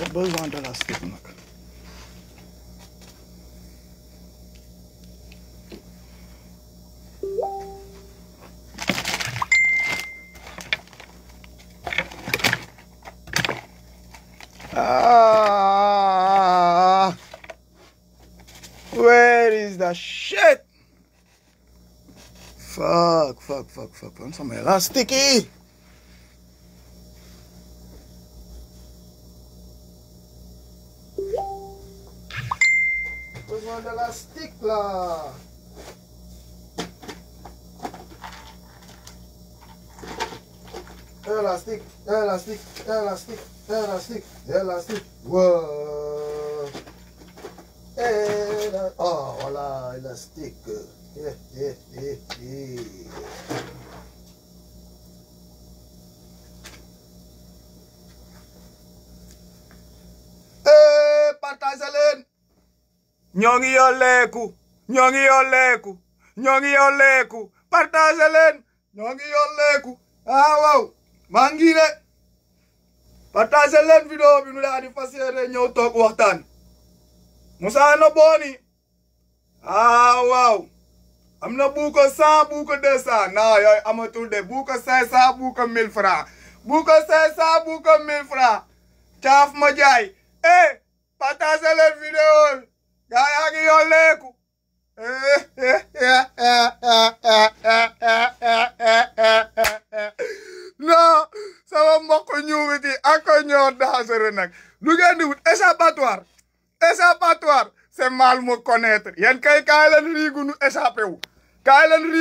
Bombayı vandal astırdım bak. Ah, where is the shit? Fuck, fuck, fuck, fuck. I'm somewhere else. Sticky! elastic, elastic, elastic, elastic. Whoa. Ela uh, oh, voilà, elastic. Yeah, yeah, yeah, yeah. Hey, eh, partage leen. ñoo Nyongi oleku, nyongi oleku, ngi yoo leeku. ñoo ngi yoo leeku. ah wow. maa de partage leen vidéo bi nu daa di fas ñëw toog waxtaan Moussa na booni ah waaw am na bu ko cent bu ko deux amatul de bu ko cinq cent bu ko mille francs bu ko cinq cent bu ko caaf ma jaay eh partage leen vidéo bi gaa yaa ngi yolleeku non sama mbokk ñuuwiti ak ñoo daasere nag lu ngeen di wut échappatoire échappatoire c'est mal me connaître yéen kay kaay leen riigu nu échappé wu kaay leen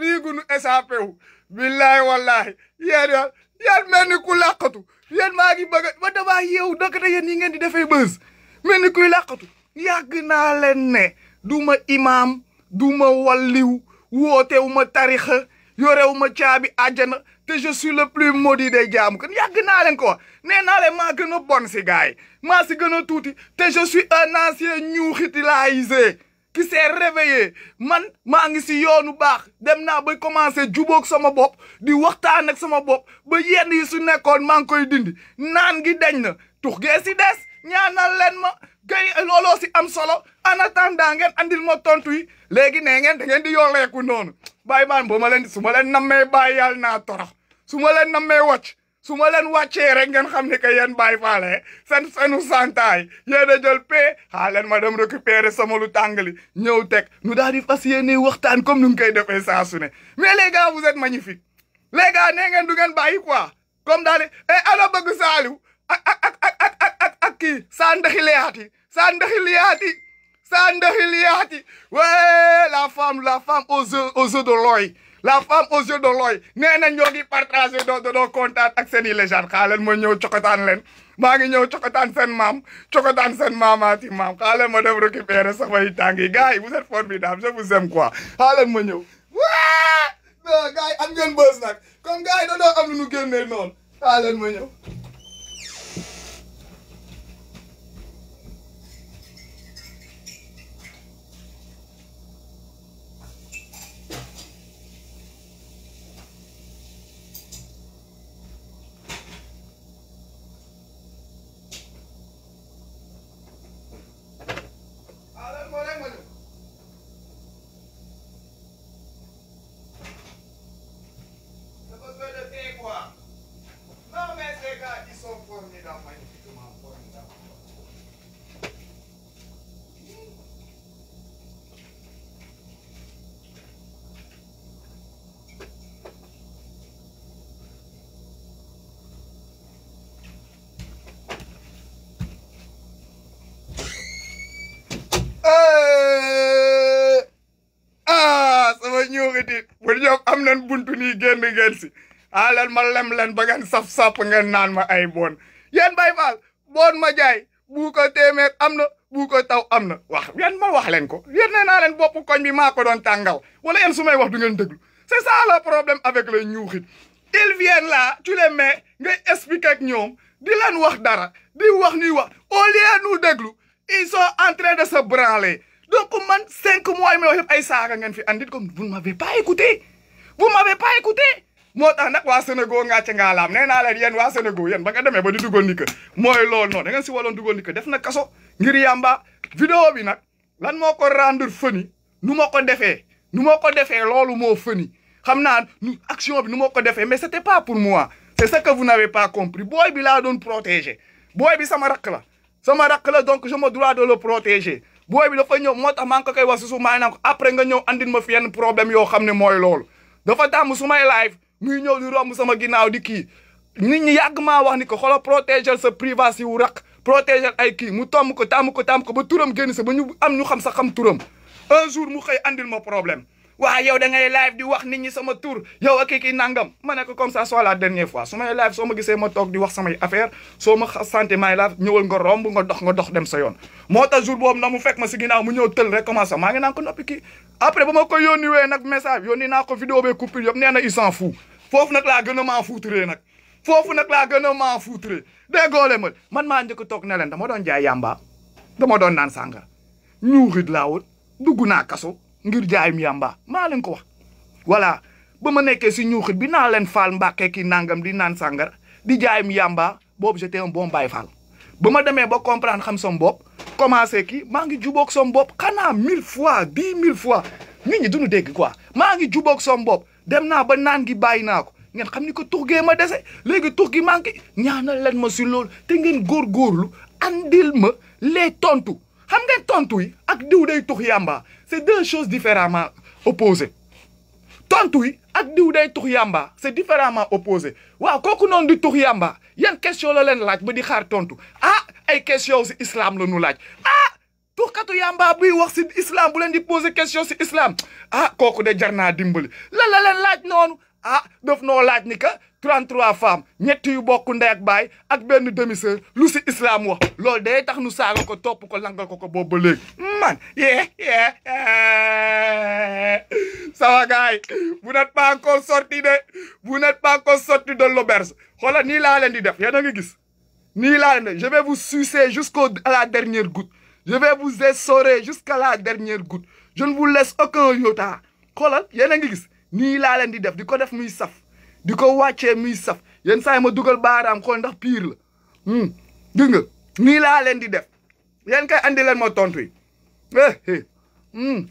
riigu nu échappé wu billahi wallahi yéen yoon yéen ku làqatu yéen maa ngi bëgg ba damaa yeewu dëkk te yéen ñi ngeen di defee bës mel ni kuy làqatu yàgg naa leen ne du ma imaam du ma walliw wootewu ma tarixa yorewuma caabi àjjana te je suis le plus maudit des jaamu kan yàgg naa leen ko wax nee naa leen maa gën a bon si gars maa si gën a tuuti te je suis un ancien ñuuxitilisé qui s'est réveillé man maa ngi si yoonu baax dem naa bay commencé jubook sama bopp di waxtaan ak sama bopp ba yenn yi su nekkoon maa ngi koy dindi naan gi deñ na tux gee si des ñaanal leen ma gay looloo si am solo en attendant ngeen andil ma tontu yi léegi nee ngeen da ngeen di yooleeku noonu bàyyi baan ba ma leen suma ma leen nammee bàyyi yàlla naa torox su ma leen nammee wàcc su ma leen wàccee rek ngeen xam ne que yéen bàyyi faale seen seenu santaay yéen a jël leen ma dem récupérer sama lu tàngali ñëw teg nu daal di fas yéene waxtaan comme nu ngi koy defee saa su ne mais les gars vous êtes magnifique les gars nee ngeen du ngeen bàyyi quoi comme daal di eh ana bëgg saaliw ak ak ak ak ak ak kii saa ndaxi liyaati saa ndaxi liyaati Ouais, la femme, la femme la yeux, aux yeux de l'œil. La femme o yeux de l'œil. Nee na ñoo ngi partagé doo doo ak seen i légende xaaral ma ñëw cokotaan leen maa ngi ñëw cokotaan seen maam cokotaan seen maamaati maam xaaral ma dem récupérer samay tàng yi gars yi vous êtes formidable je vous aime quoi xaaral ma ñëw. waa non gars am ngeen bës nag comme gars yi da am lu nu génnee noonu ma ñëw. am nan buntu nii génn ngeen si a leen ma lem leen ba ngeen saf-sàpp ngeen naan ma ay boon yéen bay faal boon ma jaay bu ko téeméer am na bu taw am na wax yan ma wax leen ko yan nee naa leen bopp koñ bi maa ko doon tàngal wala yéen su may wax du ngeen déglu c'est ça le problème avec les ñuuxit ils viennent là tu les mets ngay expliquer ak di leen wax dara di wax ñuy wax au lieu nu déglu ils sont en train de se branler donc man cinq mois yi may wax yëpp ay saaga ngeen fi andit comme vous ne m'avez pas écouté vous m'avez pas écouté Moi, tax nag waa Sénégal ngàcce ngaalaam nee naa leen yéen waa Sénégal yéen ba nga demee ba di dugal ni que mooy loolu noonu da ngeen si waloon dugal ni que def na ngir yàmba vidéo bi nak lan moko ko rendre funny. nu ma ko defee nu ma ko defee loolu mo funny. xamna action bi nu ko defee mais c'était pas pour moi c'est ça que vous n'avez pas compris Boy, bi la doon protéger boy bi sama rak la sama rak la donc je me dois de le protéger Boy, bi dafa ñëw moo tax maa ko kay wax susu maa ngi après nga ñëw andine ma fi yenn problème yo xam moy mooy dafa tàmm su may live muy ñëw li romb sama ginnaaw di kii nit ñi yàgg maa wax ni ko xoolal protéger sa privacité wu raq protéger ay kii mu tomb ko tàmm ko tàmm ko ba turam génn sa ba ñu am ñu xam sa xam turam un jour mu xëy andil ma problème Wah yow da ngay live di wax nit ñi sama tur yow ak ki nangam ma ko comme ça soit la dernière fois suma live soo gisee ma tok di wax sama affaire soo ma santé maay live ñëwal nga romb nga dox nga dox dem sa yoon mota jour bobu na mu fekk ma ci ginaaw mu ñew teul rek commencé ma ngi nank nopi ki après bama ko yoni wé nak message yoni na ko vidéo bee coupure yop néna il s'en fout fofu nak la gëna ma maa nak fofu nak la gëna ma a dé golé ma man ma tok dama doon jaay yamba dama doon nan sangar ñu la wut duguna kasso ngir jaayum yàmba maa leen ko wax voilà ba ma nekkee si ñuuxit bi naa leen faal mbàqee ki nangam di naan sàngara di jaayum yàmba boobu j'étais un bon baay faal ba ma demee ba comprendre xam som bopp commencé kii maa ngi jubóog som bopp xanaa mille fois dix mille fois nit ñi duñu dégg quoi maa ngi jubook somboob dem naa ba naan gi bàyyi naa ko ngeen xam ni ko tux gee ma dese léegi tux gi manqué ñaanal leen ma si lool te ngeen góorgóorlu andil ma les tontu xam ngeen tontu yi ak diw day tux yàmba c'est deux choses différemment opposées tontu yi ak diw day tux yàmba c'est différemment opposé waaw kooku noon di tux yàmba yan question la leen laaj ba di xaar tontu ah ay question si islam la ñu laaj ah tuxkatu yàmba buy wax si islam bu leen di poser question si islam ah kooku de jar naa dimbali lan la leen laaj noonu ah daf no laaj ni ka 33 femmes ñett yu bokku ndey ak bay ak benn demi sœur lu ci islam wax loolu day tax nu saga ko top ko langal ko ko boobu ba léegi man yeah, eh. sa wa gay vous n'êtes pas encore sorti de vous n'êtes pas encore sorti de l'auberge xola ni la len di def ya a nga gis ni la len je vais vous sucer jusqu'à la dernière goutte je vais vous essorer jusqu'à la dernière goutte je ne vous laisse aucun iota xola ya a nga gis Nila la len di def diko def muy saf diko wacce muy saf yenn say ma duggal baram xol ndax pire la hmm, gis nga ni la len di def yéen kay andi len ma tontu yi eh, eh. Hmm.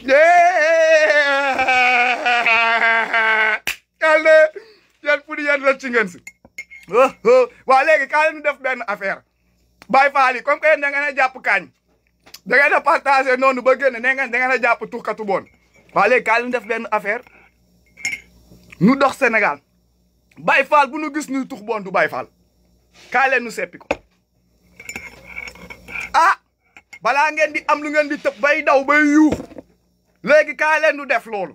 yal na yéen pour yéen rëcc ngeen si oh, oh. waaw léegi kaa leen def benn affaire Baye Fall comme que ngeen a jàpp kaañ da ngeen a partagé noonu ba ne ngeen da ngeen a jàpp tuxkatu boon def affaire nu dox Sénégal Baye Fall bu nu gis nuy tux bon du Baye Fall kaay leen nu seppi ko ah balaa ngeen di am lu ngeen di tëb bay daw bay yuux léegi kaay leen nu def loolu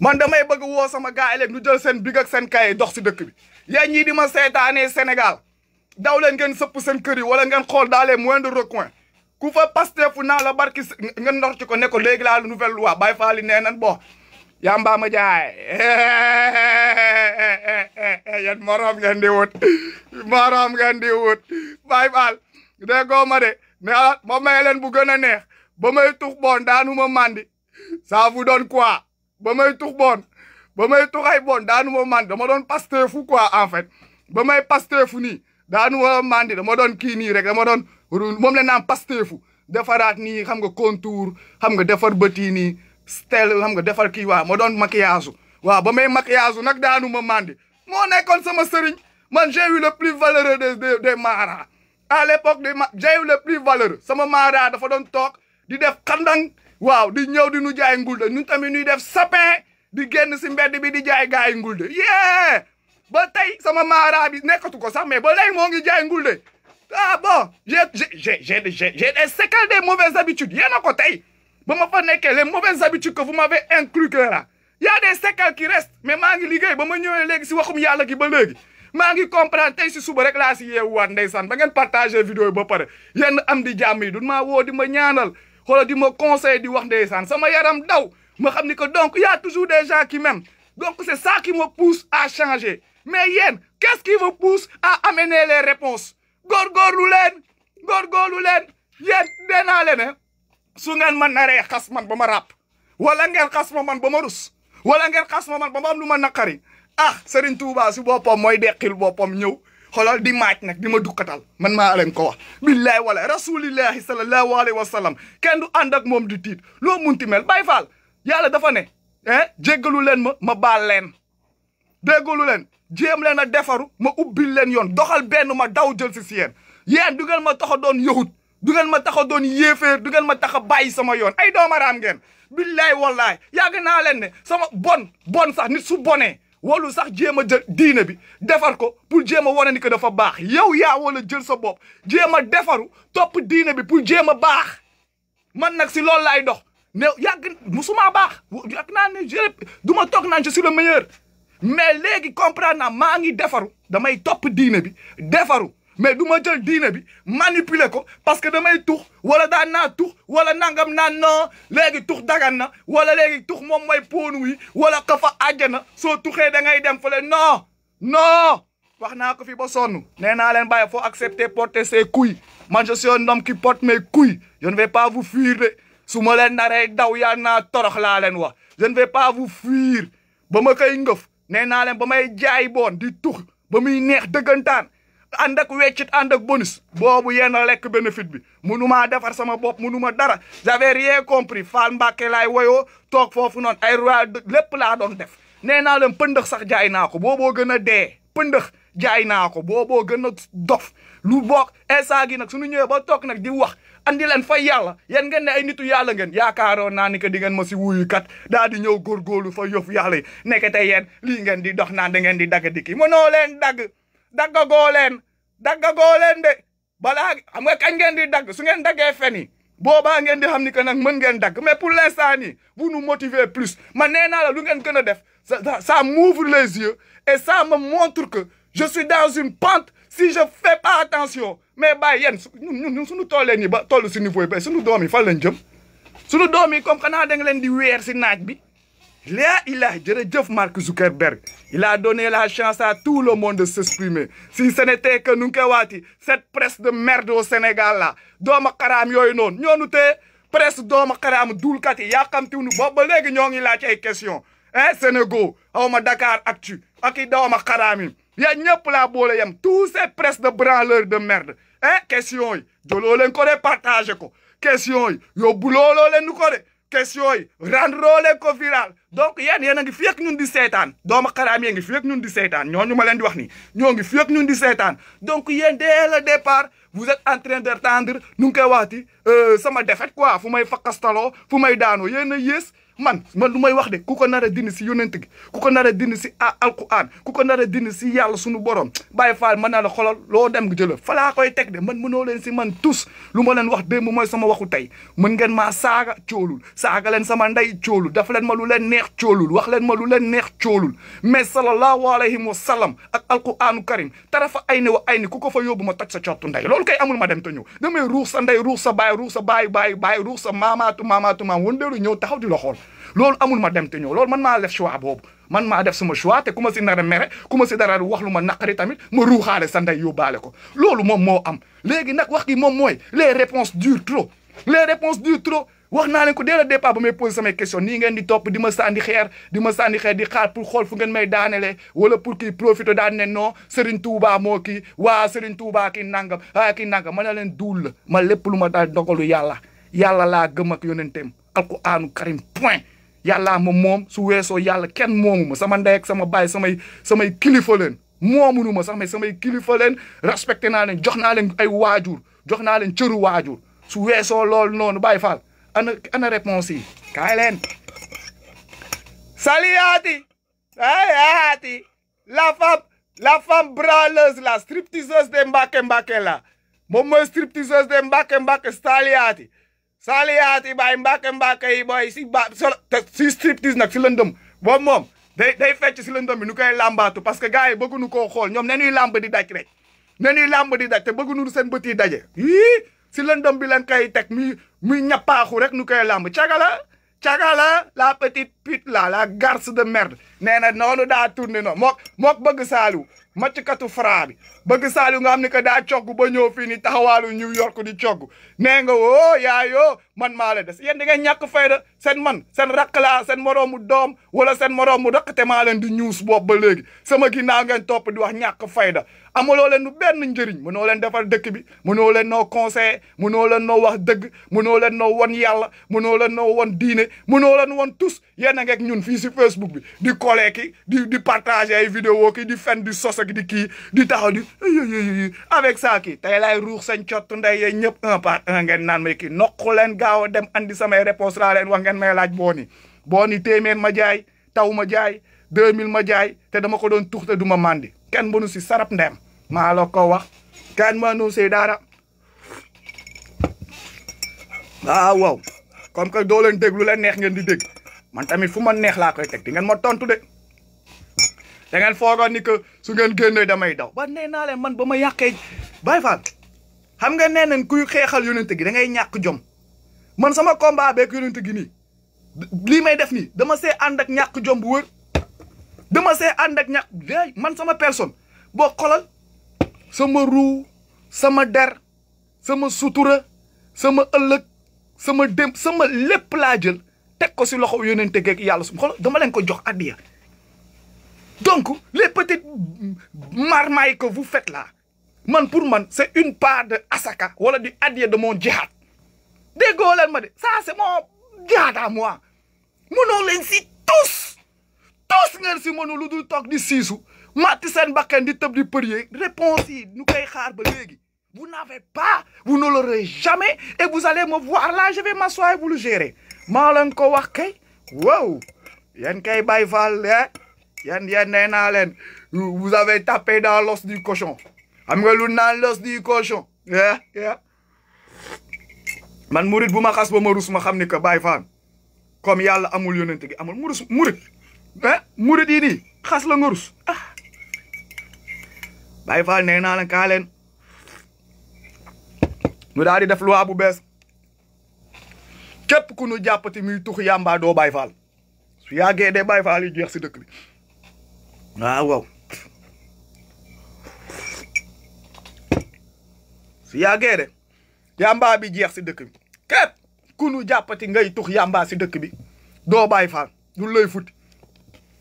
man damay bëgg woo sama gaa yi nu jël sen bi ak seen kay dox si dëkk bi yéen ñii di ma seetaanee Sénégal daw leen ngeen sëpp seen kër yi wala ngeen xool dans les moindres recoins ku fa Pastef fu naa la barki ngeen ndorti ko neko ko léegi laa nouvelle loi Baye Fall yi nee nan bo yamba ma jaay yéen morom ngeen di wut morom ngeen di wut bay baal dee goo de mais ah, ma may leen bu gën a neex ba may tux bon daanuma mandi ça vous donne quoi ba may tux bon ba may tux ay bon daanuma mandi dama doon pasteefu quoi en fait ba may pasteefu nii daanuma mandi dama doon kii nii rek dama doon moom la naan pasteefu defaraat nii xam nga kontur xam nga defar bëti nii style xam nga defar kii waaw ma doon maquillage waaw ba may maquillage nag daanu ma mandi moo nekkoon sama sëriñ man j'ai le plus valeureux des des des maara à l'époque des ma j'ai eu le plus valeureux sama maara dafa doon toog di def xandang waaw di ñëw di nu jaay ngulde ñun tamit ñuy def sapin di génn si mbedd bi di jaay gaay ngulde yee ba tey sama maara bi nekkatu ko sax mais ba léegi moo ngi jaay ngulde ah bon j'ai j'ai j'ai j'ai des séquelles des mauvaises habitudes yéen a ko tey les mauvaises habitudes que vous m'avez inclus là. Il y a des séquelles qui restent, mais je suis en train de si je suis en train de maa ngi comprendre tey si suba rek laa si yeewuwaat ndeysaan ba ngeen partagé vidéo yi ba pare yenn am di jàmm yi du maa woo di ma ñaanal xoolal di ma conseil di wax ndeysaan sama yaram daw ma xam ni donc il y a toujours des gens qui m'aiment donc c'est ça qui me pousse à changer mais yéen qu'est-ce qui vous pousse à amener les réponses góorgóorlu leen góorgóorlu leen yéen dee naa leen hein. su ngeen ma naree xas man ba ma ràpp wala ngeen xas ma man ba ma rus wala ngeen xas ma man ba ma am lu ma naqari ah Serigne Touba si boppam mooy deqil boppam ñëw xoolal di maaj nag di ma dukkatal man ma leen ko wax. billahi wala rasulillahi sallallahu alayhi wa sallam kenn du ànd ak moom di tiit loo munti mel Baay Faal yàlla dafa ne eh jéggalu leen ma ma baal leen déggalu leen jéem leen a defaru ma ubbil leen yoon doxal benn ma daw jël si si yéen yéen du ma tax doon yahut du ngeen ma tax a doon yéeféer du ma tax a bàyyi sama yoon ay doomaraam ngeen billaay wallaay yàgg naa leen ne sama bon bon sax nit su bonee walu sax jéem a jël diine bi defar ko pour jéem a wane ni que dafa baax yow yaa wala jël sa bopp jéem a defaru topp diine bi pour jéem a baax man nag si loolu laay dox ne yàgg musuma baax yàgg naa ne du ma toog naan je suis le mais léegi comprendre maa ngi defaru damay topp diine bi defaru mais du jël bi manipuler parce que damay tour wala da na wala nangam non na wala légui mom moy wi wala kafa so dem non non waxna ko fi ba néna len accepter porter ses couilles man je suis un homme qui porte mes couilles je ne vais pas vous fuir de ma leen daw ya na torox je ne vais pas vous fuir ba ma jaay di Anda ak wetchit ak bonus bobu yena lek benefit bi munuma defar sama bop munuma dara j'avais rien compris fal mbake lay woyoo tok fofu non ay roi lepp la don def neena naa leen sax jay naa ko booboo gën a dee pëndëx jaay ko dof lu bok instant gi nak suñu ñëwee ba tok nak di wax andi len fa yalla yen ngeen ne ay nitu yalla ngeen yaakaaro naa ni que di ngeen ma ci wuyu kat di ñëw fa yof yalla ngeen di dox naan da ngeen di dag di mo no len dag daggagoo leen daggagoo leen de bala am nga kañ ngeen di dag su ngeen daggee fen yi ngeen di xamni ni que nag ngeen dag mais pour l'instant ni vous nous motivez plus man la lu ngeen gëna def ça m'ouvre les yeux et ça me montre que je suis dans une pente si je fais pas attention mais bàyyi yéen ñun ñun suñu tollee ni ba toll si niveau ba suñu domi fa lañ jëm suñu domi comme xana da nga leen di wër ci naaj bi il a, Mark Zuckerberg, il a donné la chance à tout le monde de s'exprimer. Si ce n'était que Nunkewati, cette presse de merde au Sénégal là, Doma Karam nous nous presse Doma Karam Doulkati, Yakamtounou, Boboleg a la question. Hein, eh, Sénégal, Aoma Dakar Actu, Aki Doma ya Yanyop la nous tous ces presse de branleurs de merde. Hein, eh, question, je partage ko. Question, Yo nous Question, viral. donc yéen yéen a ngi fi ñun di seetaan doomu xaraam yee ngi fi ñun di seetaan ñooñu ma leen di wax ni ñoo ngi fi ak ñun di seetaan donc yéen dès le départ vous êtes en train d'attendre nu ngi koy waxati euh, sama défaite quoi fu may fakastaloo fu may daanoo yéen na yées man man lu may wax de ku ko nar a dindi si yonent gi ku ko nar a dindi si alquran ku ko nar a dindi si yàlla sunu borom bàyyi faal mën naa la xolal loo dem jëla fa laa koy teg de man mënoo leen si man tous lu ma leen wax démb mooy sama waxu tey mën ngeen maa saaga coolul saaga leen sama ndey coolul dafa leen ma lu leen neex coolul wax leen ma lu leen neex coolul mais sallallahu alayhi wa sallam ak alquranu karim tarafa ay ni wa ay ni ku ko fa yóbbu ma toj sa cottu ndey loolu kay amul ma dem te ñëw damay ruux sa ndey ruux sa baay ruux sa baay baay baay sa maamaatu maamaatu maam wëndeelu ñëw taxaw di la loolu amul ma demte te ñëw loolu man maa def choix boobu man maa def sama choix ku ma si nar a ku ma si dara wax lu ma naqari tamit ma ruuxaale sa ndey baale ko loolu moom moo am léegi nag wax gi moom mooy les réponses durent trop les réponses durent trop wax naa leen ko dès le départ ba may posé samay question nii di topp di ma sànni xeer di ma xeer di xaar pour xool fungeen ngeen may daanelee wala pour kii profité daan ne non Serigne Touba waa Serigne tuubaa kii nangam ah kii nangam ma ne leen duul la ma lépp lu ma daal dogalu yàlla yàlla laa gëm ak yonenteem alquraanu karim point yàllaa ma moom su weesoo yàlla kenn moomu ma sama ndey ak sama baay samay samay kilifa leen moomunu ma sax mais samay kilifa leen respecté naa leen jox naa leen ay waajur jox naa leen cëru waajur su weesoo loolu noonu Baye Fall ana ana réponse yi kaay leen saliyaati saliyaati la femme la femme branleuse la stripteaseuse des Mbàkke Mbàkke la moom mooy stripteaseuse des Mbàkke Mbàkke saliyaati saaliyaat yi baay mbàkke mbàkke yi booy si ba solo te si striptease nag si lëndëm boobu moom day day fecc si lëndëm bi nu koy làmbaatu parce que gars yi bëgguñu koo xool ñoom nenuy làmb di daj rek nenuy làmb di daj te bëgguñu seen bët yi daje yii si lëndëm bi lañ koy teg muy muy ñappaaxu rek nu koy làmb cagala cagala la petite pute la la garce de merde nee na noonu daa tourné noonu mook mook bëgg saalu màcckatu fra bi bëgg Saliou nga xam ne que daa cogg ba ñëw fii ni taxawaalu New York di cogg nee nga woo oh, yaayoo man maa la des yéen di ngeen ñàkk fayda seen man seen rakk laa seen moroomu doom wala seen moroomu rakk te maa leen di ñuus boobu ba léegi sama ginnaaw ngeen topp di wax ñàkk fayda A leen ben njeriñ mënoo len defal dëkk bi mënoo len no conseil mënoo len no wax dëgg mënoo no no won yalla mënoo len no won diine mënoo len won tous Yen a ñun fi ci Facebook bi di collé ki di di partager ay vidéo ki di fenn di sos ak di ki, di taxaw di avec ça ki tay lay ruux seen ciot nday ye ñëpp un par un ngeen naan may ki nokku len gaaw dem andi sama réponse la len wax ngeen may laaj boni boni témen ma jaay tawuma jaay 2000 ma jaay te dama ko doon tuxté du mandi kenn mënu si sarap ndem maa la ko wax kenn mënu si daara waaw ah, waaw comme que doo leen déglu leen neex ngeen di dégg man tamit fu ma neex laa koy teg di ngeen ma tontu de da ngeen foogoon ni que su ngeen génnee damay daw ba nee naa leen man ba ma yàqee bay Fall xam nga nee nañ kuy xeexal yonente gi da ngay ñàkk jom man sama combat beeg yonente gi nii lii may def nii dama see ànd ak ñàkk jom wër dama sé and ak ñak man sama personne bo xolal sama ru sama der sama sutura sama ëlëk sama dem sama lepp la jël tek ko ci loxo yonenté gek yalla sum xolal dama leen ko jox adiya donc les petites marmailles que vous faites là man pour man c'est une part de asaka wala du adiya de mon jihad dégo leen ma de ça c'est mon jihad à moi leen tous Tous ngeen si mënu lu tok toog di siisu màtti seen bakkan di tëb di perrier réponse yi ñu koy xaar ba légui vous n'avez pas vous ne l'aurez jamais et vous allez me voir là je vais m'asseoir et vous le gérer maa leen ko wax kay wow yen kay Baye Fall yan hein? yan nee naa vous avez tapé dans l'os du cochon am nga lu l'os du cochon hein? Hein? man mourid bu ma xas ba ma rous ma xamni ko que Baye comme yalla amul yonent amul mourid mourid ba murid ini, khas xas la nga rus ah Baye Fall nee naa la kaa leen nu daal di def loi bu bees képp ku nu jàppati muy tux su jeex si deuk bi waaw waaw su yàggee de yamba bi jeex ci deuk bi kep ku nu jappati ngay tukh yamba ci deuk bi do bay du lay futi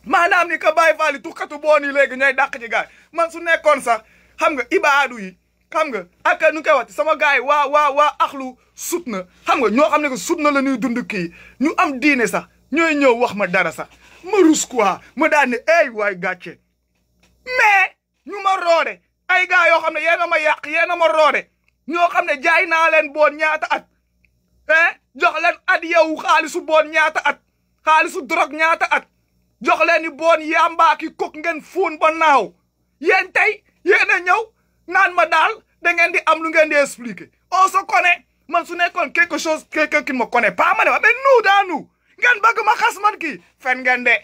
maanaam ni ka bàyyi faali tuxkatu boon yi léegi ñooy dàq ci gaay man su nekkoon sax xam nga ibaadu yi xam nga ak nu ngi koy wax sama gars yi waa waa waa axlu sut na xam nga ñoo xam ne que sut na la ñuy dund kii ñu am diine sax ñooy ñëw wax ma dara sax ma rus quoi ma daan ne ay waay gàcce mais ñu ma roode ay gars yoo xam ne yéen a ma yàq yéen a ma roode ñoo xam ne jaay naa leen boon ñaata at eh jox leen at yow xaalisu boon ñaata at xaalisu drogue ñaata at jox leen ni boon yàmbaaki kuk ngeen fuun ba naaw yéen tey yéen a ñëw naan ma daal da ngeen di am lu ngeen di expliquer on se connaît man su nekkoon quelque chose quelqu'un qui ne me connaît pas ma ne ma mais nous dans nous ngeen bëgg ma xas man kii fen ngeen de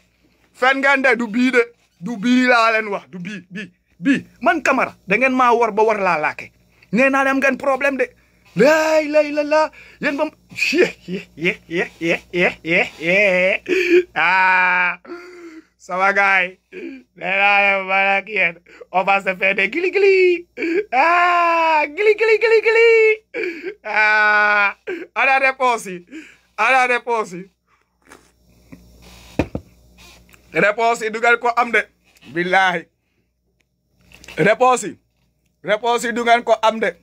fen ngeen de du bii de du bii laa leen wax du bii bii bii man Camara da ngeen maa war ba war laa laake nee naa ngeen problème de lay lay la laa yéen ba Ye ye ye ye ye ye ye Ah. Sama guy. Nena barakian. Oba sepede gili gili. Ah, gili gili gili gili. Ah, ada reposi. Ada reposi. Reposi dugal ko am de. Billahi. Reposi. Reposi dugal ko am de.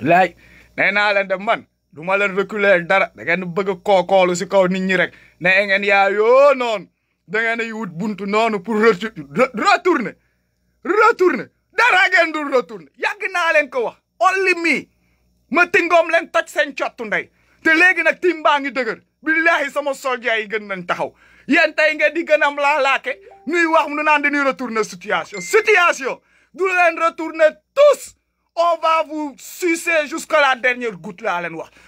Like nee naa leen de man du ma leen reculer dara da ngeen bëgg a kookoolu si kaw nit ñi rek nee ngeen yaa yoo noonu da ngeen ay wut buntu noonu pour retourner retourner dara ngeen dul retourner yàgg naa leen ko wax olli mii ma tingoom leen toj seen cottu ndey te léegi nag tim baa ngi dëgër billahi sama soldier yi gën nañ taxaw yéen tey ngeen di gën am laalaake nuy wax nu naan dañuy retourner situation situation du leen retourner tous on va vous sucer jusqu'à la dernière goutte là,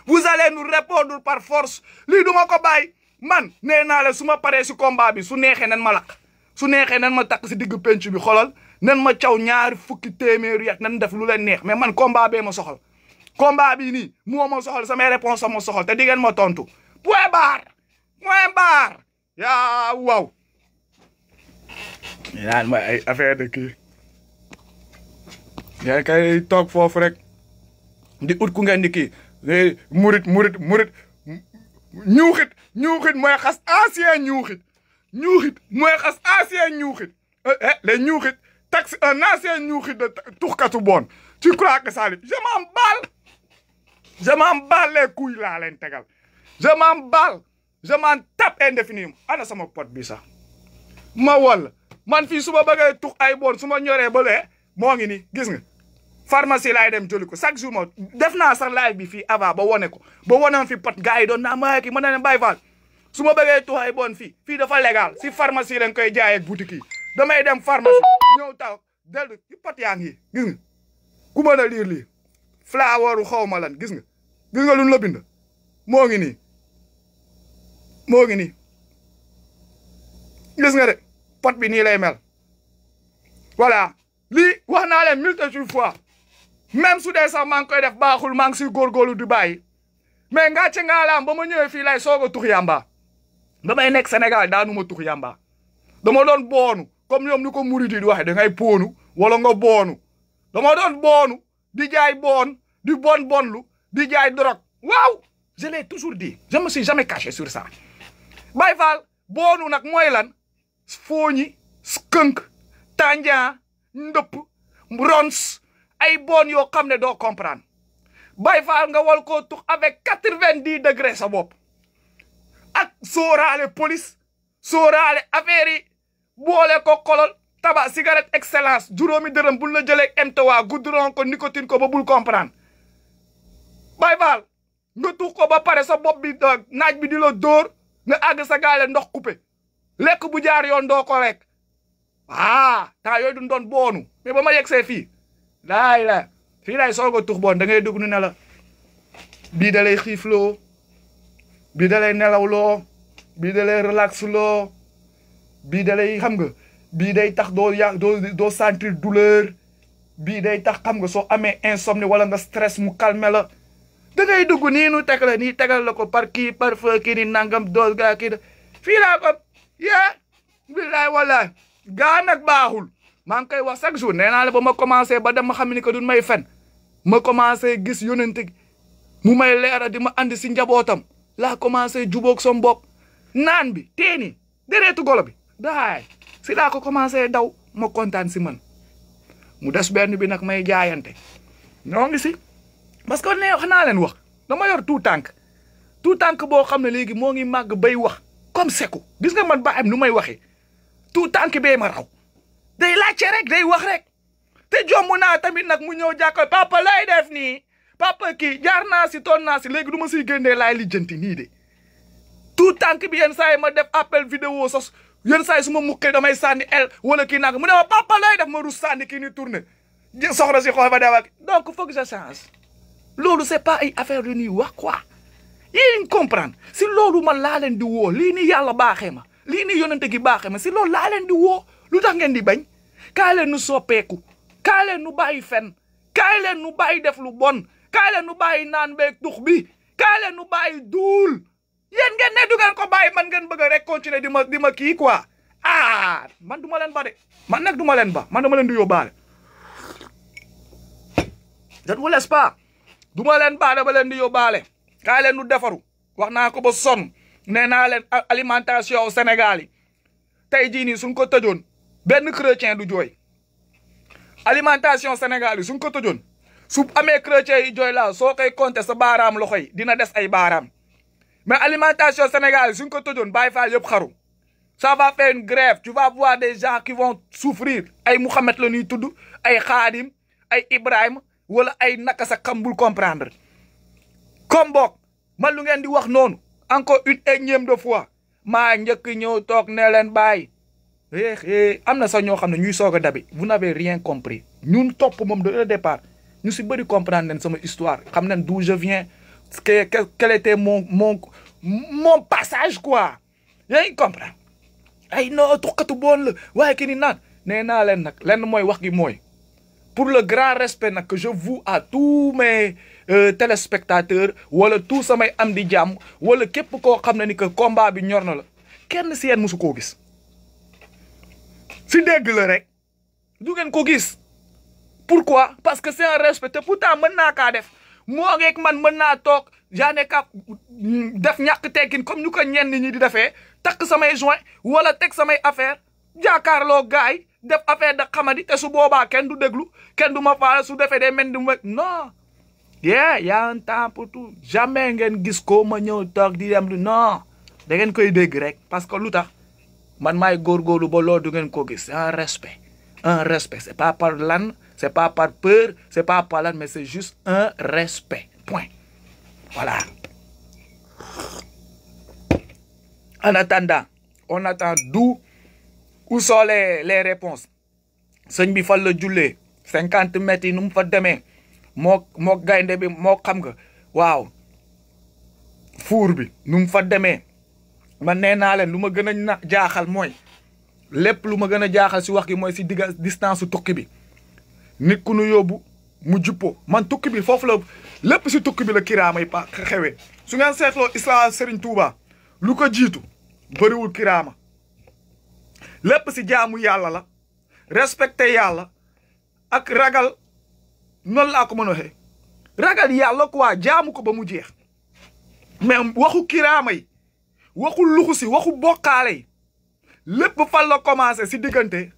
vous allez nous répondre par force Lui du ma man combat bi su neexee pas ma lakk su ma si je suis bi xolal nan ma caw ñaari fukki téeméeri mais man combat ma combat bi moi soxal réponse mon soxal te di ma point barre point barre affaire de yaa kay toog foofu rek di ut ku di kii murit murit murit ñuuxit ñuuxit mooy xas ancien ñuuxit ñuuxit mooy xas ancien ñuuxit eh, eh les ñuuxit taxe un ancien ñuuxit de tuxkatu boon tu crois que ça je m'en balle je m'en balle les couilles laa leen tegal je m'en balle je m'en tape indéfiniment ana sama pot bi sax ma wol man fii suba bagay bëggee tux ay boon su ma ñoree ba moo ngi ni gis nga pharmacie laay dem jëli ko chaque jour ma def naa sax live bi fii avant ba wone ko ba wonam fi pat gars yi doon naa maa kii mën na leen bàyyi faal su ma bëggee tuxay bon fii fii dafa légal si pharmacie lañ koy jaayee ak boutique yi damay dem pharmacie ñëw taw dellu ci pat yaa ngi gis nga ku mën a liir lii flaawaru xaw ma lan gis nga gis nga luñ la bind moo ngi nii moo gis nga de pot bi nii lay mel voilà li wax naa leen multitude fois même su dee sax maa ngi koy def baaxul maa ngi siy góorgóorlu di bàyyi mais ngaa ci ngaalaam ba ma ñëwee fii lay soog a tux yàmba ba may nekk Sénégal daanu ma tux yàmba dama doon boonu comme ñoom ni ko murid yi di waxee da ngay poonu wala nga boonu dama doon boonu di jaay boon di bon lu di jaay drogue waaw je l'ai toujours dit je me suis jamais caché sur ça Baye boonu nag mooy lan fooñi skënk tànjaa ndëpp rons ay boon yoo xam ne doo comprendre bay faal nga wal ko tux avec quatre vingt degré sa bopp ak sóoraale polis sóoraale affaire yi boole ko kolol taba cigarette excellence juróomi dërëm bul la jëlee MTWA goudron ko nicotine ko ba bul comprendre bay faal nga tux ko ba pare sa bopp bi euh, naaj bi di la dóor nga àgg sa gaale ndox coupé lekk bu jaar yoon doo ko lekk ah ta yoy duñ doon bonu mais bama yek yegsee fi lay la fi lay sogo a bon da ngay dug nu nela bi bii da lay xiifloo bii da lay nelawloo bi da lay relaxloo bii da lay xam nga bi day tax do ya do sentir douleur bi day tax xam nga so amé insomnie wala nga stress mu calmer la da ngay dugg ni nu tek la ni tegal la ko par ki par feu ki ni nangam do ga ki fi la ko ya bi lay wala gaa nag baaxul maa ngi koy wax chaque jour nee naa la ba ma commencé ba dem ma xam ne que duñ may fen ma commencé gis yonente mu may leera di ma andi si njabootam laa commencé jubook som bopp naan bi teeni déreetu golo bi daay si laa ko commencé daw ma kontaan si man mu des benn bi nag may jaayante ñoo ngi si parce que ne wax naa leen wax dama yor tout tànk tout tànk boo xam ne léegi moo ngi màgg bay wax comme seku gis nga mat ba am nu may waxee tout tànk bee ma raw day laajte rek day wax rek te jomb naa tamit nag mu ñëw jàkko papa lay def nii papa kii jaar naa si toon naa si léegi du ma siy génnee laay lijjanti nii de tout tànk bi yenn saa ma def appel vidéo sos yenn saa su ma mukkee damay sànni el wala kii nag mu ne ma papa lay def ma rus sànni kii ni tourné soxna si xool ba dewa donc faut que je change loolu c'est pas ay affaire yu ñuy wax quoi yéen comprendre si loolu man laa leen di woo lii ni baaxee ma lii nii yonente gi baaxe ma si loolu laa leen di woo lu tax ngeen di bañ kaa nu soppeeku kaa leen nu bàyyi fen kaa leen nu bàyyi def lu bon kaa leen nu bàyyi naan beeg tux bi kaa leen nu bàyyi duul yéen ngeen ne du ngeen ko baay man ngeen bëgg rek continuer di ma di ma kii quoi ah man du leen ba de man nag du leen ba man dama leen di yóbbaale je ne vous laisse pas du ma leen ba dama leen di yóbbaale kaa leen nu defaru wax naa ko ba sonn nee naa leen alimentation au Sénégal yi tey jii nii suñ ko tëjoon benn chrétien du jooy alimentation Sénégal yi suñ ko tëjoon su amee chrétien yi jooy laa soo koy compter sa baaraam loxo yi dina des ay baaraam mais alimentation Sénégal yi suñ ko tëjoon bàyyi faa yëpp xaru sa va faire une grève tu vas voir des gens qui vont ay Mouhamed la ñuy tudd ay Xaadim ay Ibrahima wala ay naka sa xam comprendre comme boog man lu ngeen di wax noonu. encore une énième de fois ma njëkk ñëw toog ne bay eh, eh am amna sax ñoo xam ñuy soga dabi vous n'avez rien compris ñun top mom de le départ ñu ci bëri comprendre leen sama histoire xam nañ d'où je viens que quel était mon mon mon passage quoi yaa ngi comprendre ay non tokatu bon la way ki ni naan né na l'en nak len moy wax gi moy pour le grand respect nak que je vous à tous mes téléspectateur wala tout samay am di jam wala képp ko xamné ni que combat bi ñor na la kenn si yeen musu ko gis si dégg la rek du ngeen ko gis pourquoi parce que c'est un respect te pourtant mën naa kaa def moo ngeeg man mën naa toog jaane kap mm, def ñàkk tekkin comme ñu ko ñenn ñi di defee takk samay joint wala teg samay affaire jaakaarloo gaay def affaire da xamadi te su boobaa kenn du déglu kenn du ma faale su defee day mel non yeah y a un temps pour tout jamais ngeen ne ko ma ñëw tok di dem lu non da ngeen koy dégg rek parce que lu tax man ba du ko gis un respect un respect c'est pas par lan c'est pas par peur c'est pas par lan mais c'est juste un respect point voilà en attendant on attend d'où où sont les les réponses Seigne bi fa le 50 mètres Nous, nous fait demain. moo moo gaynde bi moo xam nga waaw fuur bi nu mu fa demee man nee naa leen lu ma gën a na jaaxal mooy lépp lu ma gën a jaaxal si wax gi mooy si digga distance su tukki bi nit ku nu yóbbu mu juppo man tukki bi foofu la lépp si tukki bi la kiraama yi pa xewee su ngeen seetloo islam Serigne Touba lu ko jiitu bëriwul kiraama lépp si jaamu yàlla la respecte yàlla ak ragal noonu laa ko mën a waxee ragal yàlla waa jaamu ko ba mu jeex mais waxu kiraama yi waxu luxusi waxu bokkaale yi lépp fan la commencé si diggante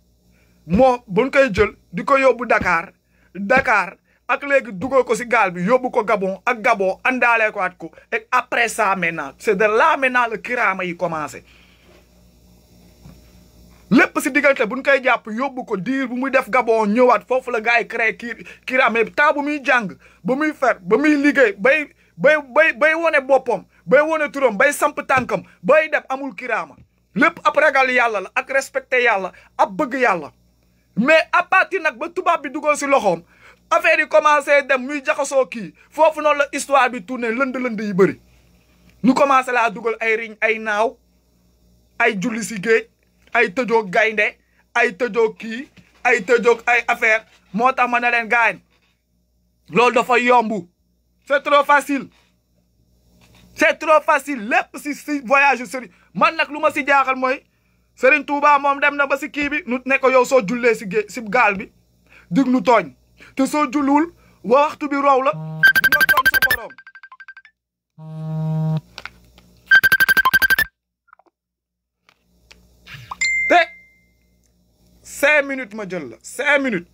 moo buñ koy jël di ko yóbbu dakaar dakaar ak léegi dugal ko si gaal bi yóbbu ko Gabon ak Gabon àndaale ko at ko et après ça maintenant c'est de là maintenant kiraama yi commencé lépp si te bu ñu koy jàpp yóbbu ko diir bu muy def gabon ñëwaat foofu la gars yi créé kii kiira mais bu muy jàng ba muy fer ba muy liggéey bay bay bay bay wane boppam bay wane turam bay samp tànkam bay def amul kiraama lépp ab ragal yàlla la ak respecté yàlla ab bëgg yàlla mais à partir nag ba tubaab bi dugal si loxoom affaire yi commencé dem muy jaxasoo kii foofu noonu la histoire bi tourné lënd lënd yi bëri ñu commencé laa dugal ay riñ ay naaw ay julli si ay tëjoo gaynde ay tëjoo kii ay tëjoo ay affaire moo tax ma ne leen gaañ loolu dafa yomb c'est trop facile c'est trop facile lépp si si voyage sëriñ man nag lu ma si jaaxal mooy Serigne Touba moom dem na ba si kii bi nu nekk yow soo jullee si gé si gaal bi dig nu tooñ te soo julluwul waxtu bi roow la nga tooñ sa 5 minutes ma jël la minutes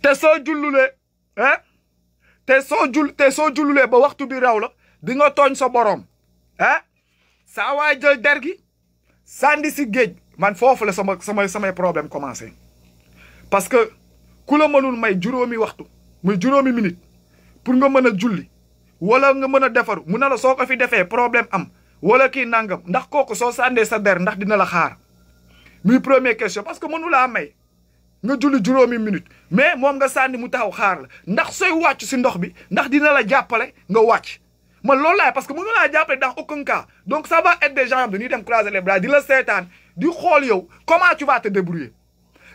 te soo jullulee ah té so jull té so jullulé ba waxtu bi raw la di nga togn sa borom ah sa way jël der gi man fofu la sama sama sama problème commencé parce que kula mënul may juromi waxtu muy juromi minute pour nga mëna julli wala nga mëna défar mu na la soko fi défé problème am wala ki nangam ndax koku so sandé sa der ndax dina la xaar mi première question parce que mënu la may nga julli juróomi minute mais mom nga sandi mu taxaw xaar la ndax soy wacc ci ndox bi ndax dina la jappalé nga wacc ma loolu parce que mënu la jappalé dans aucun cas donc ça va être des gens de ni dem croiser les bras di la seetaan di xol yow comment tu vas te débrouiller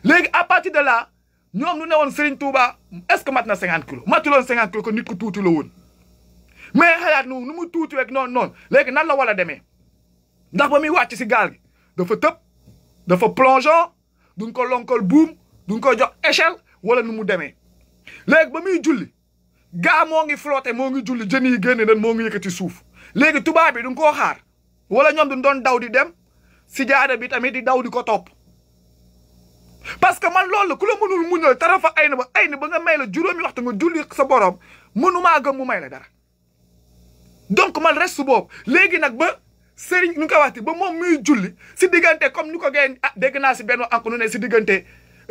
légui à partir de là ñom lu ne Serigne Touba est-ce que matna 50 kg matuloon 50 kg ko nit ku tout la won mais xalat nu nu mu tuuti rek non non légui nan la wala démé ndax ba mi wacc ci gal gi dafa tëb. dafa plongeon duñ ko lonkol buum duñ ko jox échelle wala nu mu demee léegi ba muy julli gaa moo ngi flotté moo ngi julli jën yi génne nan moo ngi yëkkati suuf léegi tubaab bi duñ koo xaar wala ñoom duñ doon daw di dem si jaada bi tamit di daw di ko topp parce que man loolu ku la mënul tara fa ay na ba ay na ba nga may la juróomi waxtu nga julli sa borom mënumaa gëm mu may la dara donc man reste boobu léegi nag ba Seri, nou ka vati, bon moun mou joul li, si digante kom nou ko gen ah, dek nasi beno ankonone, si digante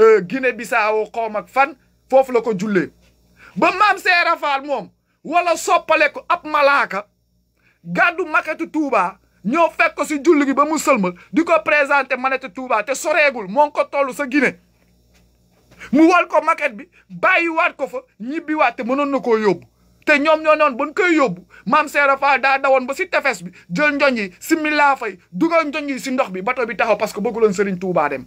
euh, Ginebisa a ou komak fan, pouf lou kon joul li. Bon mam se rafal moun, wala so pale ko ap malaka, gadou maket ou touba, nyon fek kon si joul li bi mousol moun, di kon prezante manet ou touba, te sore goul, moun kotol ou se Gineb. Mou walko maket bi, bayi wad kofo, nyibi wate mounon nou kon yobu. te ñoom ñoo noonu ba ñu koy yóbbu maam Seera Fall daa dawoon ba si tefes bi jël njoñ yi si milaafa yi dugal si ndox bi bato bi taxaw parce que bëgguloon Serigne Touba dem.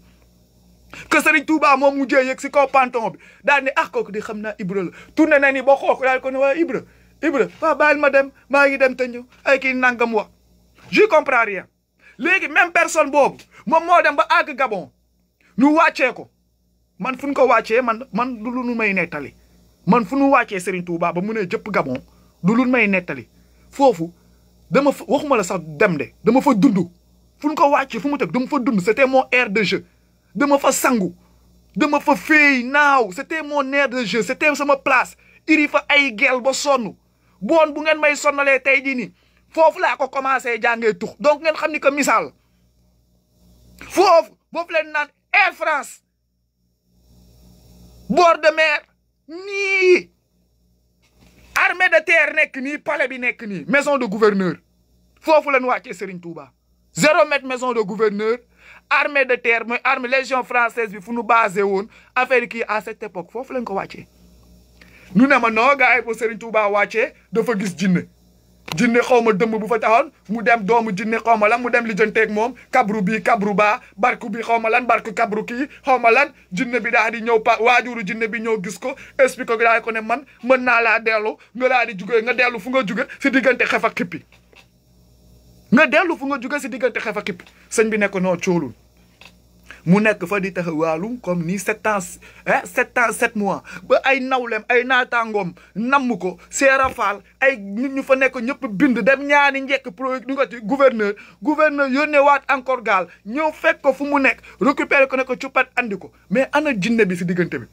que Serigne Touba moom mu jëyee yëg si kaw panton bi daal ne ah kooku di xam naa Ibra la tourné na ni boo xool daal ko ne waa Ibra Ibra waaw bàyyil ma dem maa ngi dem te ñëw ay kii nangam wax. je comprends rien léegi même personne boobu moom moo dem ba àgg Gabon ñu wàccee ko man fu ñu ko wàccee man man nu may nettali. man fu nu wàccee Serigne Touba ba mu ne jëpp Gabon du lu may netali fofu dama waxuma la sax dem de dama fa dund fu nu ko wàccee fu mu tek dama fa dund c'était mon air de jeu dama fa sangu dama fa féey naaw c'était mon air de jeu c'était sama place iri fa ay gel ba sonu bon bu ngeen may sonalé tay di ni fofu la ko commencé jàngee tux donc ngeen xamni ni que misaal foofu boobu leen Air France bord de mer ni armée de terre nek pas palais bi maison de gouverneur fofu faut ñu Serigne Touba zéro mètre maison de gouverneur armée de terre moy armée légion française bi fu nu basé affaire qui à cette époque fofu lañ ko nous Nous ne ma non gars Serigne Touba da fa gis jinne xaw ma dëmm bu fa taxoon mu dem doomu jinne xaw ma lan mu dem lijjanteeg moom kabru bii kabru baa barku bi xaw ma lan barku kabru kii xaw ma lan jinne bi daa di ñëw pa waajuru jinne bi ñëw gis ko expliqué ko daal ko ne man mën naa laa dellu nga daal di jugee nga dellu fu nga jugee si diggante xef ak kippi nga dellu fu nga jugee si diggante xef ak sëñ bi ne noo coolul mu nekk fa di taxawaalu comme ni sept ans ah sept mois ba ay nawleem ay naataangoom namm ko seerafaal ay ñu fa nekk ñëpp bind dem ñaani njekk pro ñu ko ci gouverneur gouverneur yónnee waat encore gaal ñëw fekk ko fu mu nekk récupérer ko ne ko cuppat andi ko mais ana jinne bi si diggante bi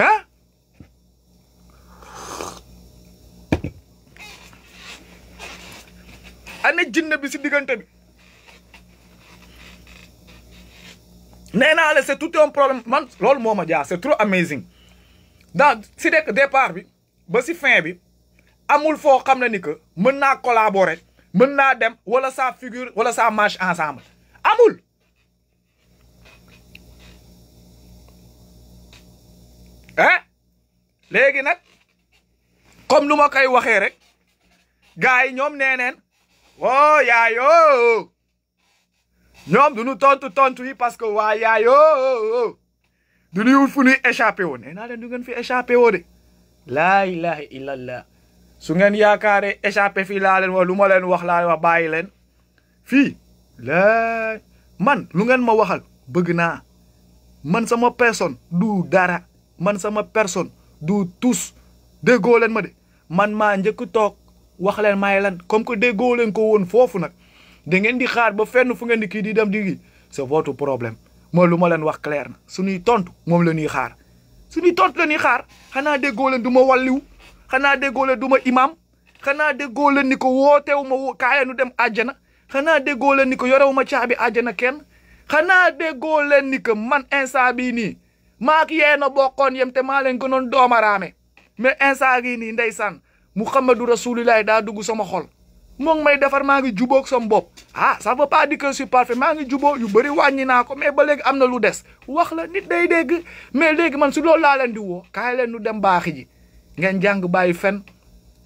ah ana jinne bi si diggante bi nee naa la c'est problème man loolu moo ma jaa c'est trop amazing dans si dekk départ bi ba si fin bi amul foo xam ne ni que mën naa collaborer mën naa dem wala sa figure wala sa marche ensemble amul eh léegi nag comme nu ma koy waxee rek gars yi ñoom nee neen oh yaayoo ñoom du ñu tontu tontu yi parce que waa yaayoo du ñuy wut fu ñuy échappé woo nee naa leen du ngeen fi échappé woo de. laa ilaha illallah su ngeen yaakaaree échappé fii laa leen wax lu ma leen wax laa wax bàyyi leen fii man lu ngeen ma waxal bëgg naa man sama personne du dara man sama personne du tous déggoo ma de man maa njëkk toog. wax leen maay lan comme que déggoo leen ko woon foofu nag da ngeen di xaar ba fenn fu ngeen di kii di dem di c'est problème mooy lu ma leen wax clair na suñuy tontu moom la ñuy xaar suñuy tontu la ñuy xaar xanaa déggoo leen du ma walliw xanaa déggoo leen du ma imaam xanaa déggoo leen ni ko wooteewu ma woo kaay nu dem àjjana xanaa déggoo leen ni ko yorewu ma caabi àjjana kenn xanaa déggoo leen ni que man instant bii nii maak yee na bokkoon yem te maa leen gënoon doomaraame mais instant gii nii ndeysaan Muhammadu Rasulillah da dugg sama xol mo ngi may defar ma ngi jubóog sama bop ah ça veut pas dire que je suis parfait ma ngi jubóo yu bëri wàññi nako mais ba leg amna lu dess wax la nit day deg mais leg man su lo la len di wo kay len nu dem bax ji ngeen jang fen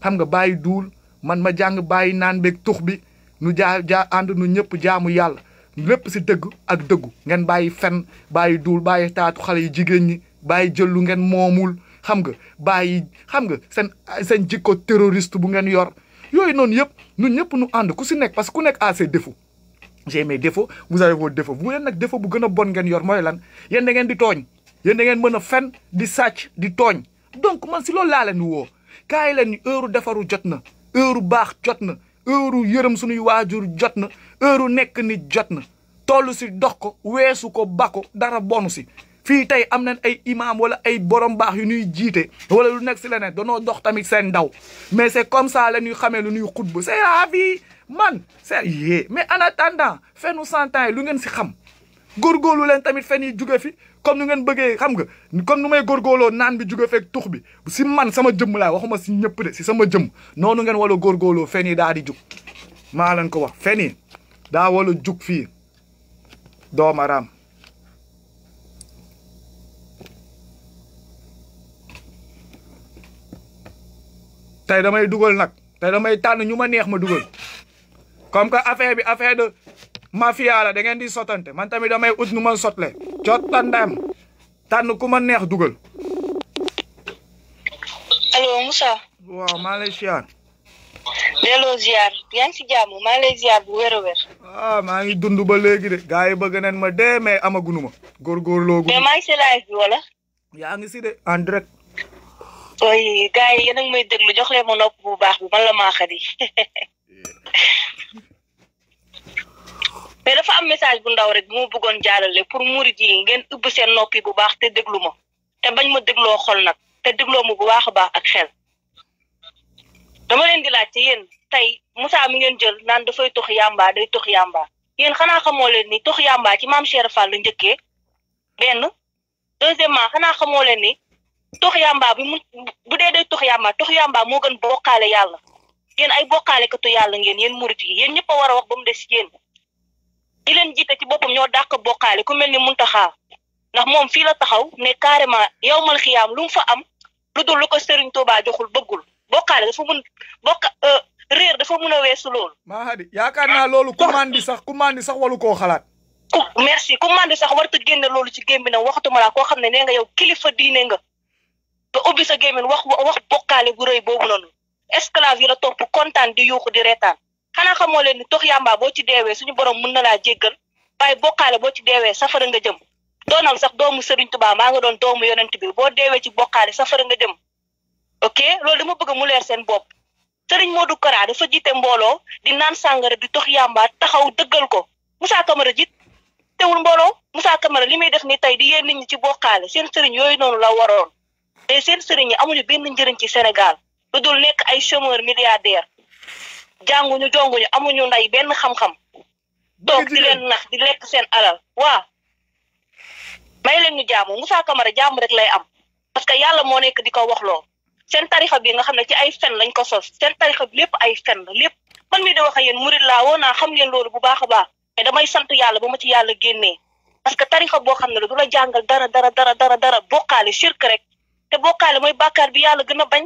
xam nga dul man ma jang bàyyi nan bek tukh bi nu jaa ja and nu ñëpp jaamu yalla lepp si deug ak deug ngeen bàyyi fen bàyyi tuhali bàyyi taatu xale yi jigeen ñi ngeen momul xam nga bàyyi xam nga seen seen jikko terroriste bu ngeen yor yooyu noonu yëpp ñun ñëpp nu ànd ku si nekk parce que ku nekk a ses défauts j'ai mes bu vous avez vos bu leen nag défaut bu gën a bon ngeen yor mooy lan yéen da ngeen di tooñ yéen da ngeen mën a fen di sàcc di tooñ donc man si loolu laa leen woo kaay leen ni heure defaru jot na heure baax jot na heure yërëm suñuy waajur jot na heure nekk nit jot na toll si dox ko weesu ko bako dara bonu si fi tay am imam wala ay borom bax yu ñuy jité wala lu nekk si leneen vous dox tamit sen mais c'est comme ça la ñuy lu c'est la vie man c'est yé mais en attendant fenu nous entendre lu ngeen si xam góorgóorlu len tamit fen yi juge fi comme nu ngeen pas xam nga comme bi bi si man sama jëmm la waxuma si ñëpp de si sama jëmm nonu ngeen wala góorgóorloo fen yi daa di jug ko wax tay damay duggal nak tay damay tan ñuma neex ma duggal comme que affaire bi affaire de mafia la da ngeen di sotante man tamit damay ut nu ma sotle coot tàndaam tànn ku ma neex duggal allo musa wa malaysia lay ziar yang si jamu Malaysia bu wér wér. ah ma ngi dundu ba légui de gaay bëgg nañ ma dé mais amagunu gor góorgóorloo gu. mais maa ci live bi wala. ya ngi ci dé en direct. ooy gars yi yéen a may déglu jox leen ma nopp bu baax bi man la maa xadi dafa am message bu ndaw rek bu ma bëggoon jaarale pour murid yi ngeen ëbb seen noppi bu baax te déglu ma te bañ ma dégloo xol nag te dégloo ma bu baax a baax ak xel dama leen di laajte yéen tey Moussa mu ngeen jël naan dafay tox yàmba day tox yàmba yéen xanaa xamoo leen ni tox yàmba ci maam Cheikh Fall la njëkkee benn deuxièmement xanaa xamoo leen ni. tox yàmbaa bi mu bu dee day tox yàmbaa tox yàmbaa moo gën bokkaale yàlla yéen ay bokkaalekatu yàlla ngeen yéen murit yi yéen ñëpp a a wax ba mu des yéen di leen jiite ci boppam ñoo dàq bokkaale ku mel ni Muntaxa ndax moom fii la taxaw ne carrément yow mal xiyaam lu mu fa am lu dul lu ko Serigne Touba joxul bëggul bokkaale dafa mun bokka euh, réer dafa mun a weesu loolu. maa hadi yaakaar naa loolu commande sax commande sax walu koo xalaat. ku merci commande sax warta génne loolu ci gémbi na waxtuma laa koo xam ne nee nga yow kilifa diine nga. nga ubbi sa gémmiñ wax wax bokkaale bu rëy boobu noonu esclave yi la topp kontaan di yuuxu di reetaan xanaa xamoo leen ni tox yàmbaa boo ci deewee suñu borom mun na laa jéggal waaye bokkaale boo ci deewee safara nga jëm doonal sax doomu Serigne Touba maa nga doon doomu yonent bi boo deewee ci bokkaale safara nga jëm ok loolu dama bëgg mu leer seen bopp Serigne Modou Kara dafa jiite mbooloo di naan sàngara di tox yàmbaa taxaw dëggal ko Moussa Camara jiit teewul mbooloo Moussa Camara li muy def ni tey di yéen nit ñi ci bokkaale seen sëriñ yooyu noonu la waroon mais seen sëriñ yi amuñu benn njëriñ ci Sénégal lu dul lekk ay chômeur milliardaire jànguñu jonguñu amuñu nday benn xam-xam toog di leen nax di lekk seen alal waaw may leen ñu jaamu Moussa Camara jaamu rek lay am parce que yàlla moo nekk di ko wax loo seen tarixa bi nga xam ne ci ay fen lañ ko sos seen tarixa bi lépp ay fen la lépp man mi di wax ak yéen murid laa woo naa xam ngeen loolu bu baax a baax mais damay sant yàlla ba ma ci yàlla génnee parce que tarixa boo xam ne la du la jàngal dara dara dara dara dara bokkaale shirk rek te bokkaale mooy bàkkaar bi yàlla gën a bañ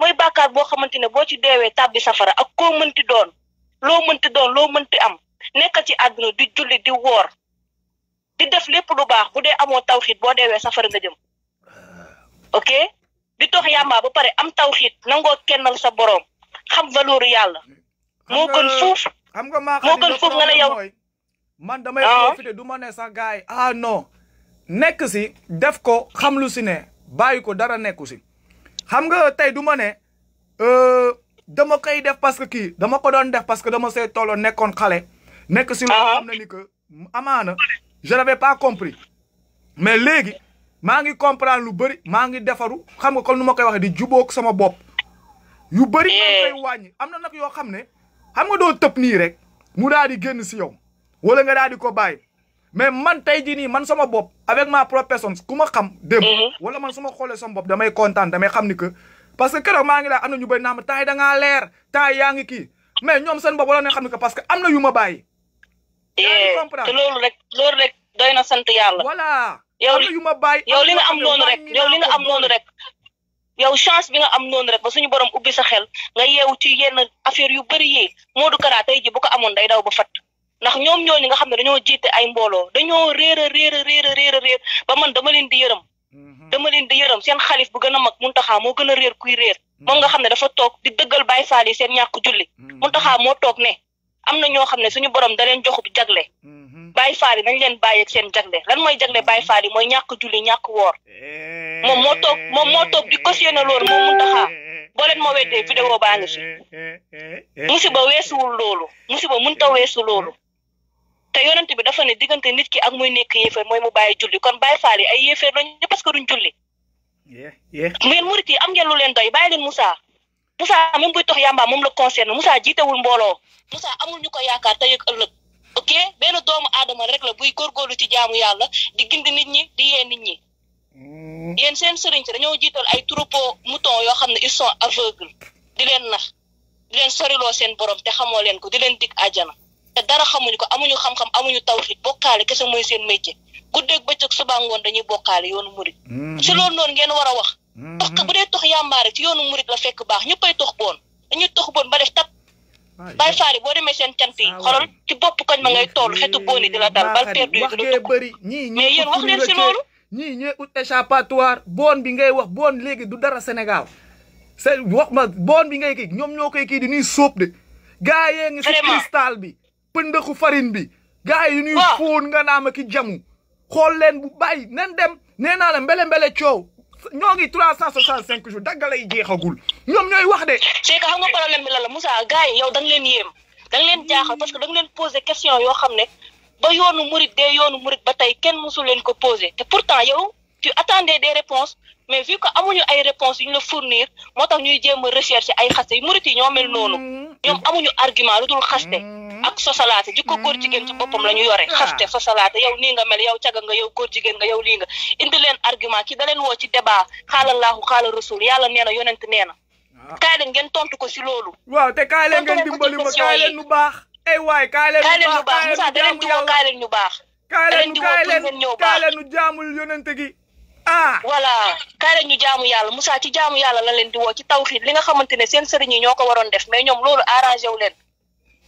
mooy bàkkaar boo xamante ne boo ci deewee tàbbi safara ak koo mënti doon loo mënti doon loo mënti am nekk ci àdduna di julli di woor di def lépp lu baax bu dee amoo tawxiit boo deewee safara nga jëm ok di tox yàmbaa ba pare am tawxiit nangoo kennal sa boroom xam valeur yàlla moo gën fuuf nga maa moo gën fuuf nga ne yow man damay ah. profité du ma ne sax gars yi ah non nekk si def ko xam lu si ne bàyyi ko dara nekku si xam nga tey du ma ne euh, dama koy def parce que kii dama ko doon def parce que dama see tolloo nekkoon xale nekk si loo xam ne ni que amaana je n'avais pas compris mais léegi maa ngi comprendre lu bëri maa ngi defaru xam nga ko nu ma koy waxee di jubóog sama bopp yu bëri maa koy eh. wàññi am na nag yoo xam ne xam nga doo tëb nii rek mu daal di génn si yow wala nga daal di ko bàyyi mais man tay di ni man sama bop avec ma propre personne kuma xam dem mhm. wala man sama xolé sama bop damay content damay xam ni que parce que keroog ma ngi la am ñu bay nam tay da nga lèr tay ya ngi ki mais ñom sen bop wala ne xam ni que parce que amna na yu ma yeah. rek lool rek doyna sante yalla voilà yow li ma bàyyi. yow li nga am non rek yow li nga am non rek. yow chance bi nga am non rek ba suñu borom ubbi sa xel nga yewu ci yenn affaire yu bari yi Modou Kara tay ji bu ko amone day daw ba fat ndax ñoom ñooñu nga xam ne dañoo jiite ay mbooloo dañoo réer réer réer réer a ba man dama leen di yërëm mhm. dama leen di yërëm seen xalif bu gën a mag Muntaxa moo gën a réer kuy réer moom nga xam ne dafa toog di dëggal bay Faal yi seen ñàkk julli mhm. Muntaxa moo toog ne am na ñoo xam ne suñu borom da leen joxub jagle mhm. Baay Faal yi nañ leen bàyyi ak seen jagle lan mooy jagle Baay Faal yi mooy ñàkk julli ñàkk woor moom moo toog moom moo toog di cautionné loolu moom Muntaxa boo leen ma weddee vidéo baa ngi fi eh, eh, eh, musiba weesuwul loolu musiba mënta weesu loolu te yonent bi dafa ne diggante nit ki ak muy nekk yéeféer moy mu baye julli kon baye faali ay yéeféer lañu ñu parce que duñ julli ngeen murit yi am ngeen lu leen doy baye leen Moussa Moussa même buy tox yamba mom la concerne Moussa wul mbolo Moussa amul ñuko yaakaar tey ak ok benn doomu adama rek la buy góorgóorlu ci jaamu yalla di gindi nit ñi di yee nit ñi mm. yeen seen sëriñ ci dañoo jiital ay troupeau mouton yo xamne ils sont aveugles di leen nax di leen lo seen borom te xamoo leen ko di leen dig aljana te dara xamuñu ko amuñu xam-xam amuñu tawhid bokale kessa moy seen métier guddeeg bëccëg suba ngon dañuy bokale yoonu murid mm-hmm. ci lool non ngeen wara wax mm-hmm. tax ko budé tax yambaré ci yoonu murid la fekk baax ñeppay tax bon dañuy tax bon ba def tap bay faari bo démé seen cant yi xolal ci bop koñ ma ngay toll xetu boni dila dal bal perdu yi di la mais yeen wax leen ci lool ñi ñe ut échappatoire bon bi ngay wax bon légui du dara Sénégal c'est wax ma bon bi ngay kii ñoom ñoo koy kii di ñuy sóob de gaa yee ngi si cristal bi pëndëxu farine bi. gaay yi ñuy ah. fóon nga naa ma ki jamu. xol leen bu bàyyi nan dem neena la mbele mbele ciow ñogi 365 jours daggala yi jeexagul ñoom ñooy wax de. c'est que xam nga problème bi la la musa gaay yow da leen yéem da leen jaaxal parce que da leen poser question yo xam ba yoonu mouride dee yoonu mouride ba tey kenn musul leen ko poser te pourtant yow tu attendais des réponses mais fi que amuñu ay réponses yu ñu la fournir moo tax ñuy jéem a recherche ay xaste yi murit yi ñoo mel noonu mm-hmm. ñoom amuñu argument lu dul xaste mm-hmm. ak sosalaate jikko góor jigéen ci boppam la ñu yore ah. xaste sosalaate yow nii nga mel yow caga nga yow góor jigéen nga yow lii nga indi leen argument ki da leen woo ci débat xaalallaahu xaala rasul yàlla nee na yonent nee na ah. kaay ngeen tont ko si loolu waaw te kaay ngeen dimbali ma kaay lu baax ay eh, waay kaay leen baax Moussa da leen di woo kaay leen ñu baax kaay leen ah voilà kaay ñu jaamu yàlla Moussa ci jaamu yàlla la leen di woo ci tawxiid li nga xamante ne seen sëriñ ñoo ko waroon def mais ñoom loolu arrangé wu leen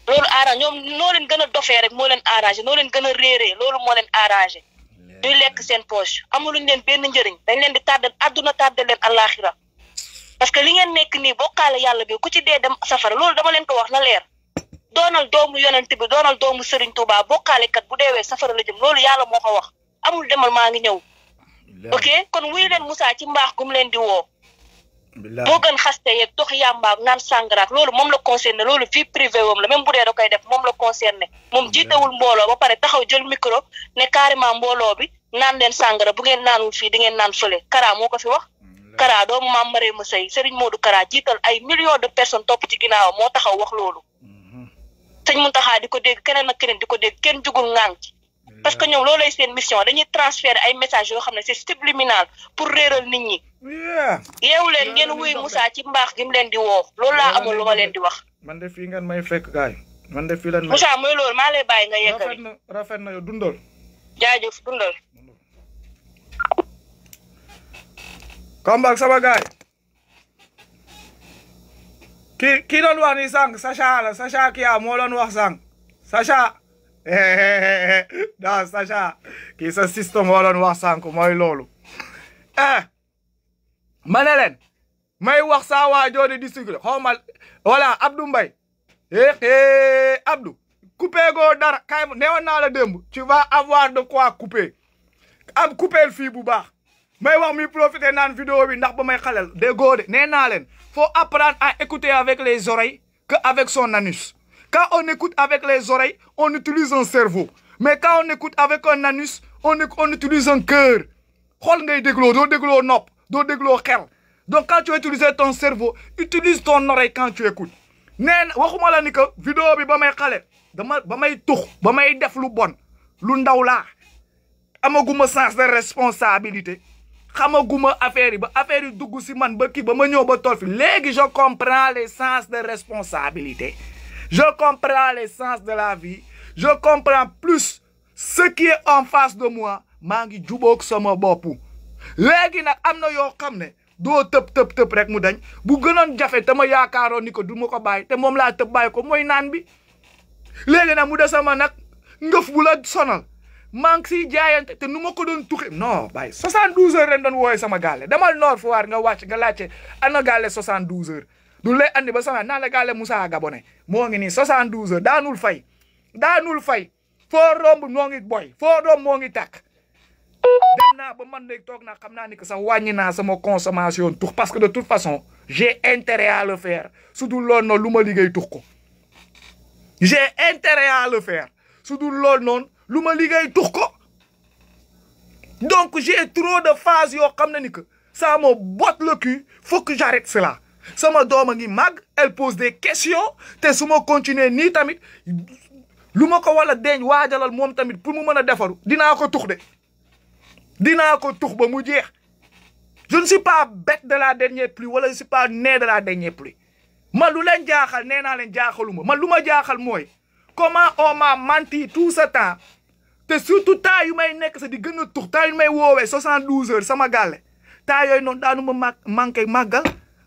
loolu arrangé ñoom noo leen gën a dofee rek moo leen arrangé noo leen gën a réeree loolu moo leen arrangé ñuy lekk seen poche amuluñ leen benn njëriñ dañ leen di tardel àdduna tardel leen àllaaxira parce que li ngeen nekk nii boo bokkaale yàlla bi ku ci dee dem safara loolu dama leen ko wax na leer doonal doomu yonent bi doonal doomu Serigne Touba bokkaalekat bu deewee safara la jëm loolu yàlla moo ko wax amul demal maa ngi ñëw ok kon wuy len Moussa ci mbax gum len di wo bo gën xaste tok ya mbax nan sàngaraak lolu mom la concerné lolu vie privé wam la même bu dee da koy def mom la concerné moom jiitawul mbolo ba pare taxaw jël micro ne carrément mbolo bi nan len sàngara bu gën nanul fi di gën nan solé kara moko fi wax kara doomu mam maré ma sey serigne modou kara jital ay millions de personnes top ci ginaaw mo taxaw wax lolu mhm. sëñ muntaha diko dégg kenen ak kenen diko dégg kenn jugul ngang ci parce que ñoom loolu lay seen mission dañuy transférer ay messages yoo xam ne c'est subliminal pour réeral nit ñi. yeewu leen ngeen wuy Moussa ci mbaax gi mu leen di woo loolu laa amul lu ma leen di wax. man de fii ngeen may fekk gaay man de fii lan. Moussa mooy loolu maa lay bàyyi nga yeggali. rafet na rafet na yow dundal. jaajëf dundal. sama gaay ki ki doon wax ni sànq Sacha la Sacha Kia moo doon wax sànq Sacha. non eh, eh, eh, Sacha système Je eh ne may wax saa waa di voilà Abdou Mbaye eh Abdou coupez go dar, tu vas avoir de quoi couper am coupé le bu baax may wax profiter de la vidéo je ndax ba faut apprendre à écouter avec les oreilles qu'avec avec son anus quand on écoute avec les oreilles, on utilise un cerveau. Mais quand on écoute avec un anus, on, on utilise un cœur. Donc quand tu utilises ton cerveau, utilise ton oreille quand tu écoutes. neen waxuma la ni que vidéo bi ba may xale dama ba may tux ba def lu bon lu ndaw laa amaguma sens de responsabilité xamaguma affaire yi affaire yi dugg si man ba kii ba ma ba je comprends les sens de responsabilité Je comprends l'essence de la vie. Je comprends plus ce qui est en de moi maa ngi jubóog sama bopp léegi nag am na yoo xam ne doo tëp tëp tëp rek mu dañ bu gën gënoon jafe te ma yaakaaroon ni ko du ma ko bàyyi te moom laa tëb bàyyi ko mooy naan bi léegi na mu des sama nag ngëf bu la sonal maa ngi siy jaayante te nu ma ko doon tuxe non bàyyi 72 heures ren doon wooye sama gaale demal noor fu waar nga wàcc nga laajte ana gaale 72 heures ñu lay andi ba sama na la galé Moussa Gabone mo ngi nii 72 heures daanul fay daanul fay fo romb ngi boy fo romb mo ngi tak dem naa ba man nek tok na xamna ni que sa wàññi sama consommation Tout parce que de toute façon j'ai intérêt à le faire su non, loolu noonu lu ko. j'ai intérêt à le faire su non, loolu noonu lu ko donc j'ai trop de phases yo xamna ni que ça me botte le cul faut que j'arrête cela sama m'a a ngi mag, elle pose des questions te su ma continuer ni tamit lu la ko wala deeñ waajalal mom tamit pour mu moment a defaru Dina ko retourné. de a ko Bon, ba mu jeex je ne suis pas bête de la dernière pluie wala je ne suis pas né de la dernière pluie man lu leen jaaxal nee naa leen jaaxaluma man lu jaaxal mooy comment on m'a menti tout ce temps te surtout ta yu may nekk sa di gën a ta temps yu may woowee soixante douze heures sama Ta temps non, da daanu ma manqué magal.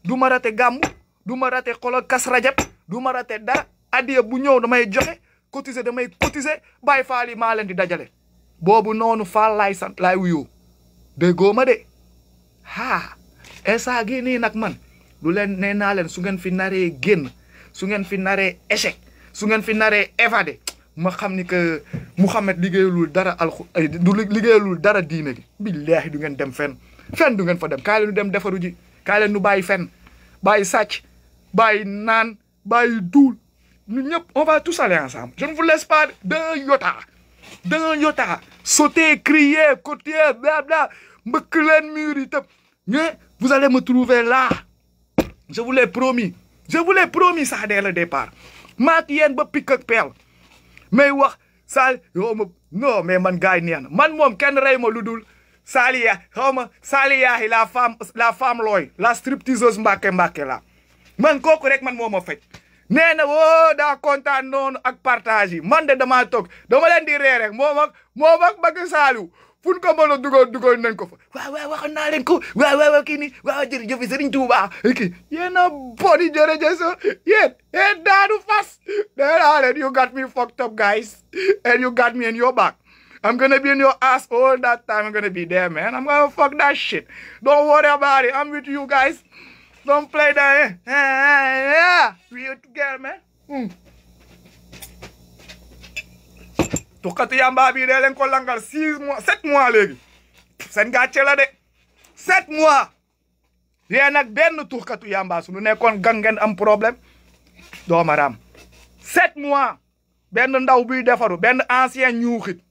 duma rate gamu duma rate xolal kas rajab duma rate da adiya bu ñew damay joxe cotiser damay cotiser bay faali ma di dajale bobu nonu fa lay sant lay wuyoo de goma de ha esa gi ni nak man du leen nee naa leen su ngeen fi naré genn su ngeen fi naré échec su ngeen fi naré évadé ma xamni que Mouhamed dara al du liggéeyalul dara diiné du ngeen dem fenn fenn du ngeen fa dem kay lu dem defaru ji kaay nous nu fen bàyyi sàcc nan, nan doul, duul ñun on va tous aller ensemble je ne vous laisse pas d'un yota, d'un yota, sauter crier côtier bla bla, me vous allez me trouver là je vous l'ai promis je vous l'ai promis ça dès le départ ma yéen ba pikk ak peel mais wax ça non mais man gars yi man moom ken ray ma Saliya xaw ma Saliya la femme la femme looy la stripteaseuse mbàkke mbàkke la man kooku rek man moo ma faj nee na woo daa kontaan noonu ak partage yi man de damaa toog dama leen di ree rek moom ak moom ak Macky Sall fu ko mën a dugal dugal ko fa waaw waaw waxoon naa leen ko waaw waaw kii nii waaw jërëjëf Serigne Touba kii yéen a boni jërëjëf so yéen yéen daanu fas nee naa leen you me fucked up guys and you got me in your am going to be in your ass all that time. I'm going to be there, man. I'm going to fuck that shit. Don't worry about it. I'm you guys. Don't play that. Yeah. We are together, man. Mm. tuxkatu yamba bi dee leen ko langal six mois sept mois léegi seen gàcce la de sept mois yéen nag benn tuxkatu yamba su nu nekkoon gang ngeen am problème doomaraam sept mois benn ndaw buy defaru benn ancien ñuuxit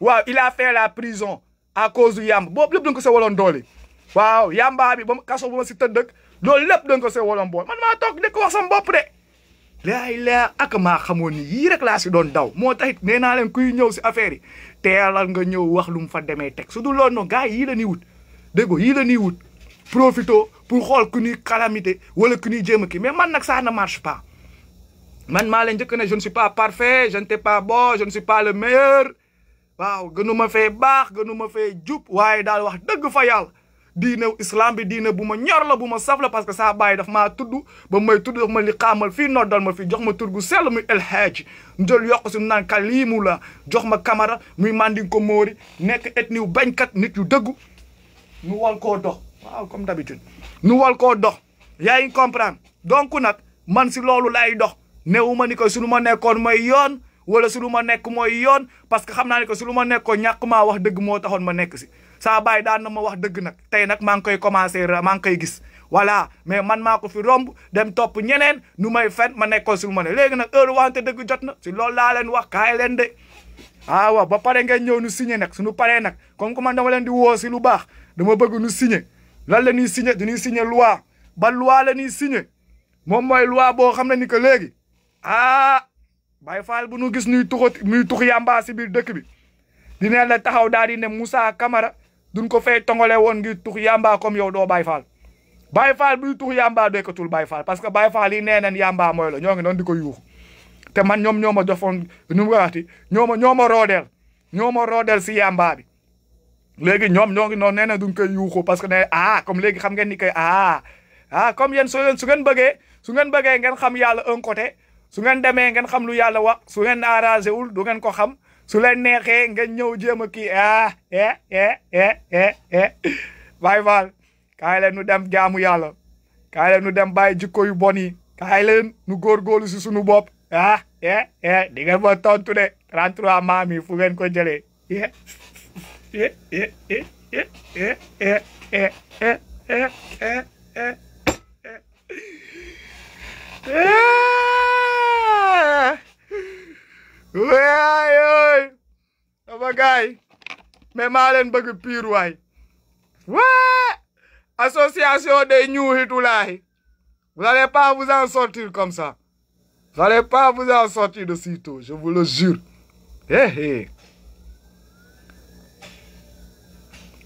Wow, il a fait la prison à cause du yàmb Bon, lépp dañ ko Dolé. waloon doole waaw yàmbaa bi ba kaso bu ma si tëdd ak loolu man ma toog di wax sama bopp de. laay laa ak maa xamoon ni yii rek laa si doon daw moo taxit nee naa leen kuy ñëw affaire yi teelal nga ñëw wax lu mu fa demee teg su dul loolu noonu gars yi yii la ñuy wut dégg nga la wut profito pour xool ku ñuy calamité wala ku ñuy jéem a mais man nag ça ne marche pas man ma leen que je ne suis pas parfait je n'étais pas bon je ne suis pas le meilleur. waaw gënu ma fee baax gënu ma fee jub waaye daal wax dëgg fa yàlla diine islam bi diine bu ma ñor la bu ma saf parce que saa baay daf maa tudd ba may tudd ma li xaamal fii noddal ma fi jox ma turgu gu sell muy El Hadj njël yokk suñu naan kaliimu la jox ma kamara muy mandinko móori nekk etni wu bañkat nit yu dëggu nu wal koo dox waaw comme d'habitude nu wal koo dox yaa ngi comprendre donc nag man si loolu lay dox newu ma ni ko suñu ma nekkoon mooy yoon wala su lu ma iyon, pas yoon parce que xamna naa ne que su lu ma ko ñàkk wax deug mo taxoon ma nek si sa bay daan na ma wax deug nak tay nak mang koy commencer mang koy gis wala, mais man mako fi romb dem top ñeneen nu may fen ma ko su lu ma ne legi nak heure wante deug jotna ci si la len wax kay len de ah wa ba pare nga ñew nu signé nak suñu pare nak comme que man dama len di wo ci lu bax dama bëgg nu signé lan la ni signé dañuy signé loi ba loi la ni signé mom moy loi bo xamna ni ko legi ah Baye Fall bu nu gis nuy tuxati muy tux yàmbaa si biir dëkk bi dina la taxaw daal di ne Moussa Camara duñ ko fay tongole woon ngir tux yàmbaa comme yow doo Baye Fall Baye Fall buy tux yàmbaa dekkatul Baye Fall parce que Baye Fall yi nee nañ yàmbaa mooy la ñoo ngi doon di ko yuuxu te man ñoom ñoo ma jofoon nu mu waxati ñoo ma ñoo ma roodeel ñoo ma roodeel si yàmbaa bi léegi ñoom ñoo ngi noonu nee na duñ koy yuuxu parce que ne ah comme léegi xam ngeen ni koy ah ah comme su ngeen bëggee su ngeen bëggee ngeen xam yàlla un côté su ngeen demee ngeen xam lu yàlla wax su ngeen arrangé wul du ngeen ko xam su leen neexee ngeen ñëw jéem a kii ah eh eh eh eh eh bàyyi faal kaay leen nu dem jaamu yàlla kaay leen nu dem bàyyi jikko yu bon yi kaay leen nu góorgóorlu si sunu bopp ah eh eh di ngeen ma tontu de 33 maam yi fu ngeen ko jëlee eh eh eh eh eh eh eh eh eh eh eh eh Ué, ai, oi. Tá mẹ Me malen bagi pir wai. Ouais. Association des New Hitulai. Vous n'allez pas vous en sortir comme ça. Vous n'allez pas vous en sortir de sitôt, je vous le jure. Hé eh, hey, eh. hé.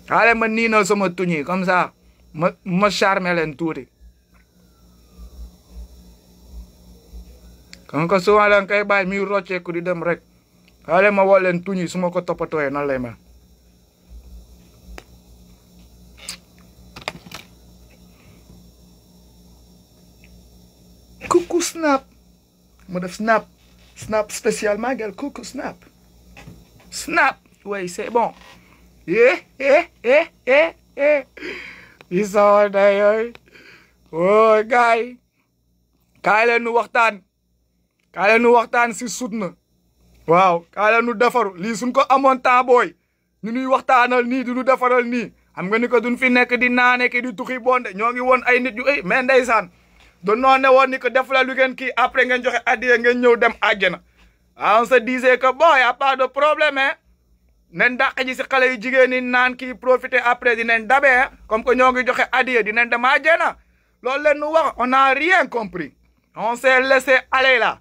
Allez me nino sur mon comme ça. Me charmer l'entouré. kan ko souvent da nga koy bàyyi di dem rek xaale ma woo leen tuñi su ma ko toppatooyee nan lay mel snap mu def snap snap spécial magal coucou snap snap way c'est bon eh eh eh eh eh i sawa na yooyu woo gaay nu waxtaan kaa nu waxtaan ci soutna na waaw kaa nu defaru li suñ ko amoon ta boy ñu ñuy waxtaanal ni di nu defaral nii xam nga ni ko duñ fi nekk di naané ki di tuxi bonde ñoo ngi woon ay nit yu ay mais ndaysan do noo ne woon ni ko def la lu gën ki après ngeen joxe addiya ngeen ñew dem ah on se disait que boy y a pas de problème hein nen dàq ji ci xalé yu jigéen ñi naan ki profiter après di dinañ dabé hein. comme ko ñogi ngi joxe di dinañ dem àjjana loolu len nu wax on a rien compris on s'est laissé aller là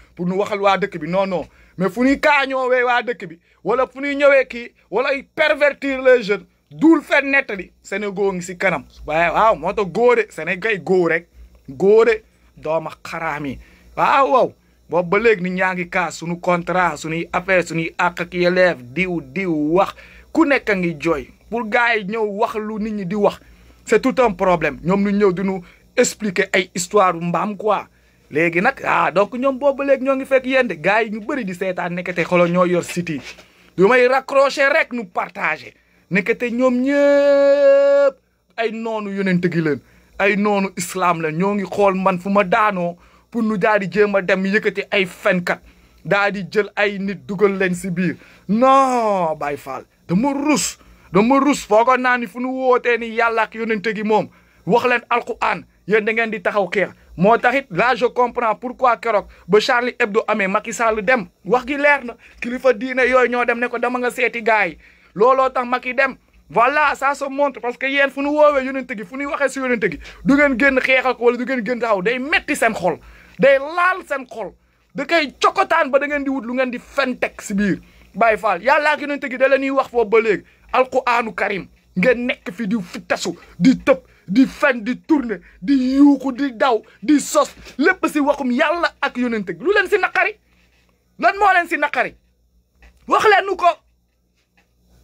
pour nous waxal wa dëkk bi non non mais fu ñuy kaañoowee wa dëkk bi wala fu ñuy ñëwee kii wala pervertir les jeunes duul fen nettali Sénégal ngi ci kanam waaw moto tax góore Sénégal rek góore dooma xaram yi waaw waaw boobu ba léegi ni ñaa ngi kaas suñu contrat suñu affaire suñu ak ak yelleef diw diw wax ku nekk ngi joy pour gaay ñëw wax lu nit ñi di wax c'est tout un problème ñom ñu ñëw di ñu expliquer ay histoire mbam quoi léegi nag ah donc ñoom boobu léegi ñoo ngi fekk yéen de gars yi ñu bëri di seetaan nekkate xolo ñoo yor City du may raccrocher rek nu partager nekkate ñoom ñëpp ay noonu yonent gi leen ay noonu islam la ñoo ngi xool man fu ma daanoo pour nu daal di jéem a dem yëkkati ay fenkat daal di jël ay nit dugal leen si biir non Baye Fall dama rus dama rus foogoon naa ni fu nu wootee ni yàlla ak yonent gi moom wax leen alquran yéen da ngeen di taxaw xeex mo taxit là je comprends pourquoi kérok ba Charlie Hebdo amé Macky Sall dem wax gi lèr na kilifa diiné yoy ño dem né ko dama nga séti gaay lolo tax Macky dem voilà ça se montre parce que yeen fu ñu woowee yonente gi fu ñuy waxee si yonente gi du ngeen genn xéx ak wala du ngeen genn taxaw day metti sen xol day laal sen xol da kay ciokotan ba da ngeen di wut lu ngeen di fentek ci biir Baye Fall yalla ak yonente gi da la ñuy wax fo ba karim ngeen nek fi di fitasu di tepp di fen di turne di yuuxu di daw di sos lépp si waxum yàlla ak yonent lu leen si naqari lan moo leen si naqari wax leen nu ko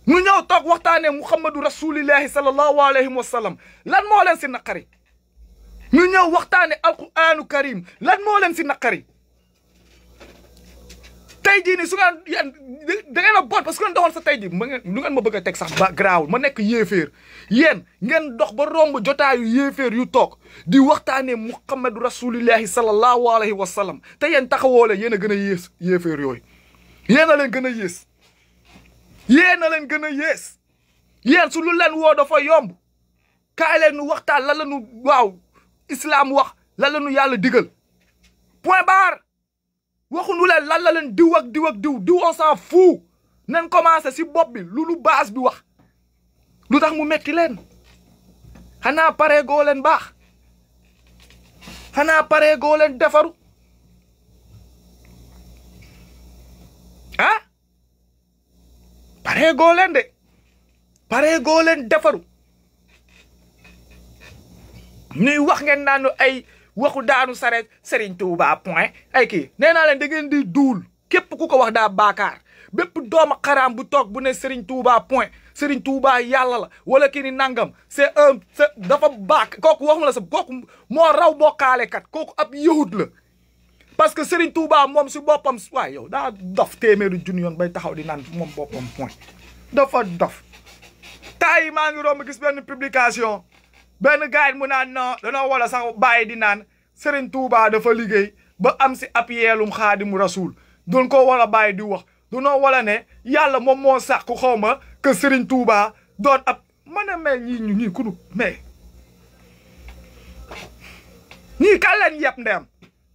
nu ñëw toog waxtaanee muhammadu rasulillahi sallallahu alayhi wa sallam lan moo leen si naqari ñu ñëw waxtaane alquranu karim lan moo leen si naqari tey jii nii su ngeen yan da ngeen a bon parce que ma ngeen lu ngeen ma bëgg a teg sax ba ma nekk yéeféer yéen ngeen dox ba romb jotaayu yéeféer yu toog di waxtaanee Muhammadu rasulillahi sallallahu alayhi wa sallam te yéen taxawoo yéen gën a yées yéeféer yooyu yéen a leen gën a yées yéen a leen gën a yées yéen su lu leen dafa yomb kaay leen nu waxtaan lan la nu waaw islam wax lan la nu yàlla digal point barre waxuñu leen lan la leen diw ak diw diw diw on s'en fout nañ commencé si bopp bi lu lu base bi wax lu tax mu metti leen xanaa pare goo leen baax xanaa pare goo leen defaru ah pare leen de pareegoo leen defaru ñuy wax ngeen naanu ay waxu daanu sareet Serigne Touba point ay kii nee naa leen da di duul képp ku ko wax daa baakaar bépp doomu xaraam bu toog bu ne Serigne Touba point Serigne Touba yàlla la wala kii ni nangam c'est un dafa baak kooku waxuma la sa kooku moo raw bokkaale kat kooku ab yahut la parce que Serigne Touba moom si boppam waaye yow daa dof téeméeri junni yoon bay taxaw di naan moom boppam point dafa dof temps yi maa ngi romb gis benn publication benn gars mu naan non danoo wala sax bàyyi di naan Serigne Touba dafa liggéey ba am si ab yeelum xaadimu rasul doon ko war a bàyyi di wax dunoo wala ne yàlla moom moo sàkku xaw ma que Serigne Touba doon ab mën a mel ñii ñu ñii ku nu mais ñii kan leen yeb ndeyam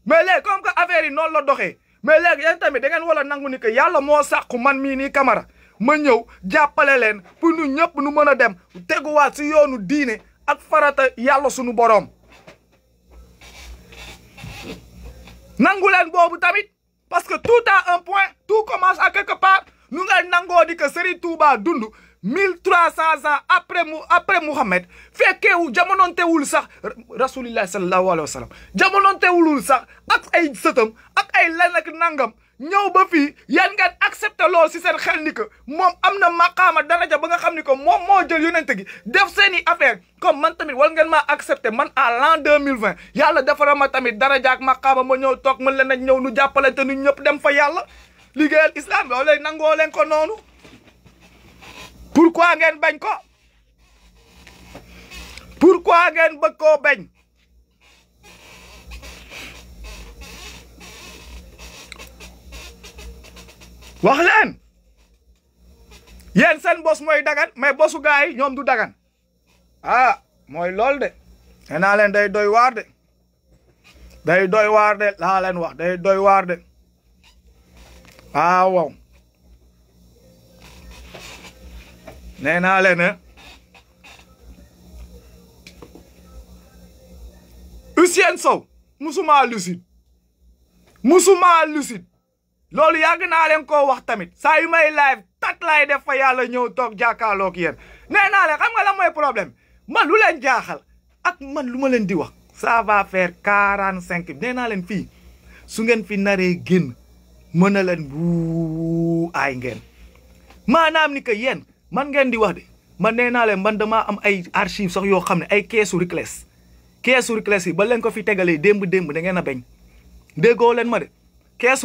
mais léegi comme que affaire yi noonu la doxee mais léegi yéen tamit da ngeen war nangu ni que yàlla moo sàkku man mii nii kamara ma ñëw jàppale leen pour ñu ñëpp nu mën a dem teguwaat si yoonu diine ak farata yalla sunu Borom. nangulen bobu tamit parce que tout a un point tout commence à quelque part nous ngal nango di que Serigne Touba Dundu 1300 ans après mu après Mouhamed fekkeewu jamonoontewul sax rasulillahi sallallahu alayhi wa sallam jamonoontewulul sax ak ay sëtam ak ay lan ak nangam ñëw ba fii yéen ngeen accepté lool si seen xel ni que moom am na maqaama daraja ba nga xam ni ko moom moo jël yonente gi def seen i affaire comme man tamit wal ngeen maa accepté man à l'an deux mille vingt yàlla defara ma tamit daraja ak maqaama ma ñëw toog mën leen a ñëw nu jàppalante nu ñëpp dem fa yàlla liggéeyal islam yow léegi nangoo leen ko noonu pourquoi ngeen bañ ko pourquoi ngeen bëgg koo bañ wax leen yéen seen bos mooy dagan mais bosu gars yi ñoom du dagan ah mooy loolu de nee naa leen day doy waar de day doy waar de laa leen wax day doy waar de waaw waaw nee naa leen Ousmane Sow musuma lucide musuma lolou yag na len ko wax tamit saa yu may live tat lay def fa yalla ñew tok jakarlo ak yeen neena le xam nga la moy problème ma lu len jaaxal ak man luma len di wax ça va faire 45 neena len fi su ngeen fi naré genn meuna len bu ay ngeen manam ni ke yeen man ngeen di wax de man neena le man dama am ay archives sax yo xamne ay caisse Ricles caisse Ricles yi ba len ko fi tégalé demb demb da ngeen bañ dégo len ma de caisse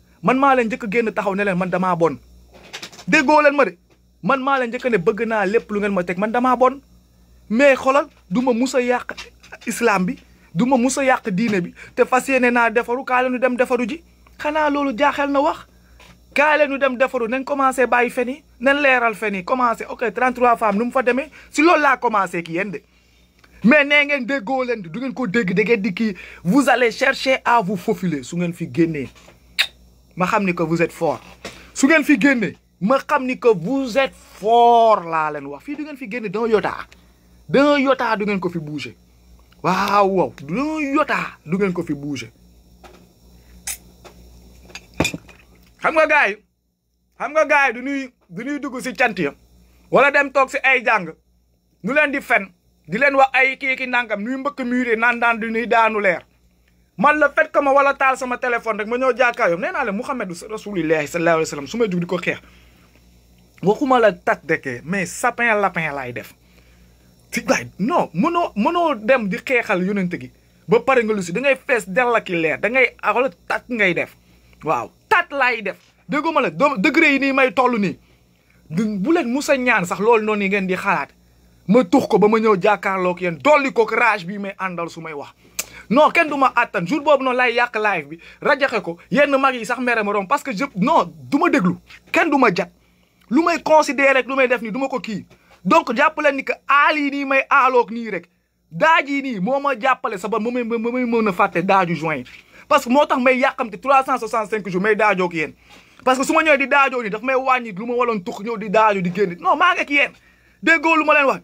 man maa leen njëkk a génn taxaw ne leen man damaa bon déggoo leen ma de man maa leen njëkk ne bëgg naa lépp lu ngeen ma teg man damaa bon mais xolal du ma mus a yàq islam bi du ma mus a yàq diine bi te fas yéene naa defaru kaa leen ñu dem defaru ji xanaa loolu jaaxel na wax kaa leen ñu dem defaru nañ commencé bàyyi fen yi nañ leeral fen yi commencé ok 33 femmes nu mu fa deme si loolu laa commencé ki yéen de mais nee ngeen déggoo leen du ngeen ko dégg da ngeen di kii vous allez chercher à vous faufiler su ngeen fi génnee. ma xam ni que vous êtes fort su ngeen fi génne ma xam ni ka vous êtes fort laa leen wax fii du ngeen fi génne d'un yotaa d'un iota du ngeen ko fi bouger waaw waaw d'un iota du ngeen ko fi bouger xam nga gars xam nga gars yi du ñuy ñuy dugg si cant ya wala dem toog si ay jàng ñu leen di fen di leen wax ay kii nangam ñuy mbëkk muré naan daan du ñuy daanu leer man le fait comme ma wala tal sama téléphone rek ma ñoo jàkkaar yow nee naa rasulillahi sallallahu alayhi Wasallam suma su ko xex waxuma la tat deke mais sapin lapin lay def ci bay non mono mono dem di xexal yonent gi ba paré nga lu ci da ngay fess dell ak leer da ngay akol ah, tat ngay def waaw tat lay def dégguma la degré yi ni may tollu ni bu len musa ñaan sax lol noni ngeen di xalat ma tux ko ba ma ñëw jàkkaarloog yéen dolli ko rage bi may andal sumay wax non kenn du ma attan jour boobu noonu laay yàq live bi rajaxe ko yenn mag yi sax mere ma doom parce que je non du ma déglu kenn du ma jat lu may considéré rek lu may def nii duma ko kii donc jàppale ni que aal yi nii may aaloog nii rek daaj yi nii moo ma jàppale sa ba ma may ma may mën a fàtte daaju juin parce que moo tax may yàqamte trois cent soixante cinq jours may daajoo ma ñëwee di daajoo nii daf may wàññi lu ma waloon tux ñëw di daajoo di génn non maa ngi ak yéen déggoo lu ma leen wax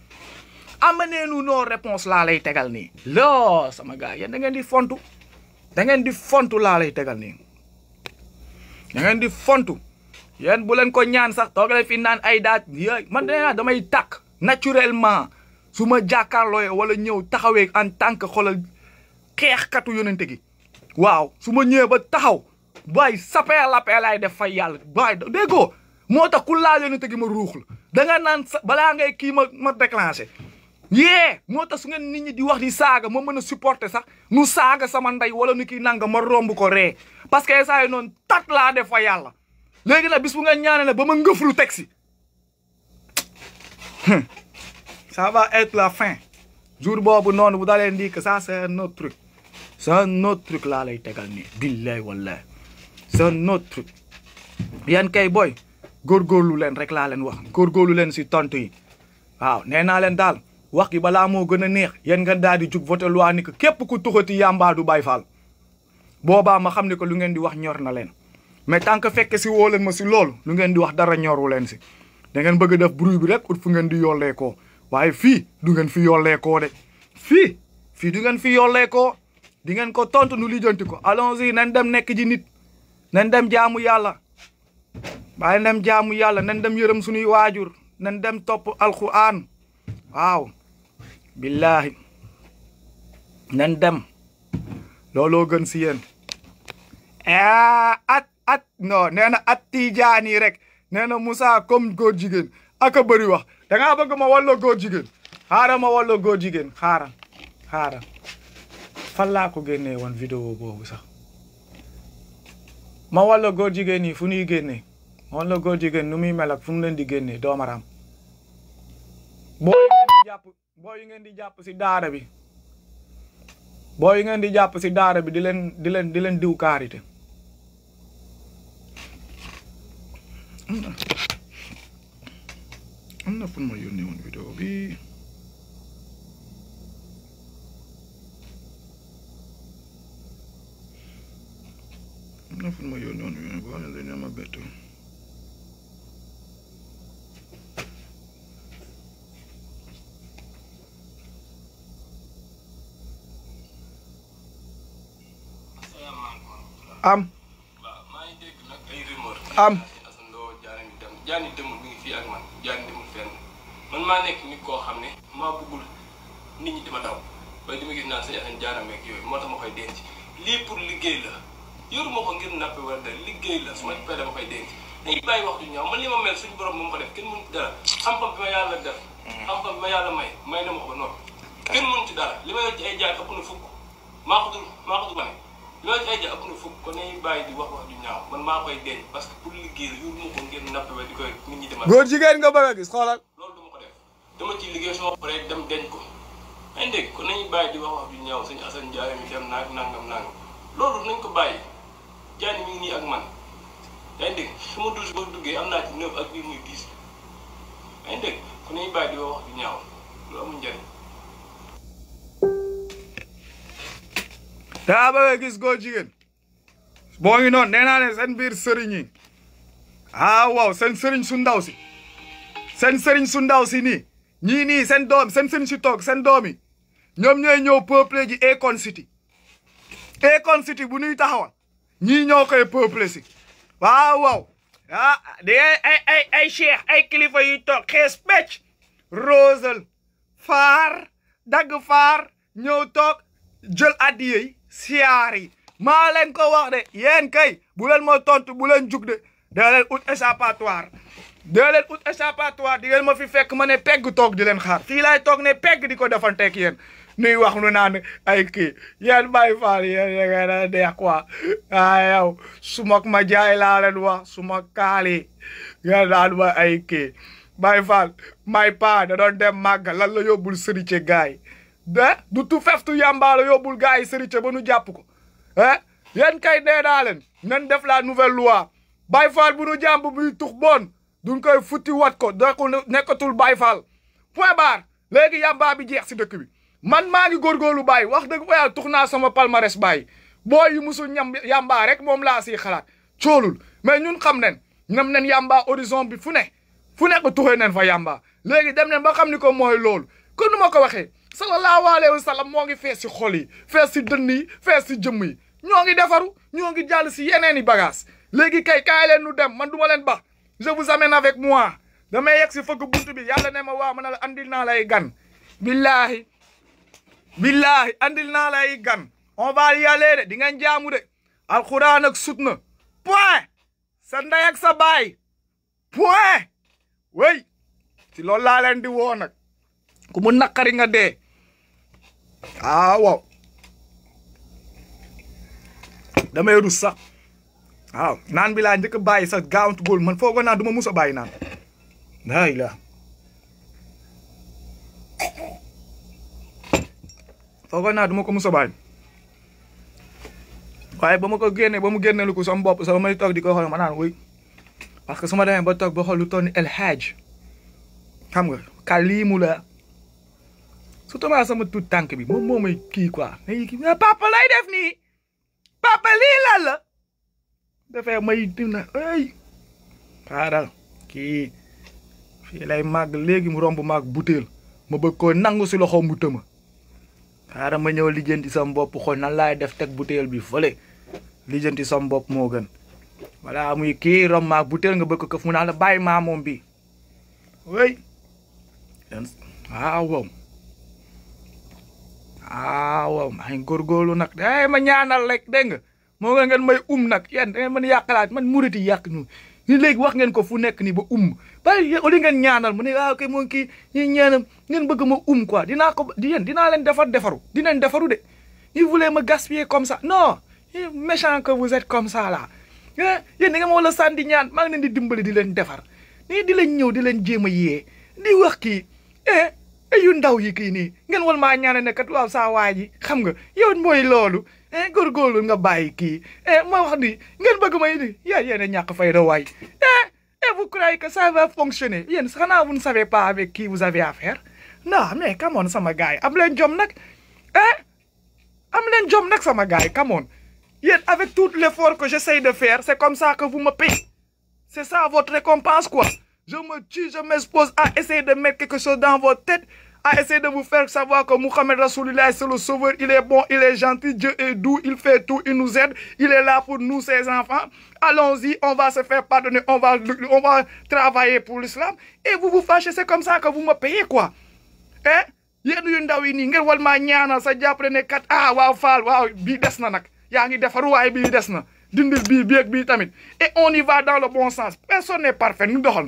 amenez nous nos réponses laa lay tegal ni lo sama gars ya da ngeen di fontu da ngeen di fontu laa lay tegal ni da ngeen di fontu yéen bu len ko ñaan sax togal fi naan ay daat yooyu man nee naa damay tak naturellement suma jakarlo wala ñew taxawé en tant que xex katu yonenté gi waaw suma ñew ba taxaw sapé la lapee lay def fay yalla baay dégo moo tax ku la yonenté gi ma ruux da nga nan bala ngay ki ma déclencher ye motax su ngeen nit ñi di wax di saga mo meuna supporter sax nu saga sama nday wala nu ki nanga ma romb ko re parce que essay non tat la def fa yalla legui nak bis bu nga ñaané ba bama ngeufru taxi ça va être la fin jour bobu non bu dalen di que ça c'est un autre truc c'est un autre truc la lay tégal ni billahi wallahi c'est un autre truc yan kay boy lu len rek la len wax lu len ci tontu yi waaw neena len dal wax gi bala moo gëna neex yeen nga daal di juk voter loi ni ko kep ku tuxoti yamba du Baye Fall boobaa ma xam ko lu ngeen di wax ñor na len mais tant que fekke si woo leen ma ci lool lu ngeen di wax dara ñoru len ci da ngeen bëgg def bruit bi rek ut fu ngeen di ko waye fi du ngeen fi yollee ko de fi fi du ngeen fi yollee ko di ngeen ko tontu nu lijeenti ko allons y nañ dem nek ji nit nañ dem jaamu yàlla waaye dem jaamu yalla nañ dem suñu wajur nañ dem top alquran waaw billaahi nan dem looloo gën si yéen eh, at at nee na at tijaani rek nee na Moussa comme góor jigéen ak a bëri wax da ngaa bëgg ma walla góor jigéen xaaral ma walla góor jigéen xaara xaara fan laa ko génnee woon vidéo boobu sax ma walla góor jigéen yi fu ñuy génnee ma walla góor jigéen nu muy mel ak fu mu leen di génnee doomaram boo jàpp boy ngeen di japp si daara bi boy ngeen di japp si daara bi di len di len di len diw kaarite am na ma yónnee woon bi ma bi ma am am jaani demul mi ngi fii ak man jaani demul fenn man maa nekk nit koo xam ne maa bëggul nit ñi ma daw waaye li ma gis naan sa yaxen jaarameeg yooyu moo tax ma koy denc lii pour liggéey la yoru ma ko ngir nappe wala dara liggéey la su ma paree dama koy denc dañuy bàyyi wax ju ñaaw man li ma mel suñu borom moom ko def kenn mënu ci dara xam-xam bi ma yàlla def mm. xam-xam bi ma yàlla may may na ma ko ba noppi kenn mënu ci dara li ma yor ci ay jaay ëpp na fukk maa ko dul maa ko loolu ay ja ëpp na fukk kon nañu bàyyi di wax wax du ñaaw man maa koy denc parce que pour liggéey yóbbu ma ko ngeen napp ba di koy nit ñi demal. góor jigéen nga bëgg a gis xoolal. loolu du ma ko def dama ci liggéey soo paree dem denc ko yaa ngi dégg kon nañu bàyyi di wax wax du ñaaw sëñ Assane Ndiaye mi dem naag nangam nangam loolu nañ ko bàyyi jaani mi ngi nii ak man yaa ngi dégg su ma douze boo duggee am naa ci neuf ak bii muy dix yaa ngi dégg kon nañu bàyyi di wax wax du ñaaw lu amul njëriñ daa bëgg a gis góor jigéen boo ngi noonu nee naa seen biir sëriñ yi ah waaw sëriñ su ndaw si seen sëriñ su ndaw si nii ñii nii seen doom seen sëriñ si toog seen doom yi ñoom ñooy ñëw peuple ji Akon siti Akon City bu ñuy taxawal ñii ñoo koy peuple si waaw waaw ah ay ay ay ay kilifa yu toog xees pecc rosal faar dagg faar ñëw toog jël addiye yi siyaar yi maa leen ko wax de yéen kay bu leen ma tontu bu leen jug de da leen ut échappatoire da leen ut échappatoire di ngeen ma fi fekk ma ne pegg toog di leen xaar fii laay toog ne pegg di ko defanteeg yéen nuy wax nu naan ay kii yéen bàyyi faal yéen da ngeen a deex quoi a ma jaay laa leen wax su mag kaali yéen daan ma ay kii bàyyi faal may pa da doon dem màgga lan la yóbbul sëri ci eh du tu feftu yàmbaala yóbbul gars yi sërite ba nu jàpp ko eh yéen kay dee daa leen def la nouvelle loi Baye Fall bu nu jàmb bi tux boon duñ koy futti wat ko dakul nekkatul Baye Fall point barre léegi yàmbaa bi jeex si dëkk bi man maa ngi góorgóorlu Baye wax dëgg fa yàlla tux naa sama palmarès Baye booy yu musul ñam yambaa rek moom laa siy xalaat coolul mais ñun xam nen ñam nen yàmbaa horizon bi fu ne fu nekk tuxee nen fa yàmbaa léegi dem nen ba xam ni ko mooy loolu kon nu ma ko waxee sallallahu alaihi wasallam mo ngi fess ci xol yi fess ci deun yi fess si jëm yi ñoo ngi defaru ñoo ngi jàll bagage léegi kay kay leen nu dem man duma leen ba je vous amène avec moi dama yex ci fëgg buntu bi yalla neema wa man la andil na lay gan billahi billahi andil na lay gan on va y aller di ngeen jaamu de alquran ak sutna point sa nday ak sa bay point wey ci lol la leen di wo nak ku mu nakari nga de Ah, waaw damay rus sax waaw nan bi la njëkk bàyyi sa gaunt gol man fogo naa duma ma mus nan. bàyyi la Fogo naa duma ko mus a Waye bama ma ko génne bamu mu lu ko sama bop sax may tok di xol man nan naan wuy parce que su ma ba tok ba xol lu toll El Hadj xam nga kalimu la surtout sama tut tànk bi moom moo may kii quoi mais kii papa lay def nii papa lii lan la dafay may dina ay xaaral kii fii lay màgg léegi mu romb maag butéel ma bëgg koo nangu si loxo mu tëma ma ñëw lijjanti sam bopp nan laay def teg butéel bi fële lijjanti sam bopp moo gën voilà mu kii romb maag butéel nga bëgg ko këf mu naan la bàyyi maa moom bi oui waaw waaw waaw maa ngi góorgóorlu nag day eh, ma ñaanal lek dégg nga moo nga ngeen may um nak yéen da eh, ngeen yakalat man mouride yak ñu ni leg wax ngeen ko fu nek ni ba um bal o li ngeen ñaanal mu ne waaw kay moom kii ñi ñaanam ngeen bëgg ma um quoi dina ko di yéen dina leen defar defaru dinañ defaru de il voulez me gaspiller comme ça non méchant que vous êtes comme ça là eh, yéen ya, nga mo la sandi ñaan ma ngi di dimbali di leen defar ni di leen ñew di leen jema yé di wax ki eh yu ndaw yi kii nii ngeen wal maa ñaane ne kat waaw saa waa ji xam nga yow mooy loolu eh, góorgóorlu nga bàyyi kii eh, ma wax ni ngeen bëgg may di yéen yéen a ñàkk fay da eh et eh, vous croyez que ça va fonctionner yéen xanaa vous ne savez pas avec qui vous avez affaire non mais come on sama gars yi am leen jom nag eh am leen jom nag sama gars yi come on yéen avec tout l'effort que j'essaie de faire c'est comme ça que vous me payez c'est ça votre récompense quoi je me tue, je m'expose à essayer de mettre quelque chose dans votre tête, à essayer de vous faire savoir que Mohamed Rasulullah, c'est le sauveur, il est bon, il est gentil, Dieu est doux, il fait tout, il nous aide, il est là pour nous, ses enfants. Allons-y, on va se faire pardonner, on va, on va travailler pour l'islam. Et vous vous fâchez, c'est comme ça que vous me payez, quoi. Hein? Yenu ah waaw waaw defaru na dindil bi ak et on y va dans le bon sens personne n'est parfait nous doxal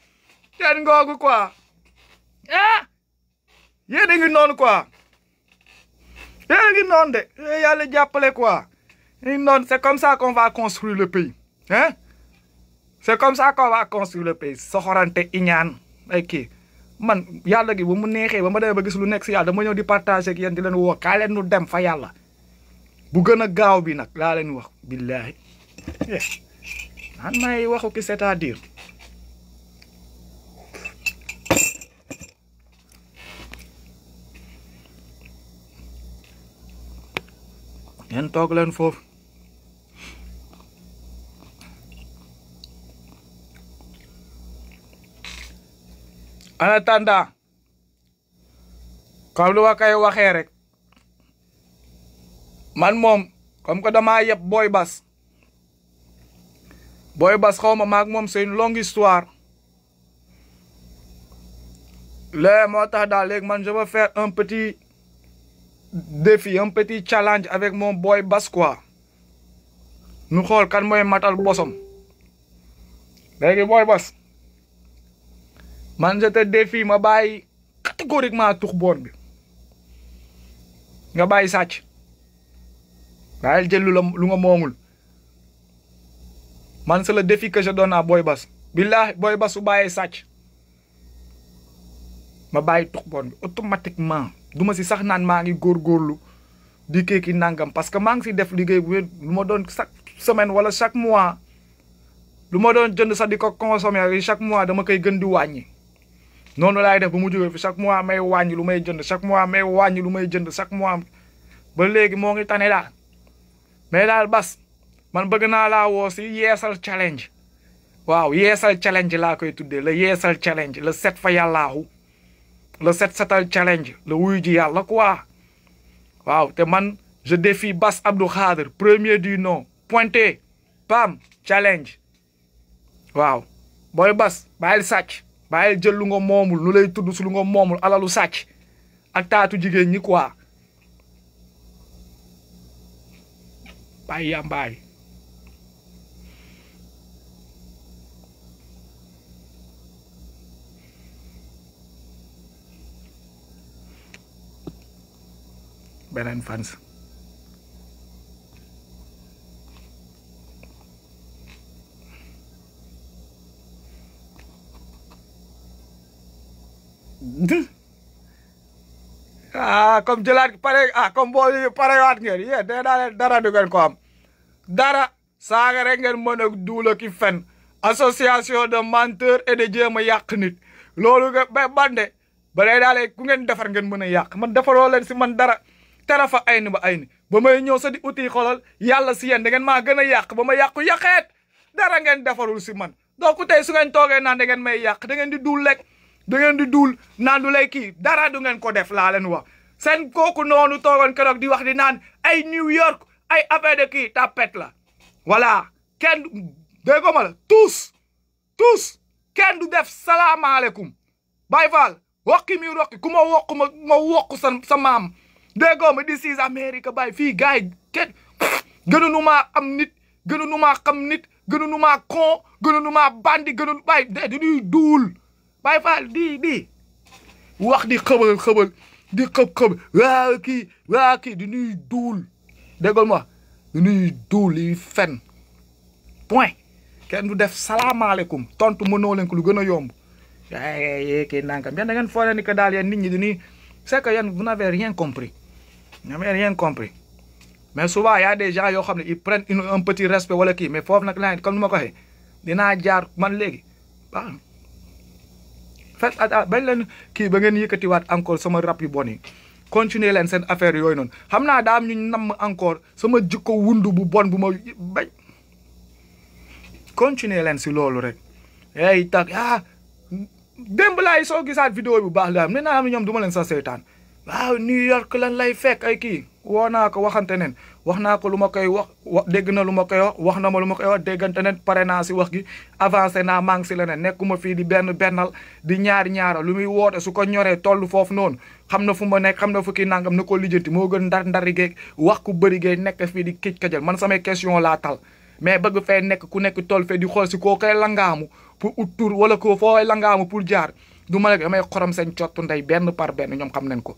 yéen googu kwa ah yéen ngi non kwa yéen ngi non de yàlla jàppale jappale kwa ngi non c'est comme ça qu'on va construire le pays hein c'est comme ça qu'on va construire le pays soxorante iñan ay kii man yalla gi bu mu nexé ba ma demee ba gis lu nek ci yalla dama ñëw di partager ak yeen di leen wo ka leen nu dem fa yalla bu gëna gaaw bi nak la leen wax billaahi man may waxu ki c'est-à-dire ngeen toog leen foofu en attendant comme lu ma waxee rek man moom comme que dama yeb Boy Bass Boy Bass xaw ma maag moom seen une longue histoire léegi moo tax daal léegi man je vais faire petit défi un petit challenge moom booy boy Basqua ñu xool kan mooy matal bosom léegi boy Bas man je te défie ma bàyyi catégoriquement tux boor bi nga bàyyi sàcc bàyyil jël lu la lu nga moomul man c'est le défi que je donne à Boy Bass billahi Boy sàcc ma bàyyi tux boor bi automatiquement duma ci sax nan gur ngi gorlu di keki nangam parce que ngi si def liggéey bu don lu ma chaque semaine wala chaque mois lu ma doon jënd sax di ko consommer chaque mois dama kay gën di wañi nonu lay def bu mu jógee fi chaque mois may wañi lu may jënd chaque mois may wañi lu may jënd chaque mois ba mo ngi tané dal mais dal bas man bëgg na la wo si yeesal challenge waaw yeesal challenge la koy tuddé la yeesal challenge le set fa yàllaahu le set setal challenge le wuyu ji yàlla quoi waaw te man je défie Bass Abdou Khader premier du nom pointé pam challenge waaw booy Bass bàyyil sàcc bàyyil jël lu nga moomul lu lay tudd lu nga moomul alalu sàcc ak taatu jigéen ñi quoi bàyyi yàmbaay beneen fans ah comme jëlaat pare ah comme boo parewaat ngeen yéen day daal dara du ngeen ko am dara saaga rek ngeen mën a duula ki fen association de menteurs et de jéem yak nit lolou nga ba bande ba day ku ngeen defar ngeen mën yak yàq man defaroo leen ci man dara tarafa ayni ba ayni ba may sa di uti xolal yalla si yeen da ngeen ma gëna yaq yàq ba ma dara ngeen defarul si man ku tay su ngeen toge naan da ngeen may yaq da ngeen di dul lek da ngeen di dul naan du lay ki dara du ngeen ko def la len wax sen koku nonu togon kërok di wax di naan ay New York ay affaire de kii tapet la voilà ken de ma la tous tous ken du def salaamaaleykum Baye Fall wokki mi rokki kuma ma ma ma sa mam déggoo me this is America by fi guy yi gënu nu ma am nit nu ma xam nit nu ma con nu ma bandi gënu bay de di duul bay fal di di wax di xëbal xëbal di xëb xëb waa ki waa ki di nuy duul déggoo ma di nuy duul yi fen point kenn du def salaamaaleykum tontu no len ko lu gëna yomb ay ay ke nankam ben da ngeen fo ni que dal yéen nit ñi di ni c'est que vous n'avez rien compris n'avez rien compris mais souvent y a des gens yoo xam ne ils prennent une un petit respect wala kii mais foofu nag laa comme ma ko waxee dinaa jaar man léegi baax na fekk at bañ leen kii ba ngeen yëkkatiwaat encore sama rap yu bon yi continuer leen seen affaire yooyu noonu xam naa daam ñu nam encore sama jikko wundu bu bon bu ma bañ continuer leen si loolu rek ay tak ah démb laay soo gisaat vidéo bu baax la am ne naa am ñoom du ma leen sa seetaan waaw New York lan lay fekk ay kii woo naa ko waxante neen wax naa ko lu ma koy wax wa dégg na lu ma koy wax wax na ma lu ma koy wax déggante neen pare naa si wax gi avancé naa maa ngi si leneen nekkuma fii di benn bennal di ñaar ñaara lu muy woote su ko ñoree toll foofu noonu xam na fu ma nekk xam na fu nangam na ko lijjanti moo gën ndar ndari geeg wax ku bëri geeg nekk fii di kij kajal man samay question laa tal mais bëgg fay nekk ku nekk toll fee di xool si koo koy langaamu pour ut wala ko langaamu pour jaar du ma rek damay xorom seen cottu ndey benn par benn ñoom xam nañ ko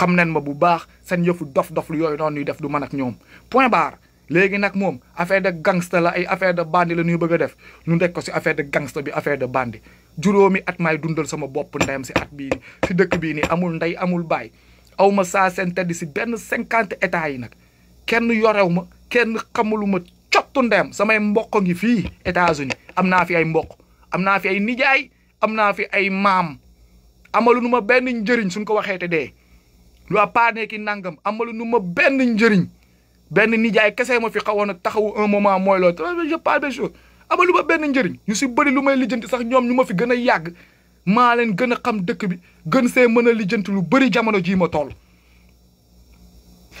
xam nañ ma bu baax seen yëfu dof-dof lu yooyu noonu ñuy def du man ak ñoom point barre léegi nag moom affaire de gangster la ay affaire de bandi la ñuy bëgg a def ñu nekk ko si affaire de gangster bi affaire de bandi juróomi at maay dundal sama bopp ndeyam si at bii si dëkk bii nii amul ndey amul baay aw ma saa seen tedd si benn cinquante états yi nag kenn yorew ma kenn xamuluma cottu ndeyam samay mbokk ngi fii États-Unis am naa fi ay mbokk am naa fi ay nijaay am naa fi ay maam amalu nu ma benn njëriñ suñ ko waxee te dee lu appaane ki nangam amalu nu ma benn njëriñ benn nijaay kese ma fi xawoon ak taxawu un moment mooy loolu je parle des ma benn njëriñ ñu si bëri lu may lijjanti sax ñoom ñu ma fi gën a yàgg maa leen gën a xam dëkk bi gën see mën a lijjanti lu bëri jamono jii ma toll.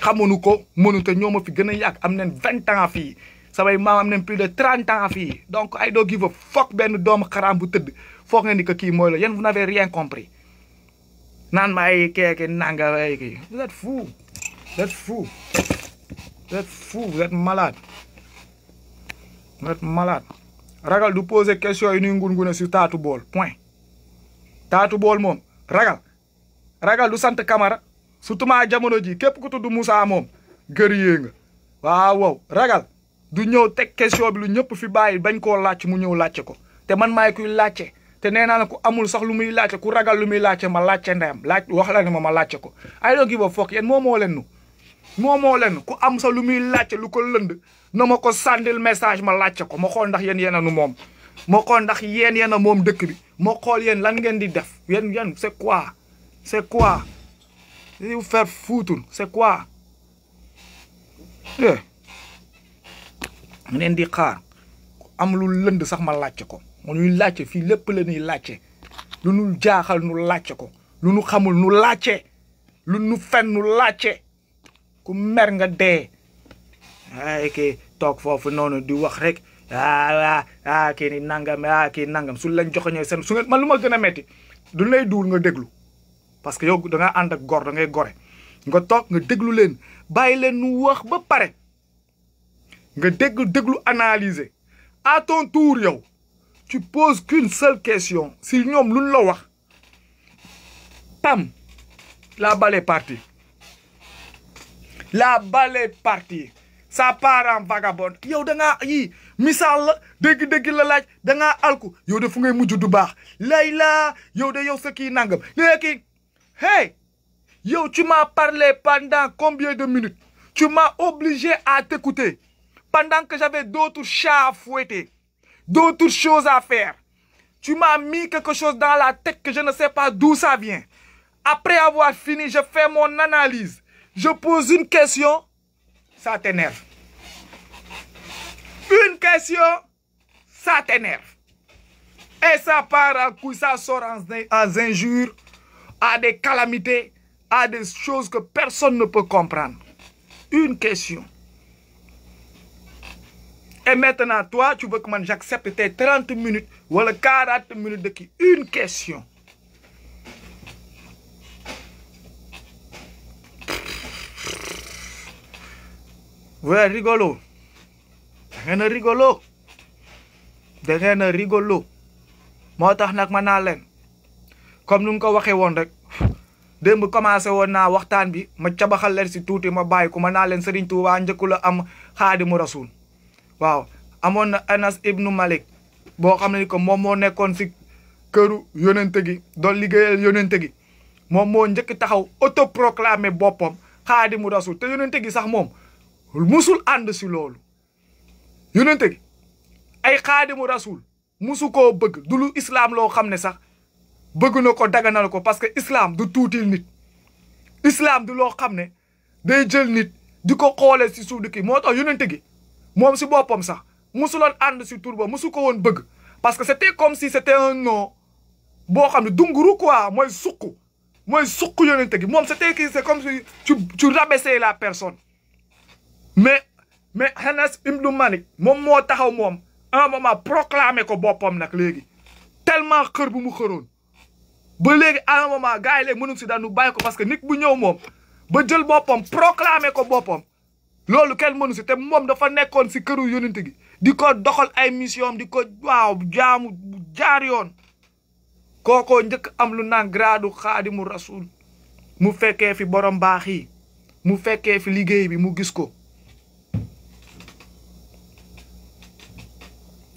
xamuñu ko mënu te ñoo ma fi gën a yàgg am nañ vingt ans fii samay maam am nañ plus de trente ans fii donc ay don't give a fuck benn doomu xaraam bu tëdd. foog ngeen ni que kii mooy la yéen vous na rien compris naan ma ay kii ak nanga ay kii vous êtes fou vous êtes fou vous êtes fou vous êtes malade vous yi nuy ngun-ngune taatu bool point taatu bool moom ragal ragal du sant Camara surtout ma jamono ji képp ku du Moussa moom gërëyee nga waaw ragal du ñëw te question lu ñëpp fi bàyyi bañ koo laaj mu ñëw laajte ko te man maay kuy laajte te nee naa la ku amul sax lu mu laajte ku ragal lu muy laajte ma laajte ndeyam laaj wax la ne ma ma laajte ko ay don't give a fuck yéen moo moo leen moo moo leen ku am sax lu mu laajte lu ko lënd na ma ko sàndil message ma laajte ko ma xool ndax yéen yéen a nu moom ma xool ndax yéen yéen a moom dëkk bi ma xool yéen lan ngeen di def yéen yéen c'est quoi c'est quoi yu fer fuutun c'est quoi ngeen di xaar ku am lënd sax ma laajte ko moo ñuy laajte fii lépp la ñuy laajte lu nu jaaxal nu laajte ko lu nu xamul nu laajte lu nu fen nu laajte ku mer nga dee ah, ay ki toog foofu noonu di wax rek ah ah, ah kii ni nangam ah kii nangam su lañ joxoñee seen su man lu ma gën a metti du lay duul nga déglu parce que yow da nga ànd ak gor da ngay gore nga toog nga déglu leen bàyyi leen nu wax ba pare nga déglu déglu analyser à ton tour yow tu poses qu'une seule question si nous luñ la wax pam la balle est partie la balle est partie ça part en vagabond yow da ngaa yii deki la la laaj da ngaa alku yow de fu ngay du bar. lay Yo de yow nangam léegi hey Yo tu m'as parlé pendant combien de minutes tu m'as obligé à t'écouter pendant que j'avais d'autres chats à fouetter D'autres choses à faire. Tu m'as mis quelque chose dans la tête que je ne sais pas d'où ça vient. Après avoir fini, je fais mon analyse. Je pose une question, ça t'énerve. Une question, ça t'énerve. Et ça part à coup, ça sort en injures, à des calamités, à des choses que personne ne peut comprendre. Une question. Et maintenant, toi, tu veux que j'accepte tes 30 minutes ou 40 minutes de qui Une question. Vous êtes rigolo. Rien de rigolo. De rien de rigolo. moo tax nag ma naa leen comme nu nga ko waxee woon rek démb commencé woon naa waxtaan bi ma cabaxal leen si tuuti ma bàyyi ko ma naa leen Serigne Touba njëkku la am xaadimu rasul Wow, amoon Anas ibnu Malik boo xam ne ni ko moom moo nekkoon si këru yonente gi doon liggéeyal yonente gi moom moo njëkk taxaw autoproclamé boppam xaadimu rasul te yonente gi sax moom musul ànd si loolu yonente gi ay xaadimu rasul musu koo bëgg du lu islaam loo xam ne sax bëgg na ko daganal ko parce que islaam du tuutil nit islaam du loo xam ne day jël nit di ko xoolee si suuf di gi moom si boppam sax musuloon ànd si tur ba musu ko woon bëgg parce que c' était comme si c' était boo xam ne dunguru quoi mooy suq mooy suq yonente gi moom c' était que c' comme si tu tu rabaissais la personne mais mais Anas lu Malik moom moo taxaw moom un moment proclamé ko boppam nag léegi tellement xër bu mu xëroon ba léegi à un moment gars yi léegi mënuñ si daanu bàyyi ko parce que nit bu ñëw moom ba jël boppam proclamé ko boppam loolu kenn mënu si te moom dafa nekkoon si këru yonent gi di ko doxal ay mission di ko waaw jaamu jaar yoon kookoo njëkk am lu naan xaadimu rasul mu fekkee fi borom baax yi mu fekkee fi liggéey bi mu gis ko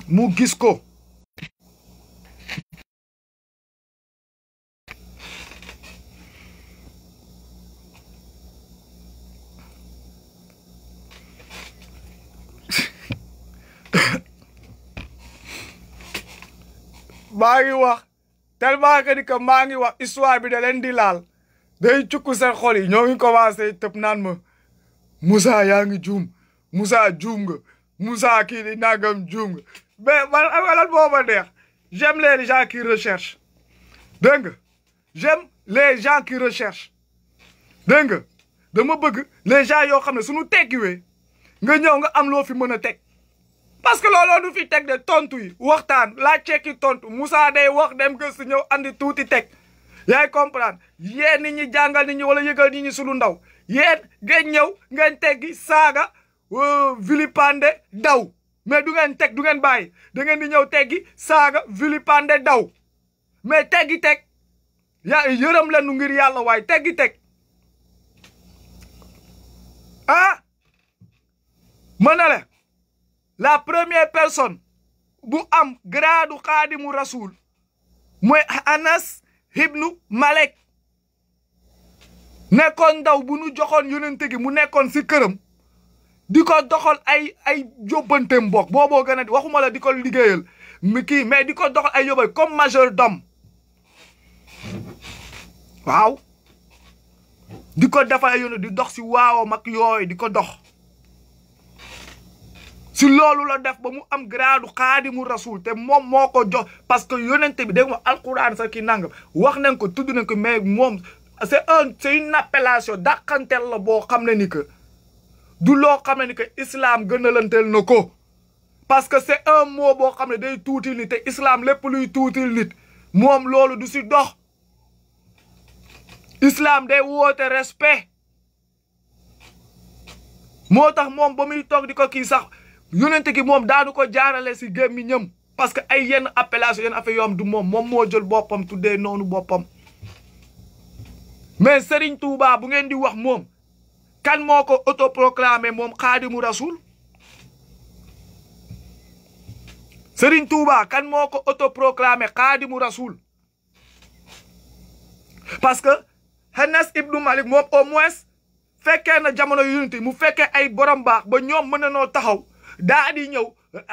mu gis ko maa ngi wax tellement que ni que maa ngi wax histoire bi da leen di laal day cukku seen xol yi ñoo ngi ko commencé tëb naan ma Moussa yaa ngi juum Moussa juum nga Moussa kii di nangam juum nga mais man am nga lan moo ma neex j'aime les gens qui recherchent dégg nga j'aime les gens qui recherchent dégg nga dama bëgg les gens yoo xam ne suñu tekkiwee nga ñëw nga am loo fi mën a teg parce que looloo du fi teg de tontu yi waxtaan laa cekki tontu Moussa day wax dem gëstu ñëw andi tuuti teg yaay comprendre yéen nit ñi jàngal nit ñi wala yëgal nit ñi sunu ndaw yéen ngeen ñëw ngeen teggi saaga euh, vilipande daw mais du ngeen teg du ngeen bàyyi da ngeen di ñëw teggi saaga vilipande daw mais teggi teg yaa yërëm leen nu ngir yàlla waaye teggi teg ah mën na le la première personne bu am gradu xaadimu rasul mooy anas ibnu malek nekkoon ndaw bu nu joxoon yonente gi mu nekkoon si këram di ko doxal ay ay yóbbanteem mbokk booboo gën a di ko liggéeyal mi kii mais di ko doxal ay yóbbal comme majordome waaw di ko defal ay yónne di dox si waaw mag yooyu di ko dox ci loolu la def ba mu am gradu xaadimu rasuul te moom moo ko jox parce que yonente bi dégg nga alquran sax ki nangam wax nañ ko tudd nañ ko mais moom c' est un c' est une appellation la boo xam ne ni que du loo xam ne ni que islam gënalanteel na ko parce que c' est un boo xam ne day tuutil nit te islam lépp luy tuutil nit moom loolu du si dox islaam day woote respect moo tax moom ba muy toog di ko kii sax yonenté ki mom daanu ko jaarale si ñëm parce que ay yenn appellation yenn affaire yo am du mom mom mo jël bopam tuddee nonu bopam mais Serigne Touba bu ngeen di wax mom kan moko ko autoproclamé mom khadimu rasoul Serigne Touba kan moko ko autoproclamé khadimu rasoul parce que Hannas ibnu Malik mom au moins fekkee na jamono yonenté mu fekkee ay borom baax ba ñom mëna no taxaw daa di ñëw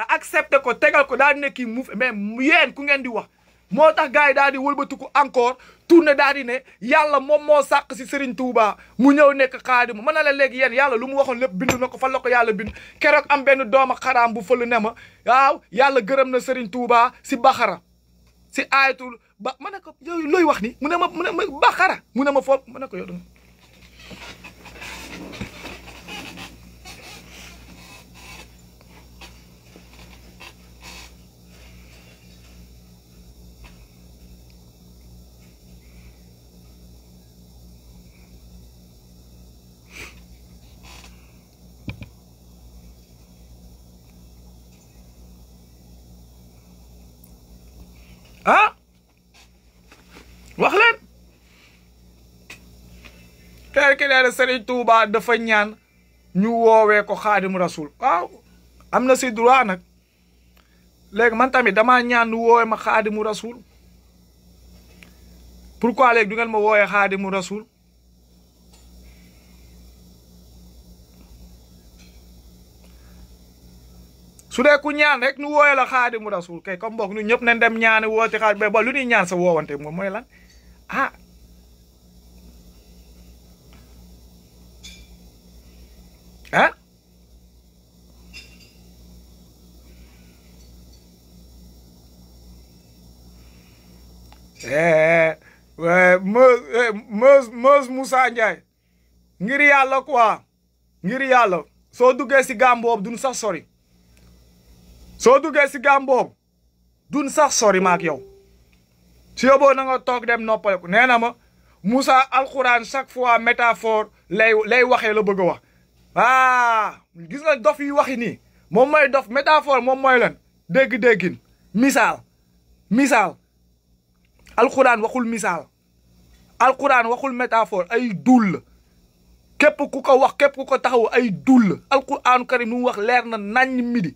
accepté ko tegal ko daa di ne kii move mais yéen ku ngeen di wax moo tax gars yi daal di wëlbatiku encore tourné daal di ne yàlla moom moo sàq si Serigne Touba mu ñëw nekk xaadimu ma ne la léegi yéen yàlla lu mu waxoon lépp bind na ko fan la ko yàlla bind keroog am benn dooma xaraam bu fël ne ma waaw yàlla gërëm na Serigne Touba si Baxara si aayatul ba ma ne ko yooyu looy wax ni mu ne ma mu ne ma Baxara mu ne ma foofu ma ne ko yow ah wax leen tey ki nee na Serigne Touba dafa ñaan ñu woowee ko xaadim rasul waaw am na si nag léegi man tamit dama ñaan ñu woowee ma xaadimu rasul pourquoi léegi du ngeen ma woowee xaadimu rasul su dee ku ñaan rek nu wooye la xaadimu rasul kay comme mbokk nu ñëpp nañ dem ñaani woote xaaj ba ba lu ñuy sa woowante moom mooy lan ah ah Meuse eh, eh, eh, Meuse Moussa Ndiaye ngir yàlla quoi ngir yàlla soo duggee si gàmm boobu duñ sax sori soo duggee si gàmm boobu dun sax sori ma ak yow si yóbboo nanga nga toog dem noppaleku nee na ma Moussa alxuraan chaque fois métaphore lay lay waxee la bëgg a wax ah gis nga dof yi waxi nii moom mooy dof métaphore moom mooy lan dégg-déggin misaal misaal alxuraan waxul misaal alxuraan waxul métaphore ay duul la képp ku ko wax képp ku ko taxaw ay duul la alxuraanu karim lu mu wax leer na nañ midi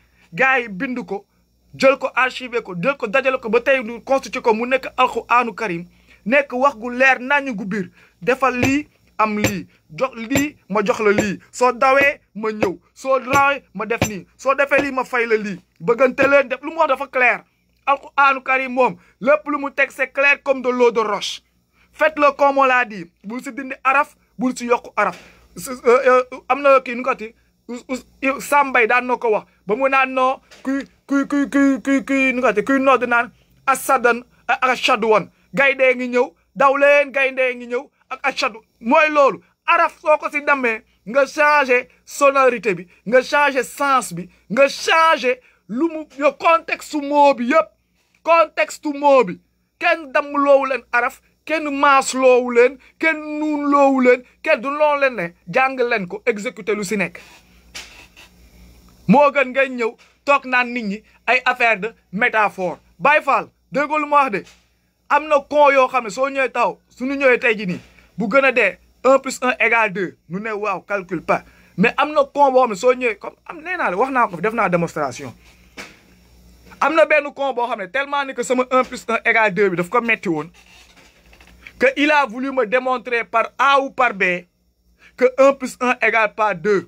gars yi bind ko jël ko archivé ko jël ko dajale ko ba tey ñu constitué ko mu nekk anu karim nekk wax gu leer nañu gu biir defal lii am lii jox lii ma jox la lii soo dawee ma ñëw soo rawee ma def nii soo defee lii ma fay la lii bëggante def lu mu wax dafa clair alxuraanu karim moom lépp lu mu teg c'est clair comme de l'eau de roche faites-le comme on l'a si dindi araf bu si yokku araf euh, euh, am na kii nu ko Sambay daan na ko wax ba mu naan noo ku kuy ku kuy kuy kuy nu nga te kuy nodd naan asadan ak achadwan gayndee ngi ñëw daw leen gayndee ngi ñëw ak achadu mooy loolu araf soo ko si demee nga changé sonorité bi nga changé sens bi nga changé lu mu yo contexte mot bi yëpp contexte mot bi kenn damm loowu leen araf kenn maas loowu leen kenn nuun loowu leen kenn du ne jàng leen ko exécuté lu si nekk Morgan gagne tok nan nit ñi ay affaire de métaphore bay fall de mo wax de amna con yo xamné so ñoy taw suñu ñoy tay ji ni bu gëna dé 1 plus 1 égale 2 nu né waw calcul pas mais amna con bo xamné so ñoy comme am néna wax na ko def na démonstration amna ben con bo xamné tellement ni que sama 1 plus 1 égale 2 bi daf ko metti won que il a voulu me démontrer par A ou par B que 1 plus 1 égale pas 2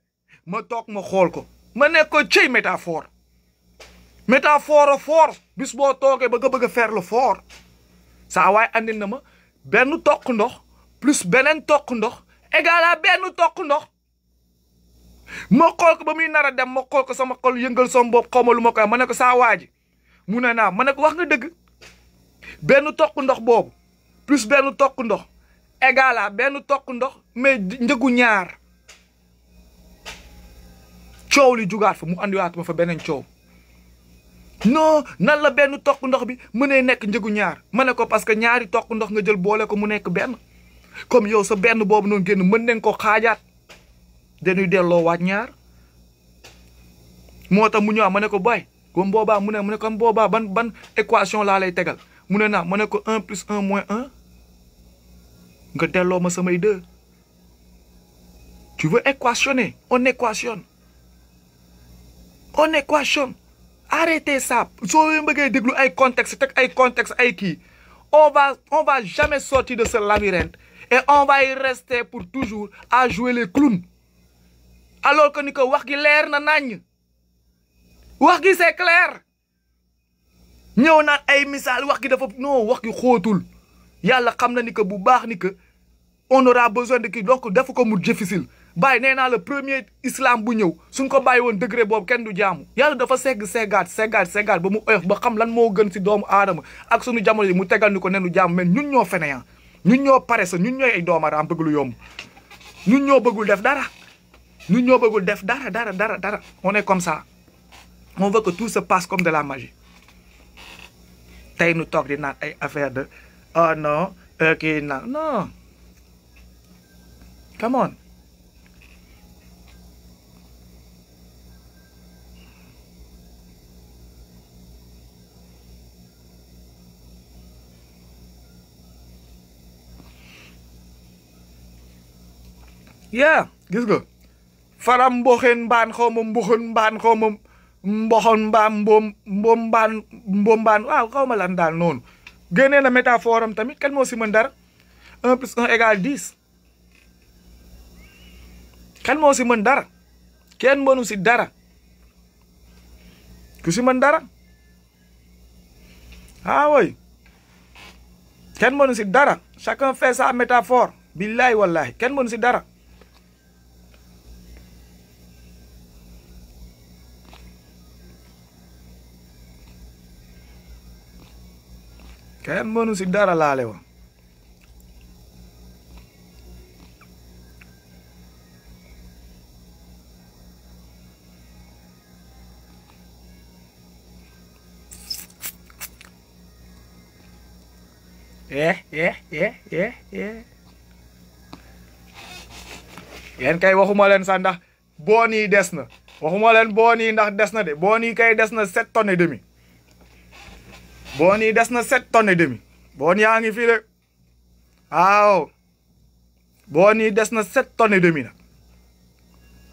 ma toog ma xool ko ma nekk ko cëy métaphore métaphore foor bis boo toogee ba nga bëgg a faire le saa waaye andil na ma benn toq ndox plus beneen toq ndox égal benn toq ndox ma xool ko ba muy nar a dem ma xool ko sama xol yëngal sama bopp xaw ma lu ma koy ma ne ko saa waa ji mu ne naa ma ne ko wax nga dëgg benn toq ndox boobu plus benn toq ndox égal benn toq ndox mais njëgu ñaar. ciow li jugaat fa mu andi waat ma fa benen ciow non nan la benn tok ndox bi mune nek njëgu ñaar mané ko parce que ñaari tok ndox nga jël boole ko mu nek benn comme yow sa benn bobu non genn mën nañ ko xajaat dañuy delloo waat ñaar mota mu ñu ma ko boy ko mboba mu ne mu ne comme boobaa ban ban équation la lay tegal mu ne naa ma ne ko 1 plus 1 moins un nga delloo ma samay 2 tu veux équationner on équationne on est question arrêtez ça soo leen bëggee ay contexte teg ay contexte ay kii on va on va jamais sortir de ce labyrinthe et on va y rester pour toujours à jouer les clowns alors que ni ko wax gi leer na nañ wax gi c'est clair ñëw naan ay misaal wax gi dafa non wax gi xóotul yàlla xam na ni que bu baax ni que on aura besoin de kii donc def ko mu difficile bàyyi néna le premier islam bu ñew suñ ko baye won degré bob kenn du jaamu yalla dafa ségg ségat ségat seggaat ba mu oyof ba xam lan mo gën ci doomu adam ak suñu jamono mu tégal ni ko nenu jaamu mais ñun ñoo feneyaan ah. ñun ñoo pare sa ñun ay bëgg lu yom ñun ñoo bëggul def dara ñun ñoo bëggul def dara dara dara dara on est comme ça on veut que tout se passe comme de la magie tay nu tok di ay affaire de ah non euh, kii naan non come on yaa gis nga faram mboxeen mbaan xaw ma mboxoon mbaan xaw ma mboxoon mbaam mboom mboom mbaan mboom mbaan waaw xaw ma lan daal noonu génnee na métaphore am tamit kan moo si mën dara un plus un mën dara kenn mënu si dara ku si mën dara aawooy ah, kenn mënu si dara chacun fait sa métaphore billaay wallahi kenn mënu si dara Kayambonu si dara laale lewa eh eh eh eh eh kay waxuma leen sax ndax boon yi des na waxuma leen boon yi ndax des na de boo nii kay des na sept tonnes de demi bon yi des na sept tonnes et demi bon yaa ngi fii de waaw yi des na sept tonnes et demi nag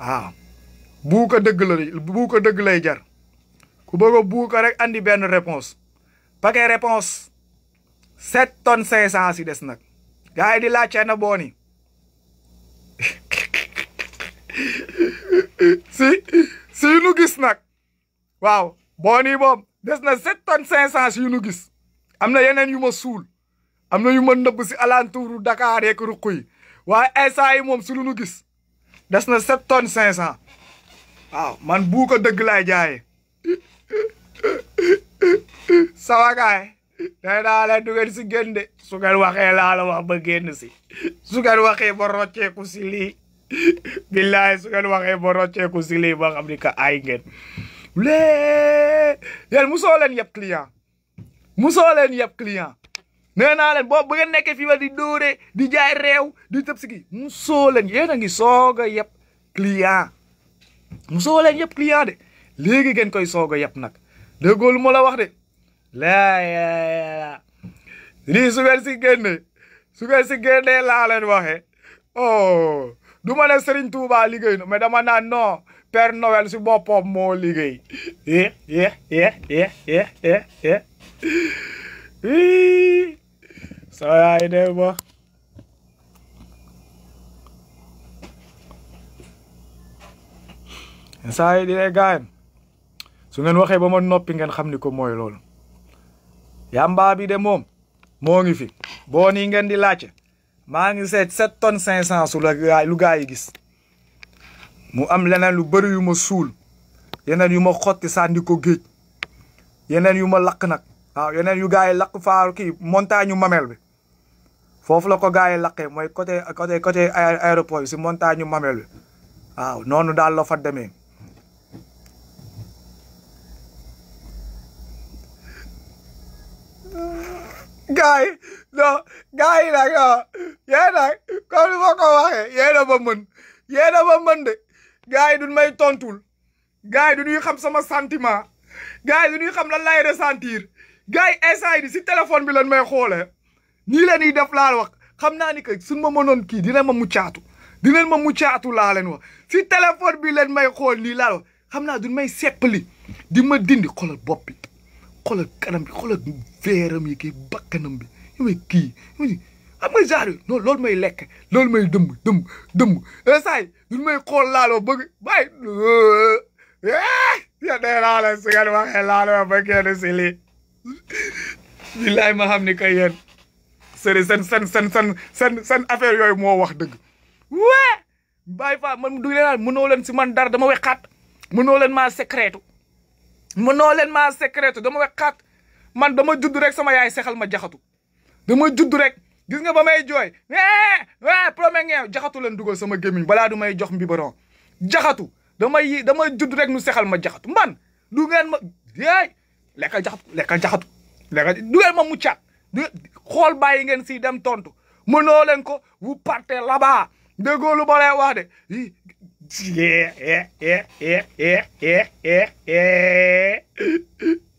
waaw buu ko dëgg la lay jar ku bëgg a buu ko rek andi benn réponse paquet réponse sept tonnes cinq cent si des nag gars yi di laajte na bon yi si si nu gis waaw bon yi des na sept tonnes cinq cent yu nu gis am na yeneen yu ma suul am na yu ma nëbb si alentouru Dakar yeeg ruq yi waaye instant yi moom si lu nu gis des na sept tonnes cinq cent waaw man buu ko dëgg laay jaayee sawakaay day daa la du si génn de su ngeen waxee laa la wax ba génn si su ngeen ba rocceeku si lii billaay su ngeen ba rocceeku si lii ba xam ni ay ngeen lee yéen musoolen leen yeb client musoo leen yeb client nee naa leen boobu bu nekkee fii ba di dóore di jaay réew di tëb si kii musoo leen yéen a ngi soog a yeb client musoo leen yeb client de léegi ngeen koy soog a yeb nag déggoo lu ma la wax de la lii su ngeen si génne su ngeen oh, du ma ne Serigne Touba liggéey na mais dama naan noo Père Noël si boppam moo liggéey eh eh eh eh eh, eh, eh. soo yaay de ma saa yi di ne gaayam su ngeen waxee ba ma noppi ngeen xam ni ko mooy loolu yàmbaa bi de moom moo ngi fi boo nii ngeen di laajte maa ngi set sept tonnes cinq cent su la lu gaa yi gis mu am leneen lu bëri yu ma suul yeneen yu ma xotti sànni ko géej yeneen yu ma lakk nag waaw yeneen yu gars yi lakk faaru kii montagne mamel bi foofu la ko gars yi lakkee mooy côté côté côté aéroport bi si montagne mamel bi waaw noonu daal la fa demee gars yi non gars yi nag yéen nag comme ni ma ko mën yéen a mën de gars yi duñ may tontul gars yi duñuy xam sama sentiment gars yi duñuy xam lan lay ressentir gars yi instant yi di si téléphone bi lan may xoolee ñii leen yi def laa wax xam naa ni que suñ ma mënoon kii dina ma muccaatu dina ma muccaatu laa leen wax si téléphone bi leen may xool nii laa wax xam naa duñ may seppali di ma dindi xoolal bopp bi xoolal kanam bi veeram yi kii bakkanam bi yow kii am nga genre non loolu may lekk loolu may dëmm dëmm dëmm eh, saa yi duñu may xool laaloo bëgg bàyyi eh, ya dee laalo si ngeen waxee laalo ba kenn si lii billaay ma xam ni kay yéen sen sen sen sen seen seen affaire yooyu moo wax dëgg wee bàyyi fa man du leen mënoo leen si man dar dama wexaat mënoo leen maa secrétu mënoo leen maa secrétu dama wexaat man dama judd rek sama yaay sexal ma jaxatu dama judd rek gis nga ba may jooy eh premier jaxatu len dugal sama gaming. bala du may jox mbibaron jaxatu damay dama judd rek nu sexal ma jaxatu man du ngeen ma yey lekal jaxatu lekal jaxatu lekal du ngeen ma muccaat du xool bàyyi ngeen si dem tontu mënoo len ko vous partez là-bas déggoo lu ma lay wax de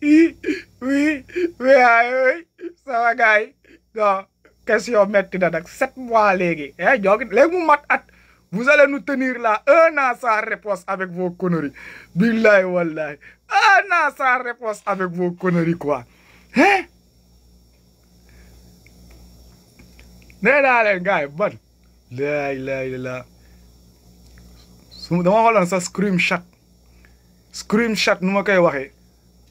oui oui oui sama gars yi non question métti na nak sept mois légui hein joogi léegi mu mat at vous allez nous tenir là un an sans réponse avec vos conneries billahi wallahi un an sans réponse avec vos conneries quoi hein nee naa leen gars yi ban la ilaaha illallaah dama xooloon sa screenshot screenshot nu ma koy waxee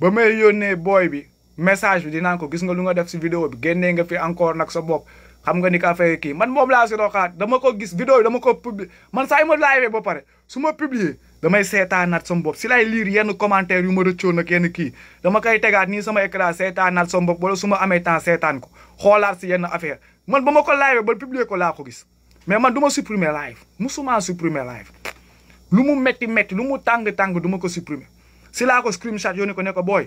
ba may yónnee bi message bi dinaan ko gis nga lu nga def si vidéo bi génnee nga fi encore nag sa bopp xam nga ni ka affaire kii man moom laa si roxaat dama ko gis vidéo bi dama ko publier man saa yu ma live ba pare su ma publier damay seetaanaat sama bopp si lay liir yenn commentaire yu ma rëccoon ak yenn kii dama koy tegaat nii sama écran seetaanaat sama bopp wala su ma amee temps seetaan ko xoolaat si yenn affaire man ba ma ko live ba publier ko laa ko gis mais man du ma supprimer live musuma supprimer live lu mu metti metti lu mu tàng tàng du ma ko supprimer si laa ko screenshot yónnee ko ne ko booy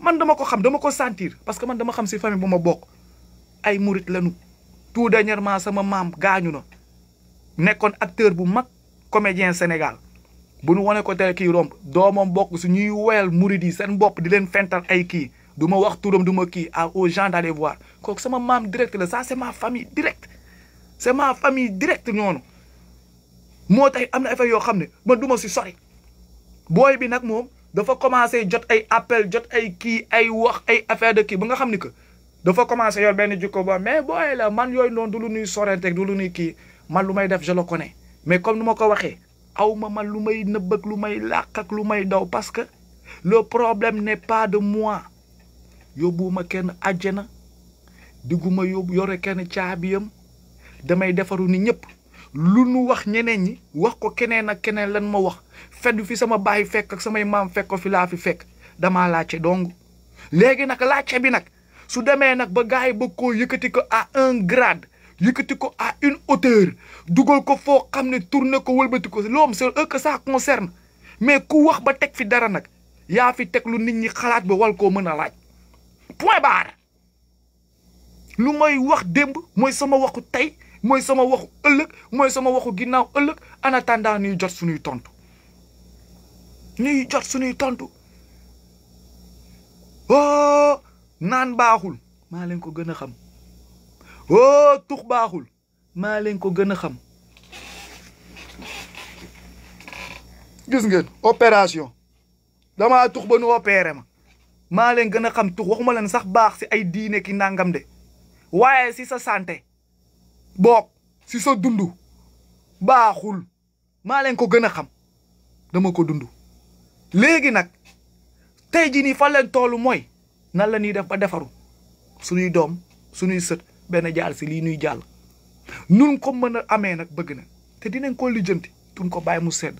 man dama ko xam dama ko sentir parce que man dama xam si famille buma bok ay murit lañu tout dernièrement sama mam gañu na nekkon acteur bu mag comédien Sénégal bu ñu woné ko tele ki romb doomam bok su ñuy wël murit sen bop di len fental ay ki duma wax turam duma ki kii à aux gens d'aller voir kooku sama mam direct le ça c'est ma famille direct c'est ma famille direct non motay amna effet yo xamné ne man du ma sori boy bi nak mom dafa commencé jot ay appel jot ay ki ay wax ay affaire de ki ba nga xam ni que dafa commencé yor ben jikko ba mais booy la man yoy non du lu nuy sorenteeg du lu nuy ki man lu may def je le connais mais comme numa ko waxee aw ma man lu may ak lu may ak lu may daw parce que le problème n'est pas de moi yóbbuwuma ma ken digguma yóbbu yore kenn caabiyam damay defaru ni ñëpp lu nu wax ñeneen ñi wax ko keneen ak keneen lan ma wax fedd fi sama baay fekk ak samay maam fekk ko fi laa fi fekk damaa laajte dong léegi nag laajte bi nag su demee nag ba gars yi bëgg koo yëkkati ko à un grade yëkkati ko à une hauteur dugal ko foo xam ne tourné ko wëlbati ko loom c'est eux que ça concerne mais ku wax ba teg fi dara nag yaa fi teg lu nit ñi xalaat ba wal koo mën a laaj point barre lu may wax démb mooy sama waxu tey mooy sama waxu ëllëg mooy sama waxu ginnaaw ëllëg en attendant jot suñuy tontu. ñuy jot suñuy tontu oh naan baaxul maa leen ko gën a xam oh tux baaxul maa leen ko gën a xam gis ngeen opération dama tux ba nu opéré ma maa leen gën a xam tux waxuma leen sax baax si ay diine ki nangam de waaye si sa sante boog si sa dund baaxul maa leen ko gën a xam dama ko dund léegi nak, tay ji ni fa len tolu moy nan la ni def ba defaru suñuy dom suñuy seut ben jaal si li ñuy jaal nun ko mëna amé nak bëgg na te dinañ ko lijeenti tuñ ko bay mu sedd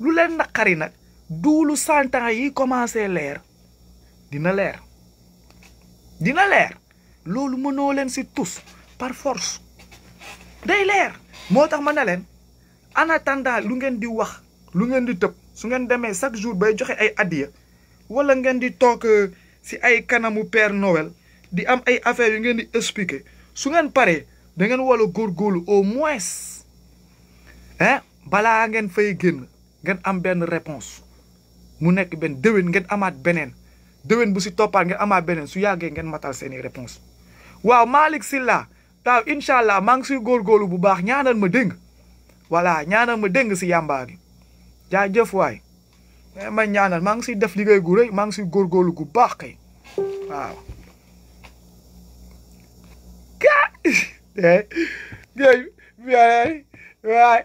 lu dulu naqari nag duulu cent ans yi commencé lèr dina lèr dina lèr lolu mëno len ci tous par force day lèr motax ma na len en attendant lu ngeen di wax lu ngeen di tepp su ngeen demee chaque jour bay joxe ay adiya wala ngeen di toog euh, si ay kanamu Père Noël di am ay affaire yu ngeen di expliquer su ngeen paree da ngeen wala góorgóorlu au moins hein balaa ngeen fay génn ngeen am benn réponse mu nekk benn déwén ngeen amaat beneen déwén bu si toppaat ngeen amaat beneen su yàggee ngeen matal seeni réponse waaw Malik silla taw inshallah allah maa ngi siy góorgóorlu bu baax ñaanal ma dégg voilà ñaanal ma dégg si yàmbaa gi jaajëf way eh, ma ñaanal ma ngi ci def ligay gu reuy ma ngi gor golu gu bax kay waaw ka géey eh,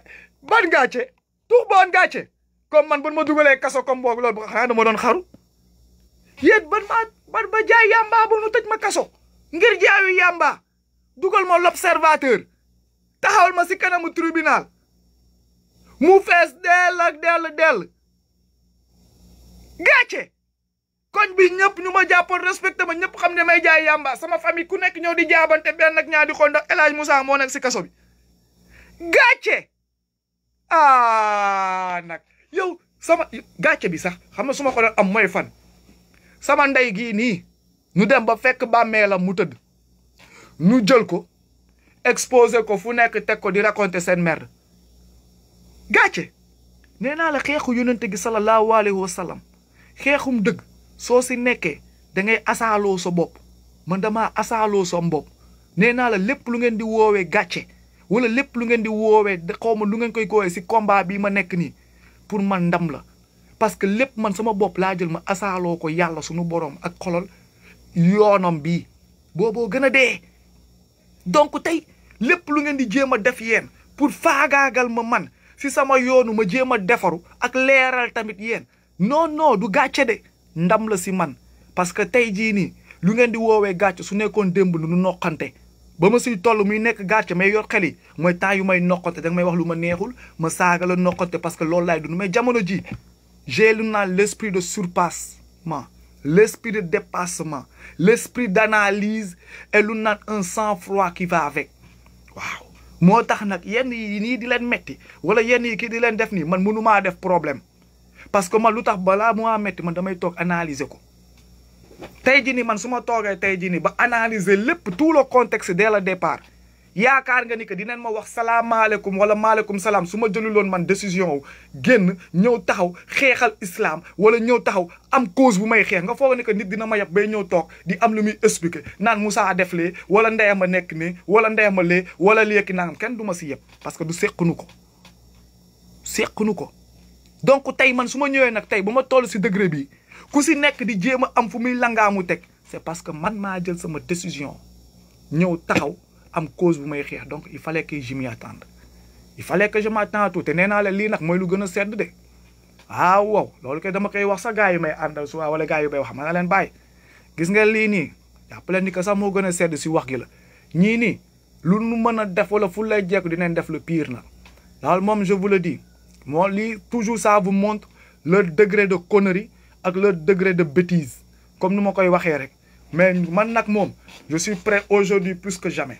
ban gàcce tux ban gàcce comme man bu ma dugalee kaso comme boobu loolu xana dama don xaru yeet ban ma ban ba jaay yamba bu nu tej ma kasso ngir jaayu yamba dugal mo l'observateur taxawal ma ci kanamu tribunal mu fess del ak del del gatché koñ bi ñepp ñuma ma respecté ma ñepp xamné may jaay yamba sama famille ku nekk ñëw di jaabante ben ak ñaar di xool ndax El Moussa mo nak ci kasso bi gatché ah nak yo sama gatché bi sax xam na su am moy fan sama nday gi ni nu dem ba fekk la mu teud nu jël ko exposer ko fu nekk tek ko di raconter sen merde gàcce nee naa la xeexu yonente gi salallaahu alayhi wa sallam xeexum dëgg soo si nekkee dangay ngay asaaloo sa bopp man dama asaaloo sa bopp nee naa la lépp lu ngeen di woowee gàcce wala lépp lu ngeen di woowee xaw ma lu ngeen koy koowee si kombaa bii ma nekk nii pour man ndam la parce que lépp man sama bopp laa jël ma asaaloo ko yàlla sunu borom ak xolol yoonam bii booboo gën a dee donc tey lépp lu ngeen di jéem a def yeen pour faagaagal ma man si sama yoonu ma jéem a defaru ak leeral tamit yéen non noo du gàcce de ndam la si man parce que tey jii nii lu ngeen di woowee gàcce su nekkoon démb lu nu noqante ba ma siy toll muy nekk gàcce may yor xel mooy temps yu may noqante da may wax lu ma neexul ma saaga la noqante parce que loolu laay dund may jamono ji j'ai lu naa l' esprit de surpassement l' esprit de dépassement l' esprit d' analyse et lu naan un sang froid qui va motax nak yenn yi ni di len metti wala yenn yi ki di len def ni man munuma def problème parce que ma lutax bala mo metti man damay tok analyser ko tay jii nii man suma togué tay tey jii ba analyser lepp tout le contexte dès le départ yaakaar nga ni que dinañ ma wax salaamaaleykum wala maaleykum salaam su ma jëluloon man décision wu génn ñëw taxaw xeexal islam wala ñëw taxaw am cause bu may xeex nga foog ni que nit dina ma yab bay ñëw toog di am lu muy expliquer naan Moussa def lee wala ndeyam a nekk nii wala ndeyam wala léegi naan kenn du ma si yëpp parce que du seqanu ko sequnu ko. donc tey man su ma ñëwee nag tey ba ma toll si degré bi ku si nekk di jéem a am fu muy langaamu teg c'est parce que man maa jël sama décision ñëw taxaw. am cause bu may xex donc il fallait que je m'y attende il fallait que je m'attende à tout te nee naa la lii nag mooy lu gëna a sedd ah wow lolou kay dama kay wax sa gars may andal so wala gars yu may wax man na leen bàyyi gis nga li ni jàpp leen ni que ça, mo gëna a sedd si wax gi la ñi ni. lu nu mëna def wala fu lay jekku dinañ def le pire nag daal mom je vous le dis mo li toujours ça vous montre le degré de connerie ak le degré de bêtise comme nu ma koy waxé rek mais man nak mom je suis prêt aujourd'hui plus que jamais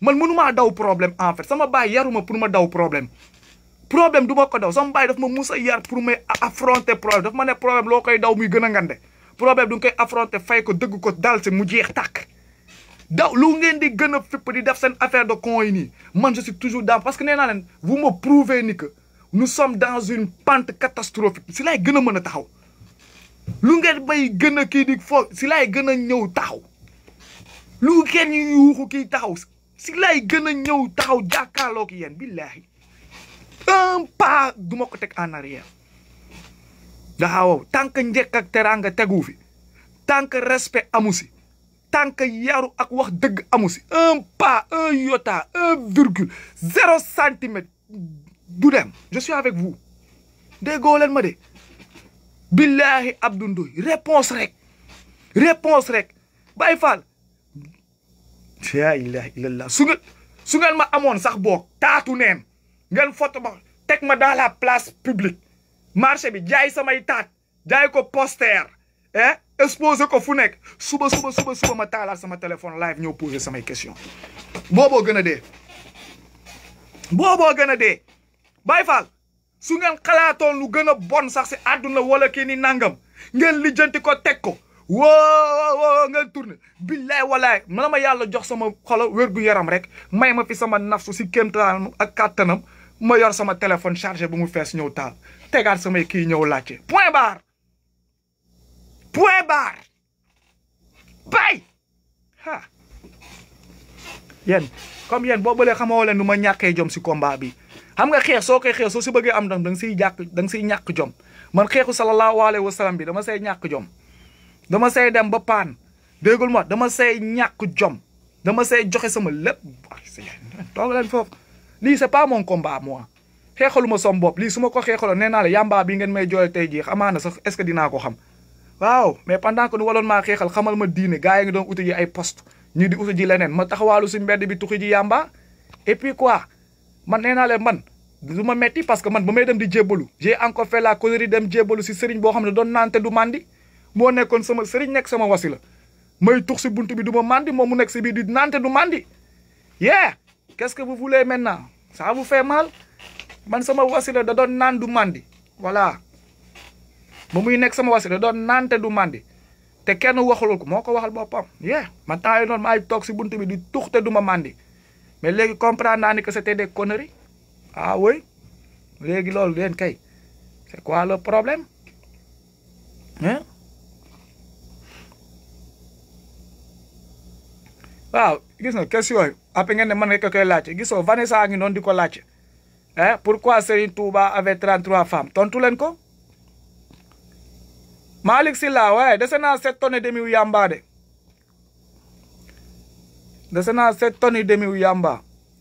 man mënumaa daw problème en fait sama baay yaruma pour ma daw problème problème du ko daw sama baay daf ma mus yar pour me affronter problème daf ma né problème loo daw muy gëna ngandé problème du nga koy affronter fay ko deug ko dal ci mu jeex tak daw lu ngeen di gëna fep di def sen affaire de coin ni man je suis toujours dans parce que nee naa vous me prouvez ni que nous sommes dans une pente catastrophique si laay gën a taxaw lu ngeen bay gëna a kii di foog si laay gën a taxaw lu ngeen yuuxu kii taxaw si lay gën a ñëw taxaw jàkkaarloog yéen billahi un pas du ma ko teg en arrière ndax waaw tant que njëkk ak teraanga tegu fi tant que respect amu si que yaru ak wax dëgg amu si un pas un iota un virgule zéro centimètre du dem je avec vous déggoo leen ma de billahi Abdou Ndoye rek réponse rek Baye Fall la ilaha illallah su ngeen su ngeen ma amoon sax boog taatu neen ngeen foto ma teg ma dans la place publique marché bi jaay samay taat jaay ko poster eh exposé ko fu nekk suba suba suba suba ma taalaat sama téléphone live ñëw posé samay question booboo gën a dee booboo gën a dee bay Fall su ngeen xalaatoon lu gën a bon sax si àdduna wala kii ni nangam ngeen lijjanti ko teg ko woo nga tourné billaay walaay mën ma yàlla jox sama xolo wérgu yaram rek may ma fi sama nafsu si kéemtaanam ak kàttanam ma yor sama téléphone chargé ba mu fees ñëw taal tegaat samay kii ñëw laajte point barre point barre bay ah yéen comme yéen boo bëlee xamoo leen nu ma ñàkkee jom si combat bi xam nga xeex soo koy xeex soo si bëggee am ndam da nga siy jàkk da siy ñàkk jom man xeexu sallallahu alayhi wa sallam bi dama see ñàkk jom. dama say dem ba paan déggul ma dama say ñàkk jom dama say joxe sama lépp toog leen foofu lii c'est pas mon combat moi xeexalu ma som bopp lii suma ko xeexaloon nee naa la bi ngeen may jooy tey jii amaana sax est-ce que dinaa ko xam waaw mais pendant que nu waloon maa xeexal xamal ma diine gars yi ngi doon uti ji ay poste ñi di uti ji leneen ma taxawaalu si mbedd bi tuxi ji yàmbaa et puis man nee naa leen man du ma metti parce que man ba may dem di jébbalu j'ai encore fait dem jébbalu si sëriñ boo xam ne doon naan du mandi mo nekkon sama serigne nek sama wasila may tux ci buntu bi duma mandi momu nek ci bi di nante du mandi yeah qu'est-ce que vous voulez maintenant ça vous fait mal man sama wasila da don naan du mandi voilà momuy nek sama wasila don nante du mandi te kenn waxul ko moko ko waxal boppam yeah man temps non may tok ci buntu bi di tux te duma mandi mais léegi comprendre nani que c'était des conneries ah oui léegi lolou len kay c'est quoi le problème hein Wow, ah, gis nga question yi a pengen ne mën nga Vanessa a ngi noonu di ko eh pourquoi Serigne Touba avait 33 femmes tontu leen ko Malick Silla waaye dese naa sept tonnes demi wu yamba de dese naa sept tonnes demi wu yamba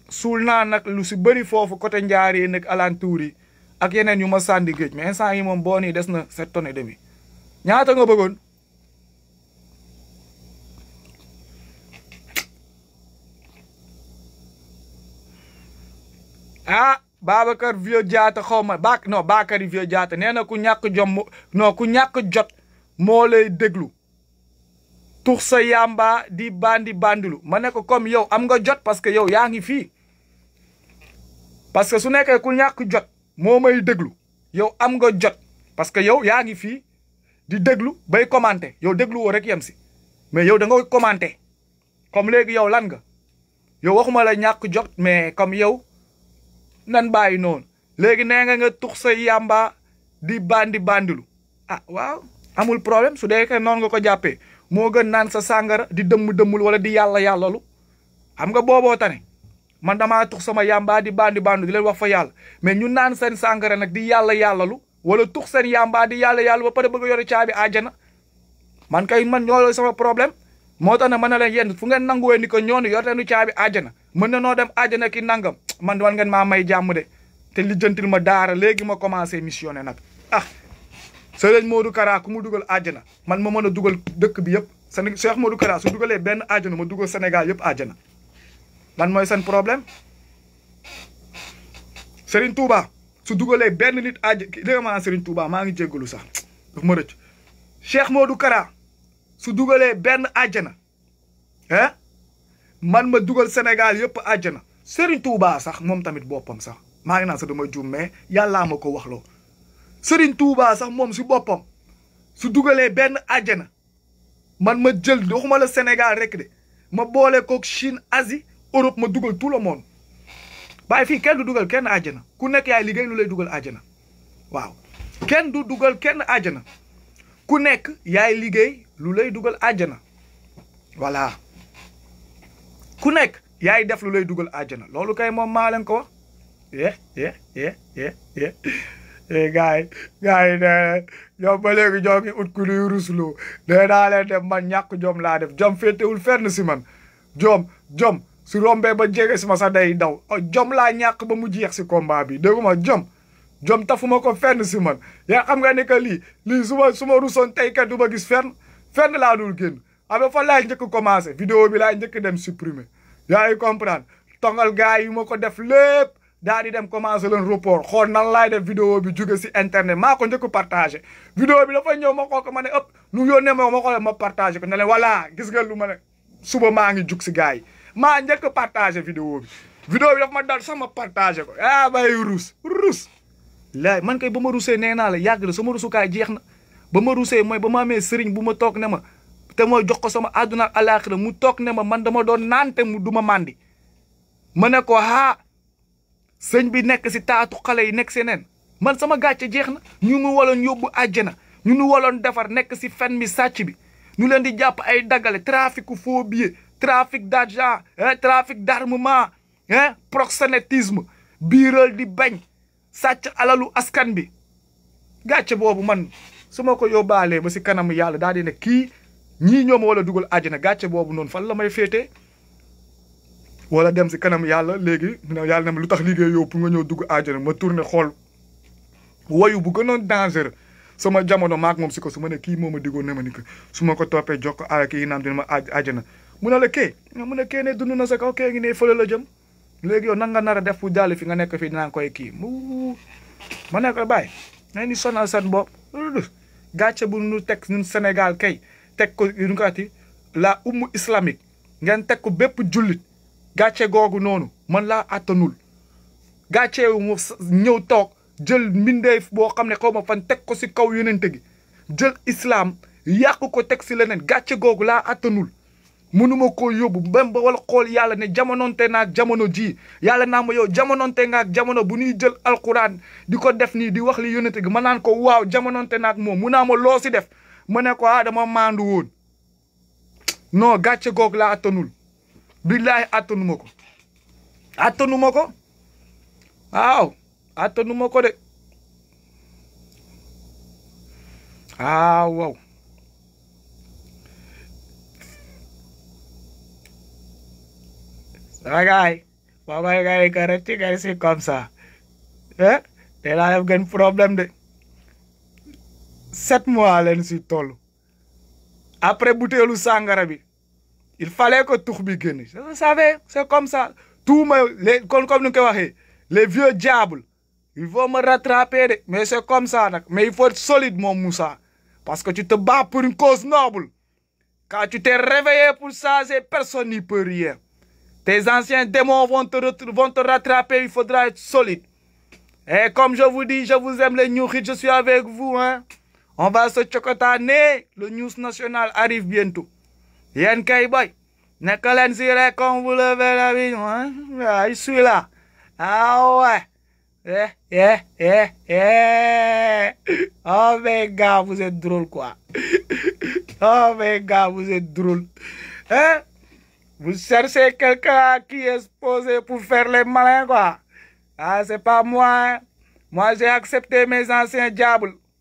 sulna na nag lu si fo foofu côté njaar yi nag alentour yi ak yeneen yu ma sandi géej mais instant yi moom boo des na sept tonnes demi ñaata nga ah Babacar Vieux Diatta xaw ma ba no Bakary Vieux Diatta nee na ku ñàkk jom non ku ñàkk jot moo lay déglu tux sa yamba di bandi bandulu ma ne ko comme yow am nga jot parce que yow yaa ngi fii parce que su nekkee ku ñàkk jot moo may déglu yow am nga jot parce que yow yaa ngi fii di déglu bay commenter yow déglu woo rek yem si mais yow da nga commenter comme léegi yow lan nga yow waxuma la ñàkk jot mais comme yow nan bay non, legui ne nga nga tuk sa yamba di bandi bandulu ah wow amul problem su dee non nga ko jàppee mo gën nan sa sangara di dem demul wala di yalla yàllalu xam nga bobo tane man dama tuk sama yamba di bandi bandu di len wax fa yalla mais ñu nan sen sangara nak di yalla wala tuk sen yamba di yalla yalla ba pare bëgg yori yore aljana man kay man ñoo sama problem. mo tane man la yenn fu ngeen nanguwee ni ko ñoonu yor teenu caabi mën na no dem aljana ki nangam man war ngeen maa may jàmm de te lijjantil ma daara léegi ma commencé missionné nag ah sëriñ Modou Kara ku mu dugal àjjana man ma mën a dugal dëkk bi yëpp sëñ Cheikh Modou Kara su dugalee benn àjjana ma dugal Sénégal yëpp àjjana lan mooy seen problème Serigne Touba su dugalee benn nit àjj li nga maa ngi jéggalu sax daf ma rëcc Cheikh Modou Kara su dugalee benn àjjana ah man ma dugal Sénégal yëpp àjjana Serigne Touba sax moom tamit boppam sax maa ngi naa sax damay juum mais yàllaa ma ko waxloo Serigne Touba sax moom si boppam su dugalee benn àjjana man ma jël waxuma la Sénégal rek de ma boole kook Chine Asie Europe ma dugal tout le monde waaye fii kenn du dugal kenn na ku nekk yaay liggéey lu lay dugal àjjana na kenn du dugal kenn àjjana ku nekk yaay liggéey lu dugal àjjana voilà ku nekk. yaay def lu lay dugal àjjana loolu kay moom maa leen ko wax ye ye ye gaay gaay ne ñoom ba léegi ñoo ngi ut ku luy rusloo nee naa leen def man ñàkk jom laa def jom féetewul fenn si man jom jom su rombee ba jege si ma sax day daw oh, jom laa ñàkk ba mu jeex si combat bi dégguma jom jom tafuma ko fenn si man yaa xam nga ne que lii lii su ma su ma rusoon tey kat du ma gis fenn fenn laa dul génn abe fa laay njëkk commencé vidéo bi laay njëkk dem supprimer yaa ngi comprendre tongal gars yi ma ko def lépp daal di dem commencé la report xool nan laay def vidéo bi jóge si internet maa ko njëkk partagé vidéo bi dafa ñëw ma xool ko ma ne ëpp nu yónnee ma ma xool ma partage ko ne leen voilà gis nga lu ma ne suba maa ngi jug si gars yi maa njëkk partagé vidéo bi vidéo bi dafa ma dal sama ma partagé ko ah bay ruus ruus laay man kay ba ma ruusee nee naa la yàgg la sama rusukaay jeex na ba ma ruusee mooy ba ma amee sëriñ bu ma toog ne ma te joko jox ko sama aduna ak alaaxira mu tok ne ma man dama do nante mu duma mandi mané ko ha señ bi nek ci taatu xalé yi nek senen man sama gàcce jeexna ñu mu walon yobbu aljana ñu nu walon defar nek ci fen mi sàcc bi ñu leen di japp ay dagale trafic phobie billets trafic d'argent trafic d'armement proxénétisme biral di bañ sàcc alalu askan bi gàcce bobu man suma ko yobale ba ci kanam yalla dal di ñii ñoom wala dugal àjjana gàcce boobu noonu fan la may féetee wala dem si kanam yàlla léegi yàlla na ma lu tax liggéey yow pour ñëw dugg àjjana ma tourné xool wayu bu gënoon danger sama jamono maak moom si ko su ma ne kii moom a digoon ne ma ni que su ma ko toppee jox ko aay kii naam dina ma àjjana mu ne la kee mu ne kee ne dund na sa kaw kee ngi ne fële la jëm léegi yow nar a def pour jàll fi nga nekk fii dinaa koy kii mu ma nekk bàyyi na ni sonal seen bopp bu nu teg ñun Sénégal kay teg ko yu laa ko ati la ummu islamique ngeen teg ko bépp jullit gàcce googu noonu man laa àttanul gàcce mu ñëw toog jël mbindeef boo xam ne xaw ma fan teg ko si kaw yonente gi jël islaam yàq ko teg si leneen gàcce googu laa àttanul mënuma koo yóbbu même ba wala xool yàlla ne jamononte naag jamono jii yàlla naa ma yow jamononte naag jamono bu ñuy jël alquran di ko def nii di wax li yonente gi ma naan ko waaw jamononte naag moom mun naa ma loo si def mu ne ko ah dama maandu woon non gàcce goog la attanul billaahi attanu ma ko attanu ko waaw ko de waaw waaw sama gaay waaw ka rëcc nga si comme ça eh tey laa def gën de sept mois après butéelu sangarabi il fallait que tout bi vous savez c'est comme ça les vieux diables ils vont me rattraper mais c'est comme ça mais il faut être solide mon Moussa parce que tu te bats pour une cause noble quand tu t'es réveillé pour ça personne n'y peut rien tes anciens démons vont te rattraper il faudra être solide et comme je vous dis je vous aime les ñuuxit je suis avec vous hein on va se chocotaner. Le News National arrive bientôt. Yann Boy. Nekolen dirait quand vous levez la vie, hein? je suis là. Ah ouais. Eh, eh, eh, eh. Oh, mes gars, vous êtes drôles, quoi. oh, mes gars, vous êtes drôles. Hein? Vous cherchez quelqu'un qui est posé pour faire les malins, quoi. Ah, c'est pas moi. Hein? Moi, j'ai accepté mes anciens diables.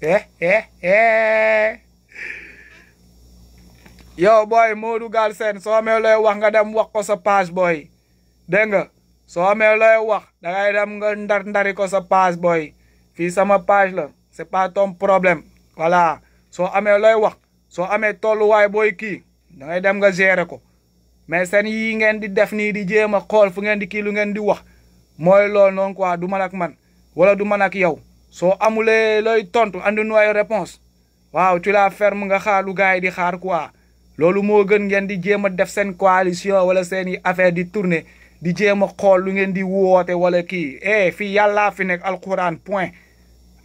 Eh, eh, eh. yow booy Modou seen soo amee looy wax nga dem wax ko sa page booy dégg nga soo amee looy wax da ngay dem nga ndar ndari ko sa page booy fii sama page la c'est pas ton problème wala soo amee looy wax soo amee tolluwaay booy kii da ngay dem nga gérer ko mais seen yii ngeen di def nii di jéem a xool fu ngeen di kii lu ngeen di wax mooy loolu noonu quoi du man ak man wala du man ak yow. soo amulee looy tontu andi nu ay réponse waaw tu la nga xaalu gars yi di xaar quoi loolu moo gën ngeen di jéem a def seen coalition wala seeni affaire di tourner di jéem a xool lu ngeen di woote wala kii eh fii yàllaa fi nekk alquran point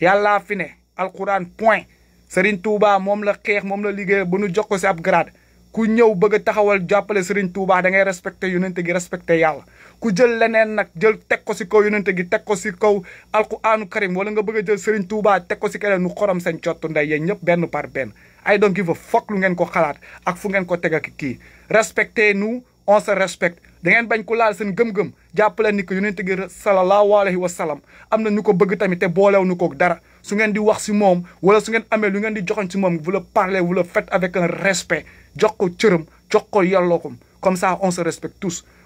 yàllaa fi ne alquran point Serigne Touba moom la xeex moom la liggéey ba nu jox ko si ab grade ku ñëw ba a taxawal jàppale Serigne Touba da ngay respecté yonent gi respecté yàlla ku jël leneen nak jël tek ko ci kaw yonente gi tek ko ci kaw alquraanu karim wala nga bëgg jël Serigne Touba tek ko ci kene nu xoram seen cottu nday ye ñep benn par benn I don't give a fuck lu ngeen ko xalaat ak fu ngeen ko teg ak ki respectez nous on se respecte da ngeen bañ ko laal seen gëm-gëm jàppaleen ni ko yonente gi sallallahu alayhi wa sallam am na ñu ko bëgg tamit te boolew nu ko dara su ngeen di wax si moom wala su ngeen amee lu ngeen di joxoñ ci moom vous le parlez vous le faites avec un respect jox ko cërëm jox ko yallokum comme ça on se respecte tous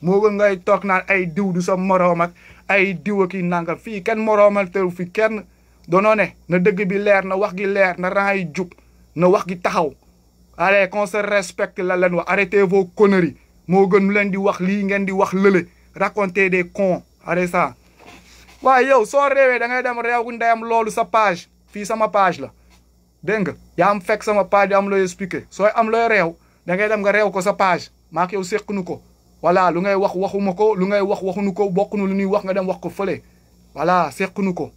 moo gën ngay toog naan ay diw du sa moroom ak ay diw ak i nangam fii kenn moroomal teew fi kenn doonoo ne na dëgg bi leer na wax gi leer na rang yi jub na wax gi taxaw allez qu'on se respecte la leen wax arrêtez vos conneries moo gën lu leen di wax lii ngeen di wax lële raconter des cons arrêtez ça waaye yow soo réewee da ngay dem réew am loolu sa page fii sama page la dégg nga yaa am fekk sama page am looy expliqué sooy am looy réew da ngay dem nga réew ko sa page maa ko yow ko voilà lu ngay wax waxuma ko lu ngay wax waxunu ko bokkunu lu ñuy wax nga dem wax ko fële voilà sequnu ko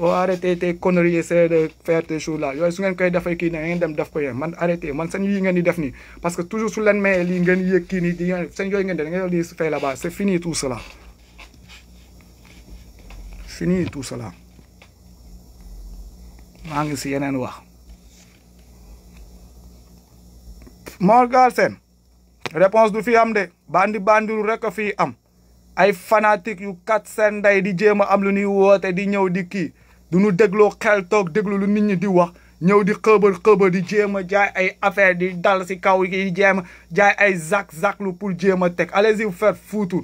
oh te tes conneries essayer de faire tes choses là yooyu su ngeen koy defee kii ne ngeen dem def ko yéen man arrêté man seen i ngeen di def nii parce que toujours su leen mayee lii ngeen yëg kii nii di seen yooyu ngeen di da ngeen di fay c'est fini tout cela fini tout cela maa ngi si yeneen wax Mor Galsen réponse du fi am de bandi bandiru rek a fii am ay fanatique yu kat seen ndey di jéem a am lu ñuy woote di ñëw di kii du ñu dégloo xel toog déglu lu nit ñi di wax ñëw di xëbal xëbal di jéem a jaay ay affaire di dal si kaw yi jéem a jaay ay zak zak lu pour jéem a teg allez-y faire foutre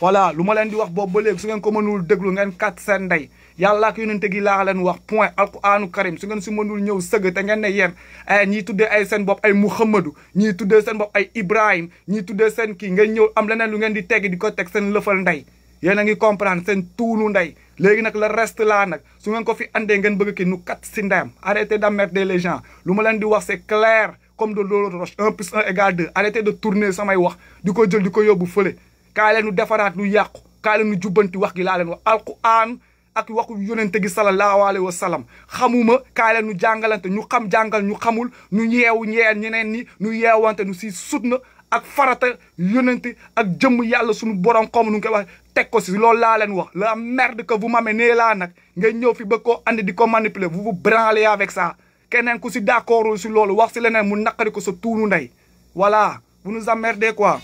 voilà lu ma leen di wax boobu ba léegi su ngeen ko mënul déglu ngeen kat seen ndey yalla ak yonenté gi la leen wax point alquraanu karim su ngeen su mënul ñew seug te ngeen ne ay eh, ñi tuddé ay seen bop ay muhammadu ñi tuddé seen bop ay ibrahim ñi tuddé seen ki ngeen ñew am lenen lu ngeen di tégg di ko teg seen leufal nday yeen nga ngi comprendre seen tuunu nday légui nak le reste la nak su ngeen ko fi andé ngeen bëgg ki nu kat si ndeyam arrêtez d'emmerder les gens lu ma di wax c'est clair comme de l'eau de roche 1 plus 1 égale 2 arrêtez de tourner samay wax diko jël diko yobbu feulé fële kaa leen nu defaraat lu yàqu kaa nu wax gi la leen wax alquran ak waxu yonente gi salallaahu alayhi wa sallam xamuma kaay la ñu jàngalante ñu xam jàngal ñu xamul ñu yeewu ñeel ñeneen ñi ñu yeewante nu si sutna ak farata yonente ak jëmm yàlla sunu borom xawma nu ngi koy wax teg ko si loolu laa leen wax la merde que vous m'avez nee laa nag ngay ñëw fi ba ko andi di ko manipuler vous vous branlez avec ça keneen ku si d'accordul si loolu wax si leneen mu naqari ko sa tuunu ndey voilà vous nous emmerdez quoi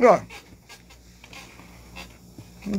waaw vous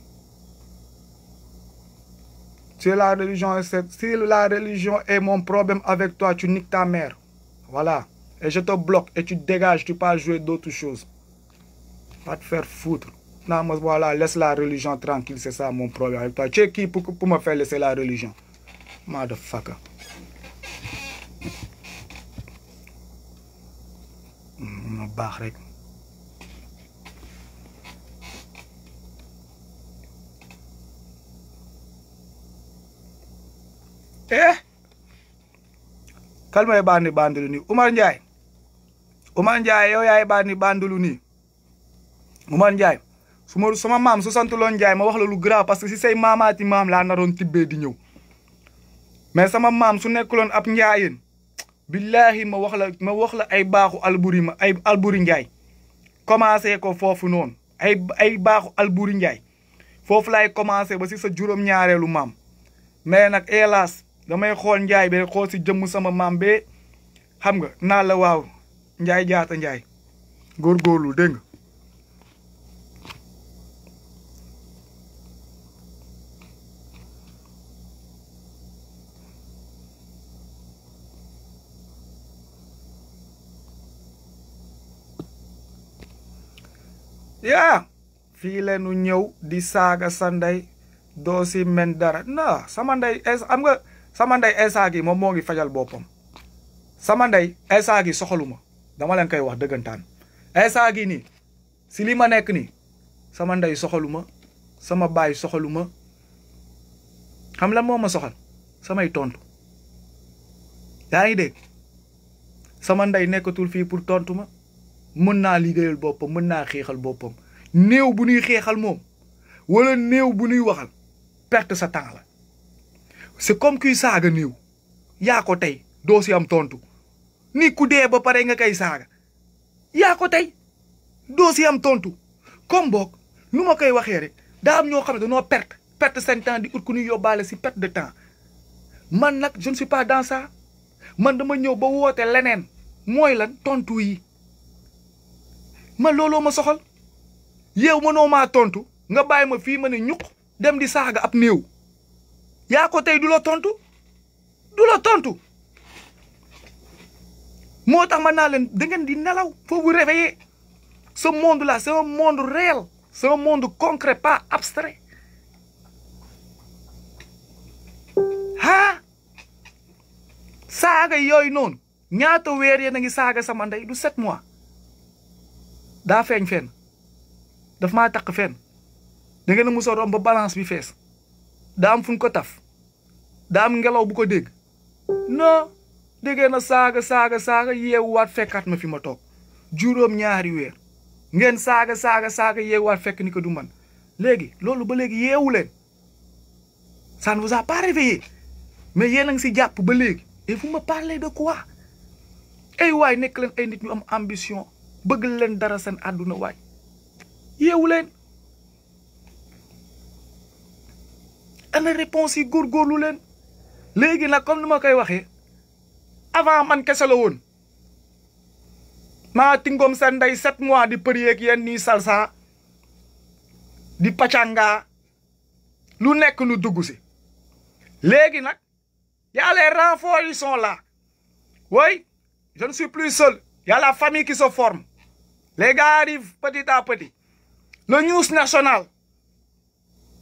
Si la religion est, si la religion est mon problème avec toi, tu niques ta mère. Voilà. Et je te bloque et tu dégages, tu peux jouer d'autres choses. Pas te faire foutre. Non, mais voilà, laisse la religion tranquille, c'est ça mon problème avec toi. Tu es qui pour, me faire laisser la religion Motherfucker. bah kalma e bandi bandulu ni Umar njay Umar njay yow yaay ya bandi bandulu ni Umar Ndiaye suma sama mam su santu loon njay ma wax la lu grave parce que si say maamaati maam laa naroon tibbee di ñew mais sama mam su nekkuloon ap njaayeen billahi ma wax la ma wax la ay baxu alburi ma ay alburi njay commencé ko fofu non ay ay baxu alburi njay fofu lay commencé ba ci sa juróom ñaarelu mam mais nak hélas damay xool njaay bi xool si jëmm sama maam be xam nga naa la waaw njaay jaata njaay góorgóorlu dégg nga yaa fii leenu ñëw di saaga sa ndey doo si men dara na sama ndey am nga sama ndey instant gi moom moo ngi fajal boppam sama ndey instant gi soxaluma dama leen koy wax dëggantaan instant gi nii si li ma nekk nii sama ndey soxaluma sama baay soxaluma xam lan moo ma soxal samay tontu yaa ngi dégg sama ndey nekkatul fii pour tontu ma mën naa liggéeyal boppam mën naa xeexal boppam néew bu nuy xeexal moom wala néew bu nuy waxal perte sa temps c'est comme kuy saaga néew yaa ko tey doo si am tontu ni ku dee ba pare nga koy saaga yaa ko tey doo si am tontu comme boog nu ma koy waxee rek daa am ñoo xam ne dañoo perte pert seen temps di ut ku ñuy yóbbaale si perte de temps man nag je si suis pas dans ça man dama ñëw ba woote leneen mooy lan tontu yi man looloo ma soxal yow mënoo maa tontu nga bàyyi ma fii ma ne ñuq dem di saaga ab néew. Ya ko tey du lo tontu du lo tontu motax tax man naa leen ngeen di nelaw fo vous réveiller ce monde là c'est un monde réel c'est un monde concret pas abstrait ha saga yoy non ñaata wër yéen a ngi saaga sama nday du 7 mois da feeñ fenn daf ma tak fenn da ngeen mu so rom ba balance bi fess da am fuñ ko taf daam ngelaw bu ko dégg non déggee na saaga saaga saaga yeewuwaat fekkaat ma fi ma toog juróom ñaari weer ngeen saaga saaga saaga waat fekk ni ko du man léegi loolu ba léegi yeewu leen ça ne vous a pas mais yéen a ngi si jàpp ba léegi et vous me parlez de quoi ay waay nekk leen ay nit ñu am ambition bëgg leen dara seen àdduna waay yeewu leen ana réponse góor góorgóorlu leen léegi nag comme ni ma koy waxee avant man kese la woon maa tingoom sa ndey sept mois di përi ak yenn nii salsa di pacanga lu nekk lu dugg si léegi nag y a les renforts ils sont là oui je plus seul y la famille qui se forme les gars arrivent petit à le news national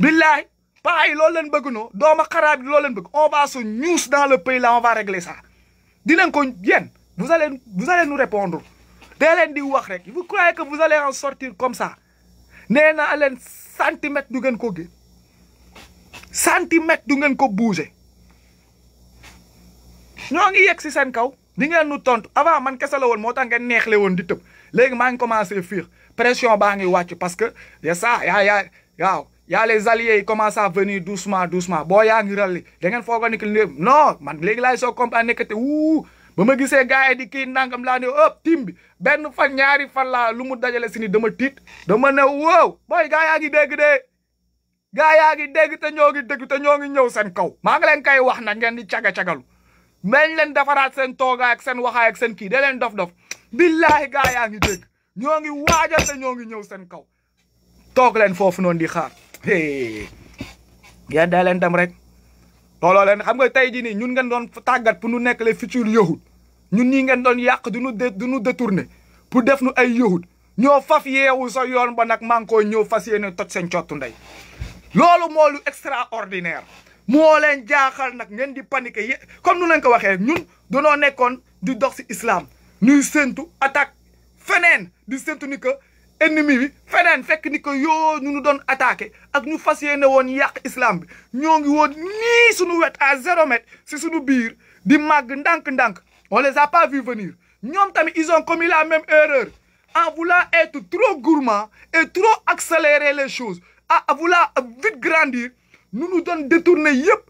Billahi, paa yi loolu leen bëgg ma dooma xaraab bëgg on va se news dans le pays là on va régler ça di leen ko vient, vous allez vous allez nous répondre dee leen di wax rek vous croyez que vous allez en sortir comme ça Néna, naa leen centimètre du ngeen ko gén centimètre du ngeen ko bouger ñoo ngi yegg si seen kaw di ngeen nu tontu avant man kese la woon moo tax ngeen neexle woon di tëb léegi maa ngi commencé fiir pression baa ngi wàcc parce que ya ça yaa yaa waaw y a les alliés yi commencent à venir doucement doucement boo yaa ngi ràlli da ngeen foog ni que man léegi laay soo comprendre nekkate wuu ba ma gisee gars yi di kii nangam laa ne ëpp tim bi benn fan ñaari fan laa lu mu dajale sini dama tiit dama ne wow booy gars yaa ngi dégg de gars yaa ngi dégg te ñoo ngi dégg te ñoo ngi ñëw seen kaw maa ngi leen koy wax na ngeen di caga-cagalu meñ leen defaraat seen toogaay ak seen waxaay ak seen kii da leen dof-dof billaahi gars yaa ngi dégg ñoo ngi waajal te ñoo ngi ñëw seen kaw toog leen foofu noonu di xaar ngeen daa leen dem rek tooloo leen xam nga tey jii nii ñun ngeen doon tàggat pour nu nekk ci futurs yahud ñun ñii ngeen doon yàq du nu du nu détourné def nu ay yahud ñoo faf yeewu sa yoon ba nag maa ko ñëw fas yéene toj seen cottu ndey loolu moo lu extraordinaire moo leen jaaxal nag ngeen di paniquer ye comme nu leen ko waxee ñun danoo nekkoon di dox si islaam ñuy séntu attaque feneen di séntu ni ennemi bi feneen fekk ni ko yo ñu nu donne attaqué ak ñu fas yéene woon islam bi ñoo ngi ni suñu wet à zéro mètre c'est suñu biir di mag ndank ndank on les a pas vu venir ils ont commis la même erreur en voulant être trop gourmand et trop accélérer les choses à vouloir vite grandir nous nous donne détourner yep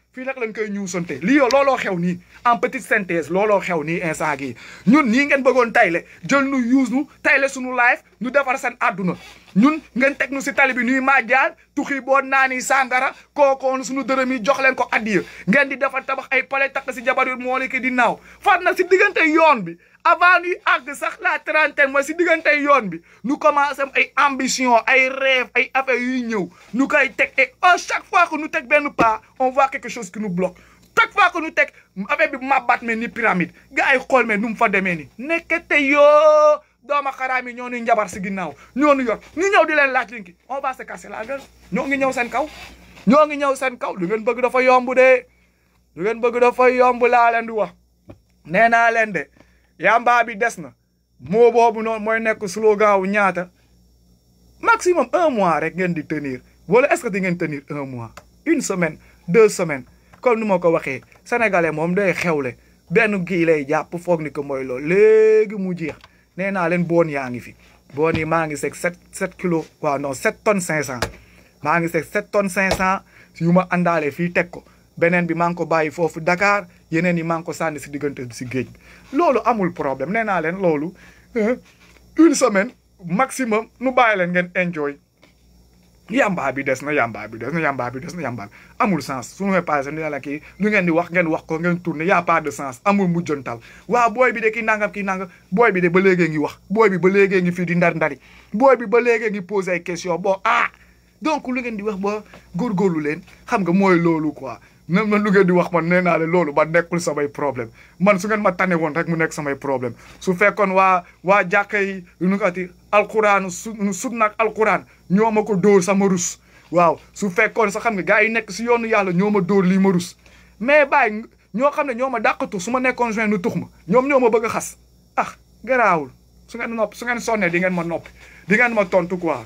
fii nag lañ koy ñuusante lii yow looloo xew nii en petite synthèse looloo xew nii instant gii ñun nii ngeen bëggoon tayle jël nu yuus nu tayle suñu live ñu defar seen àdduna ñun ngeen teg nu si tali bi nuy maa jaar tuxi boo naani sàngara kookoon suñu dërëm yi jox leen ko addiya ngeen di defar tabax ay pale takk si jabar yu moo nekk di naaw faat nag si diggante yoon bi avant ñuy àgg sax la trentaine mooy si diggante yone bi ñu commencé ay ambition ay rêve ay affaire yu ñew ñu koy tek et à chaque fois que nous tek benn pas on voit quelque chose qui nous bloque chaque fois que nous tek affaire bi mabbaat mel ni pyramide gars yi xool mel nu fa démé ni nekkete yo dooma xaraam yi ñoo ñuy njabar si ginnaaw ñoo yor ñu ñew di len laaj linki on va se casser la gueule ñongi ñew sen kaw ñongi ñew sen kaw lu ngeen bëgg dafa yomb de lu ngeen bëgg dafa yomb la leen di wax nee naa de yamba bi des na moo boobu noonu mooy nekk slogan wu ñaata maximum un mois rek ngeen di tenir wala est-ce que di ngeen tenir mois une semaine deux semaines comme nu ma ko waxee sénégalais moom day xewle benn kii lay jàpp foog ni ko mooy loolu léegi mu jeex nee naa leen boon yaa ngi fi boon yi maa ngi seeg sept sept kilos waaw non sept tonnes cinq cent maa ngi seeg sept tonnes cinq cent yu ma àndaale fii teg ko beneen bi maa ngi ko bàyyi foofu dakaar yeneen yi maa ko sànni si diggante si géej loolu amul problème nee naa leen loolu une semaine maximum nu bàyyi leen ngeen enjoy yamba bi des na yamba bi des na yamba bi des na yamba bi amul sens su ñu passé ne la kii lu ngeen di wax ngeen wax ko ngeen tourné y' a pas de sens amul mujjantal waaw booy bi de kii nangam kii nangam booy bi de ba léegee ngi wax booy bi ba léegee ngi fii di ndar ndari booy bi ba léegee ngi posé ay question boo ah donc lu ngeen di wax ba góorgóorlu leen xam nga mooy loolu quoi nan ma lu di wax ma nee naa leen loolu ba nekkul samay problème man su ngeen ma tane woon rek mu nekk samay problème su fekkoon waa waa jàkka yi nu ko ati alquran su sunna ak alquran ñoo ma ko sa ma rus waaw su fekkoon sa xam ne gars yi nekk si yoonu yàlla ñoo ma dóor lii ma rus mais baay ñoo xam ne ñoo ma dàqatu su ma nekkoon juin nu tux ma ñoom ñoo ma bëgg a xas ah garaawul su ngeen nopp su ngeen sonnee di ngeen ma noppi di ngeen ma tontu quoi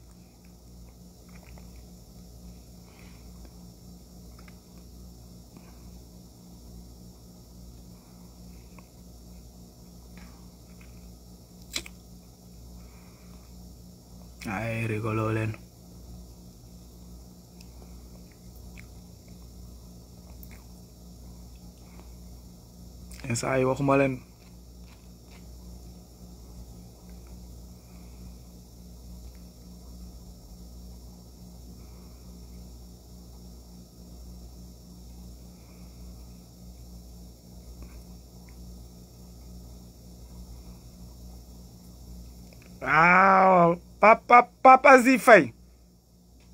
Đấy, Rigolo lên Em sai quá không ba lên Ow! papa papa si fay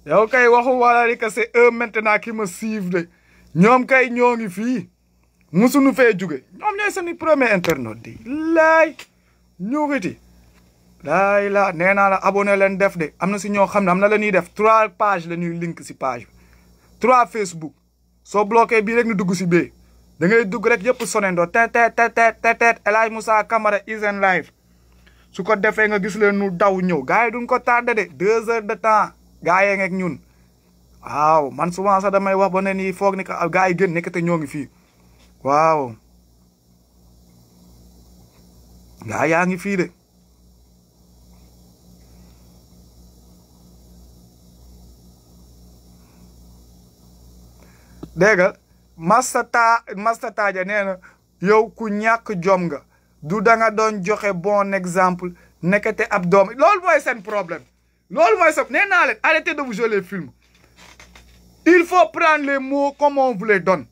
yow kay waxu wala kase que c'est eux maintenant qui de ñoom kay ñoo ngi fii musuñu fee jóge ñoom ñooy seen premier internaute di laay ñu xiti laay laa nee naa la abonné leen def de am na si ñoo xam ne am na la ñuy def trois page la ñuy link si page bi trois Facebook soo bloqué bii rek ñu dugg si bee da ngay dugg rek yëpp sonendoo tet tet tet tet El Hadj Moussa Camara is su ko defee nga gis leen nu daw ñëw gars yi duñ ko tardé de deux heures de temps gars yee ngeeg ñun waaw man souvent sax damay wax ba ne nii foog ni ka gars yi gën nekk te ñoo ngi fii waaw gars yaa ngi fii de dégg nga Masta Ta Masta Taja nee na yow ku ñàkk jom nga du da nga doon joxe bon exemple nekkate ab doom loolu mooy seen problème loolu mooy seen nee naa leen arrêtez de vous jouer les il faut prendre les mots comme on vous les donne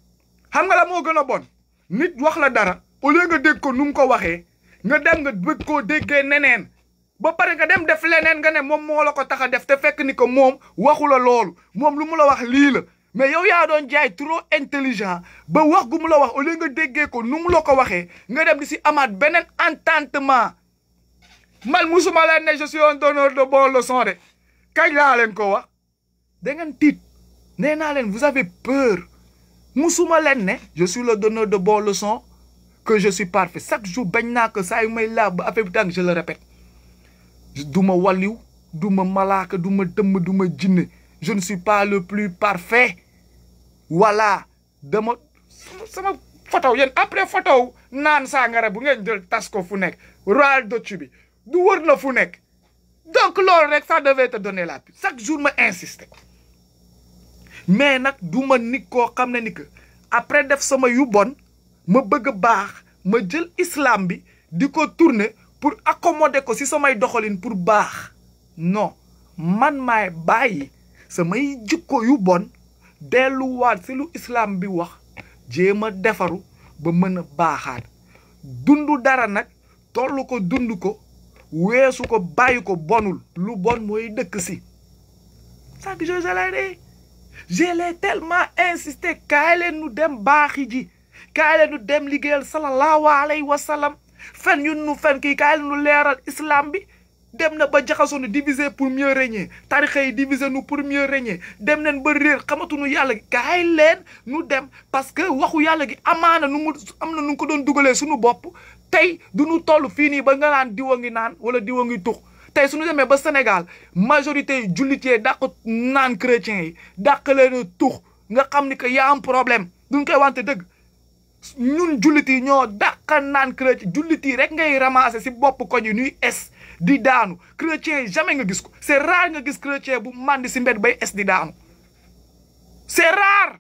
xam nga la moo gën a bon nit wax la dara au lieu nga dégg ko nu mu ko waxee nga dem nga bëgg koo déggee neneen ba pare nga dem def leneen nga ne moom moo la ko tax a def te fekk ni ko moom waxu la loolu moom lu mu la wax lii la mais yow yaa doon jay trop intelligent ba wax gu la wax au lieu nga déggee ko nu mu la ko waxee nga dem di amad benen ententement mal musuma la ne je suis un donneur de bon leçon. de kay la len ko wax da ngeen tiit nee vous avez peur musuma len ne je suis le donneur de bon leçon. que je suis parfait chaque jour bañ naa que Ça, yu may laab ba affaire bi je le répète du ma wàlliw du ma malaaka du ma dëmm jinne je ne suis pas le plus parfait voilà dama sama photo yéen après photo naan sangara bu ngeen del tas ko fu nekk royal docu bi du wër la fu nekk donc loolu rek ça devait te donner la puce. chaque jour ma insister mais nak, du niko, nit koo ni que après def sama yu bon ma bëgg a baax ma jël islam bi di ko tourner pour accommoder ko si samay doxalin pour baax non man maay bàyyi samay jikko yu bon delluwaat si lu islam bi wax jéem defaru ba mën a baaxaat dund dara nag tollu ko dund ko weesu ko bàyyi ko bonul lu bon mooy dëkk si sànq jose lay de je l'ai kaay leen nu dem baaxi ji kaay leen nu dem liggéeyal sallallahu alayhi wa sallam fen yu nu fen kii kaay leen nu leeral islam bi dem na ba jaxasonu diviser pour mieux régner tarikha yi diviser nu pour mieux régner dem nañ ba réer xamatu yàlla yalla kaay leen nu dem parce que waxu yalla gi amana nu amna nu ko doon dugalee suñu bop tay du nu tollu fini ba nga nan diwo ngi nan wala diwo ngi tux tay suñu demé ba Sénégal majorité julité dak nan chrétien yi dàq leen tuk nga xamni que ya am problème duñ koy wante nun ñun jullit ño dakka nan naan chrétien jullit rek ngay ramasser si bop ko ñuy es di daanu chrétien yi jamais nga gis ko c'est nga gis chrétien bu màndi si mbed bay es di daanu c'est rare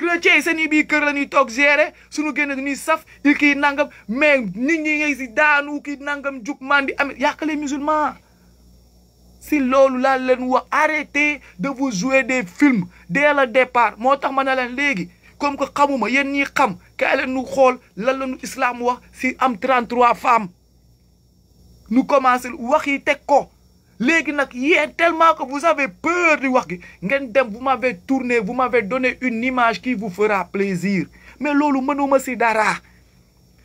yi seen i bii kër la ñuy toog gérer suñu génne ñuy saf il kii nangam mais nit ñi ngay si daanu kii nangam jug màndi am yàqale musulman si loolu laal leen wax arrêtez de vous jouer des films dès le départ moo tax ma ne leen léegi comme que xamuma yéen ñi xam kaay leen ñu xool lan la ñu islam wax si am 33 femmes Nous commençons à dire tellement que vous avez peur de nous. vous m'avez tourné vous m'avez donné une image qui vous fera plaisir mais lolo,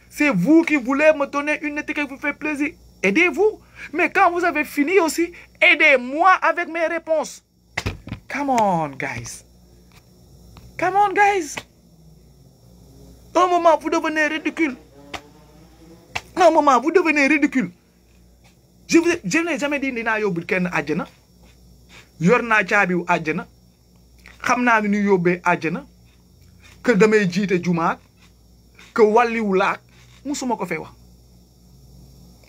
c'est vous qui voulez me donner une image qui vous fait plaisir aidez-vous mais quand vous avez fini aussi aidez-moi avec mes réponses come on guys come on guys un moment vous devenez ridicule un moment vous devenez ridicule je n'ai jamais dit dinaa yóbbul kenn àjjana yor naa caabiw vous xam que damay jiite jumaat que wàlliwu de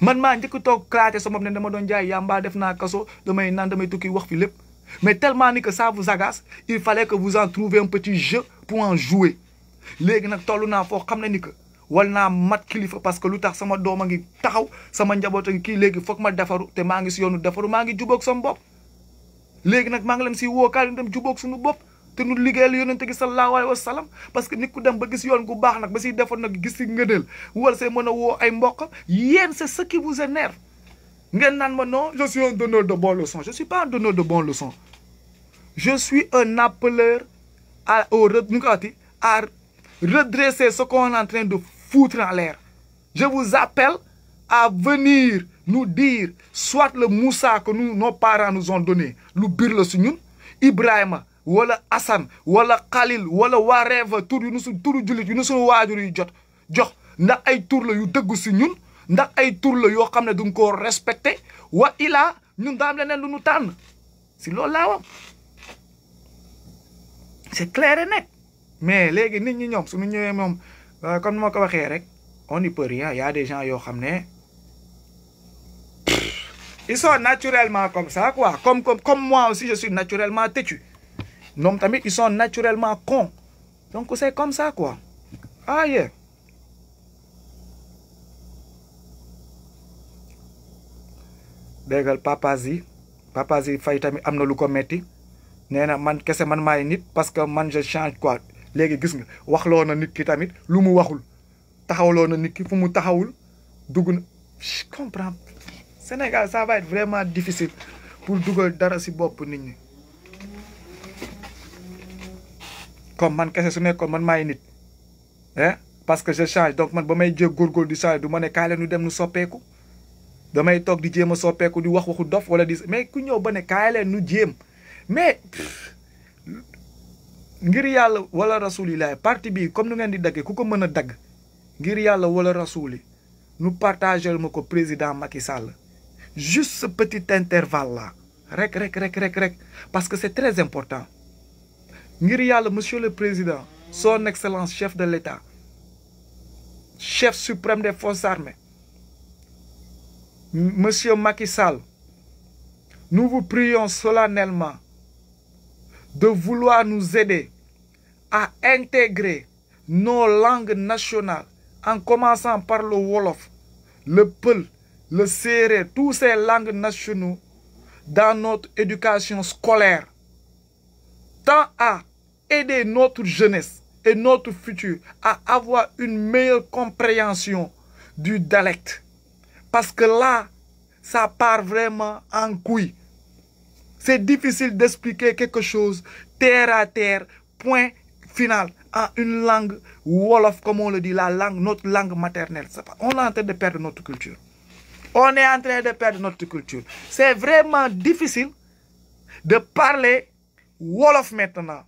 man sama ne dama pas kaso mais tellement que ça vous agace il fallait que vous en trouviez un petit jeu pour en jouer Les ni walna mat kilifa parce que lutax sama doom ngi taxaw sama njaboot a ngi ki léegi foog ma defaru te maa ngi si yonu defaru maa ngi jubóog sama bopp nag maa ngi si wo kaay dem djubok sunu bop te nu liggéeyal yonente gi sallallahu alayhi wa parce que nit ku dem ba gis yon gu bax nak ba si defon nak gis si ngëneel wala see mën wo ay mbokk c'est ce qui vous énerve ngeen nan ma non je suis un donneur de bonnes leçons je suis pas un donneur de bonnes leçons je suis un appeleur à au redresser ce qu'on est en train de foutre en l'air. Je vous appelle à venir nous dire soit le Moussa que nos parents nous ont donné, le Birle nous, Ibrahima wala Hassan, wala Khalil wala whatever tous tout nu tout nous nous nous nu jot jox ndax ay le respecté wa ila nous nous le nous c'est clair et net mais les euh, comme nous on n'y peut rien Il y a des gens qui xam ils sont naturellement comme ça quoi comme comme comme moi aussi je suis naturellement têtu non ils sont naturellement cons donc c'est comme ça quoi ah yeah. déggal papazi papazi fay tamit am lu ko metti man kese man m'a nit parce que man je change quoi léegi gis nga na nit ki tamit waxul nit ki taxawul je comprends Sénégal ça va être vraiment difficile pour Google dara si bopp nit ñi comme man kese su nekkoon man maay nit hein? parce que je change donc man ba may jéeg di du ma ne kaay leen ñu dem nu soppeeku damay toog di jéem a soppeeku di wax waxu dof wala mais ku ñëw ba ne kaay mais ngir yàlla wala parti bi comme nous ngeen di nous ku ko président Macky juste ce petit intervalle là rek rek rek rek rek parce que c'est très important ngir monsieur le président son excellence chef de l'État chef suprême des forces armées monsieur Macky nous vous prions solennellement de vouloir nous aider à intégrer nos langues nationales, en commençant par le Wolof, le Peul, le Séré, toutes ces langues nationaux dans notre éducation scolaire, tant à aider notre jeunesse et notre futur à avoir une meilleure compréhension du dialecte. Parce que là, ça part vraiment en couille. C'est difficile d'expliquer quelque chose terre à terre, point final, en une langue Wolof, comme on le dit, la langue, notre langue maternelle. On est en train de perdre notre culture. On est en train de perdre notre culture. C'est vraiment difficile de parler Wolof maintenant.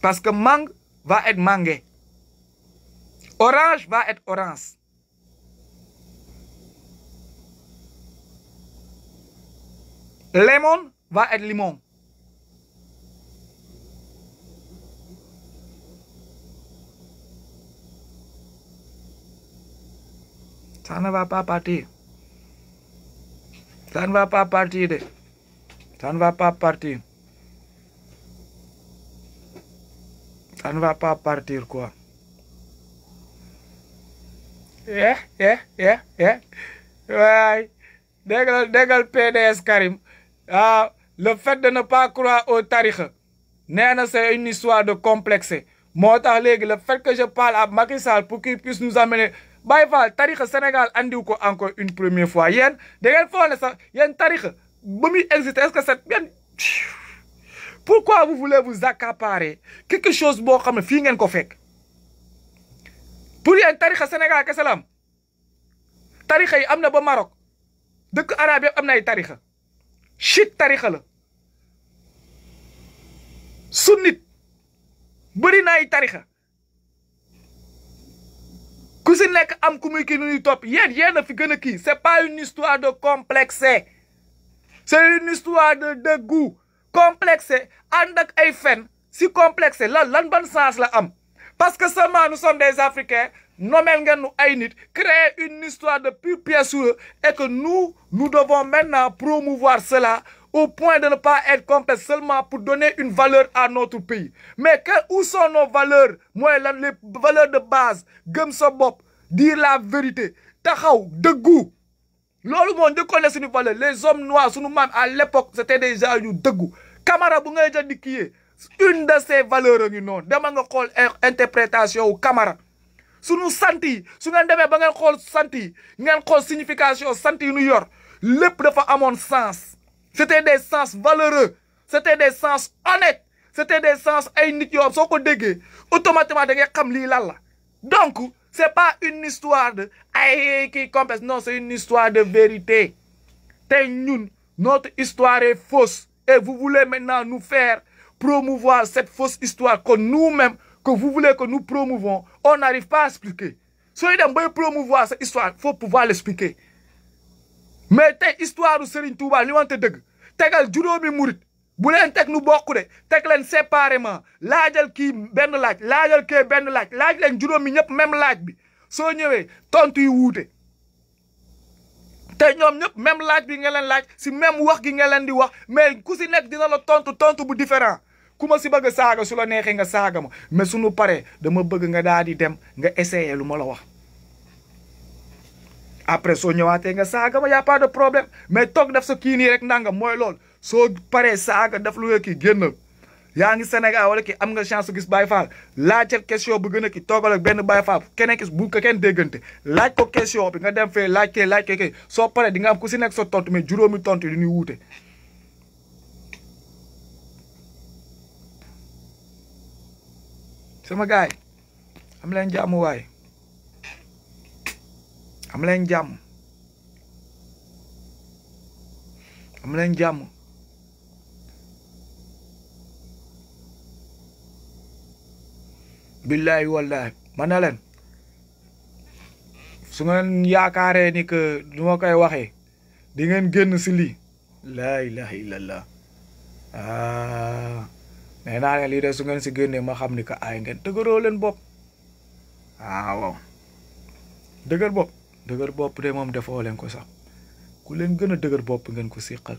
Parce que mangue va être mangue Orange va être Orange. Lemon va être limon. Ça ne va pas partir. Ça ne va pas partir. Ça ne va pas partir. Ça ne va pas partir, quoi. Eh, eh, eh, eh. Ouais. Dégal, dégal PDS Karim. ah le fait de ne pas croire au tarif, c'est une histoire de complexe le fait que je parle à Macky Sall pour qu'il puisse nous amener Baye tarif au Sénégal andiw ko encore une première fois Il y a un Y a un existe. est-ce que c'est bien pourquoi vous voulez vous accaparer quelque chose de comme ne un ngeen ko fekk pour yéen Sénégal kese la am tarixa yi am Maroc De l'Arabie, a un na Chit tarixa la sunnit bari na ay ku nek am ku muy fi gëna ki c'est pas une histoire de complexe c'est une histoire de goût complexe Andak ay fen si complexe la lan ban sens parce que seulement nous sommes des Africains avons créer une histoire de pure sur et que nous, nous devons maintenant promouvoir cela au point de ne pas être compétents seulement pour donner une valeur à notre pays. Mais que, où sont nos valeurs Moi, les valeurs de base, dire la vérité, Tahaou, de goût. mon une valeur. Les hommes noirs, à l'époque, c'était déjà du dit qui est une de ces valeurs, non. une interprétation au Camara suñu santi sentons, su ngeen demee ba ngeen xool santi, yi ngeen xool signification santi yi ñu yor lépp dafa amoon sens c'était des sens valeureux c'était des sens honnêtes c'était des sens ay nit yoo soo ko automatiquement da ngay xam lii la donc c'est pas une histoire de ay qui complexe non c'est une histoire de vérité tey ñun notre histoire est fausse et vous voulez maintenant nous faire promouvoir cette fausse histoire que nous-mêmes que vous voulez que nous promouvons, on n'arrive pas à expliquer. Soyez d'un bon promouvoir cette histoire, il faut pouvoir l'expliquer. Mais cette histoire de Serigne Touba li wante dëgg tegal juróomi mourit, bu leen teg nous vous de que l'en séparément est ben benn laaj laajal ben benn laaj vous même laaj bi soo Vous tontu yu wuute. même bi nga si même wax gi nga di wax mais ku si dina la bu différent ku ma si bëgg saaga su la neexee nga saaga ma mais suñu paree dama bëgg nga daal di dem nga essayer lu ma la wax après soo ñëwaatee nga saaga ma y a pas de problème mais toog def sa kiinii rek ndàngam mooy lool soo paree saaga def lu kii génnal yaa ngi Sénégal wala kii am nga chance gis Baye Fall laajal question bu gën a ki toogal ak benn Baye Fall keneen ki bu ko kenn déggante laaj ko question bi nga dem fee laaj kee laaj soo paree di nga am ku si nekk sa tontu mais juróomi tontu yi du ñuy sama gaay am leen jàmm waay am leen jàmm am leen jàmm billaay wallaay ma ne leen su ngeen yaakaaree ni que du ma koy waxee di ngeen génn si lii laa ilaha illallah ah né naa ne li de su ngeen ci gënné ma xamni ka Bob, ay ngeen dëgëroo leen bop ah waaw dëgër bop dëgër bop dé mom défo leen ko sax ku leen gëna dëgër bop ngeen ko sikkal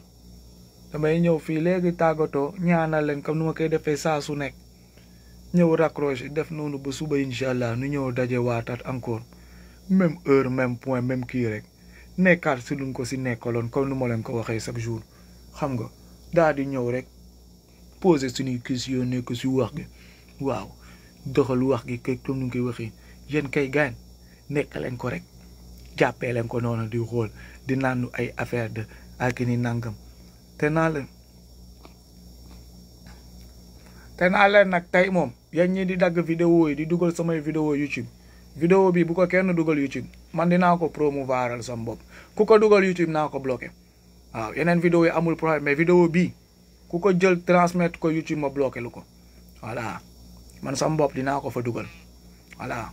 damay ñëw fi légui tagoto ñaanal leen comme nu ma koy défé sa su nek ñëw raccrocher def nonu ba suba inshallah allah ñëw dajé waatat encore même heure même point même ki rek nekkaat si luñ ko ci nekkaloon comme nu ma leen ko waxee chaque jour xam nga daal di ñëw rek. poser suñuy question ne ko si wax gi waaw doxal wax gi kay comme ni nga koy waxee yéen kay gaan nekk leen ko rek jàppee leen ko noonu di xool di naanu ay affaire de ak ni nangam te naa leen te naa nag tey moom yéen ñi di dagg vidéo yi di dugal samay yu YouTube vidéo bi bu ko kenn dugal YouTube man dinaa ko promouvoiral sam bopp ku ko dugal YouTube naa ko bloqué waaw yeneen vidéo yi amul problème mais vidéo bii ku ko jël transmettre ko YouTube ma bloqué lu ko voilà man sama bopp dinaa ko fa dugal voilà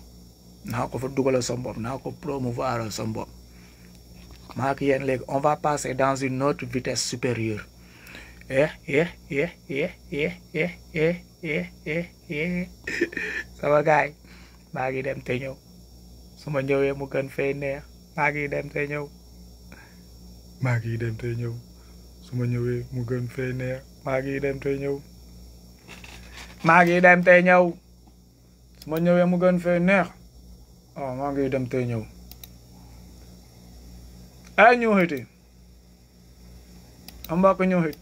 naa ko fa dugalal sama bopp naa ko promouvoir sama bopp maa ngi yéen léegi on va passer dans une autre vitesse supérieure eh eh eh eh eh eh eh eh eh eh sama gaay maa ngi dem te ñëw su ma ñëwee mu gën fay neex maa ngi dem te ñëw maa ngi dem te ñëw su ma ñëwee mu gën fay neex Magi đem thuê nhau Magi đem tê nhau Mà nhau em gần phê nè Ờ Magi đem tê nhau Ai nhau hít đi Ông bà có nhau hít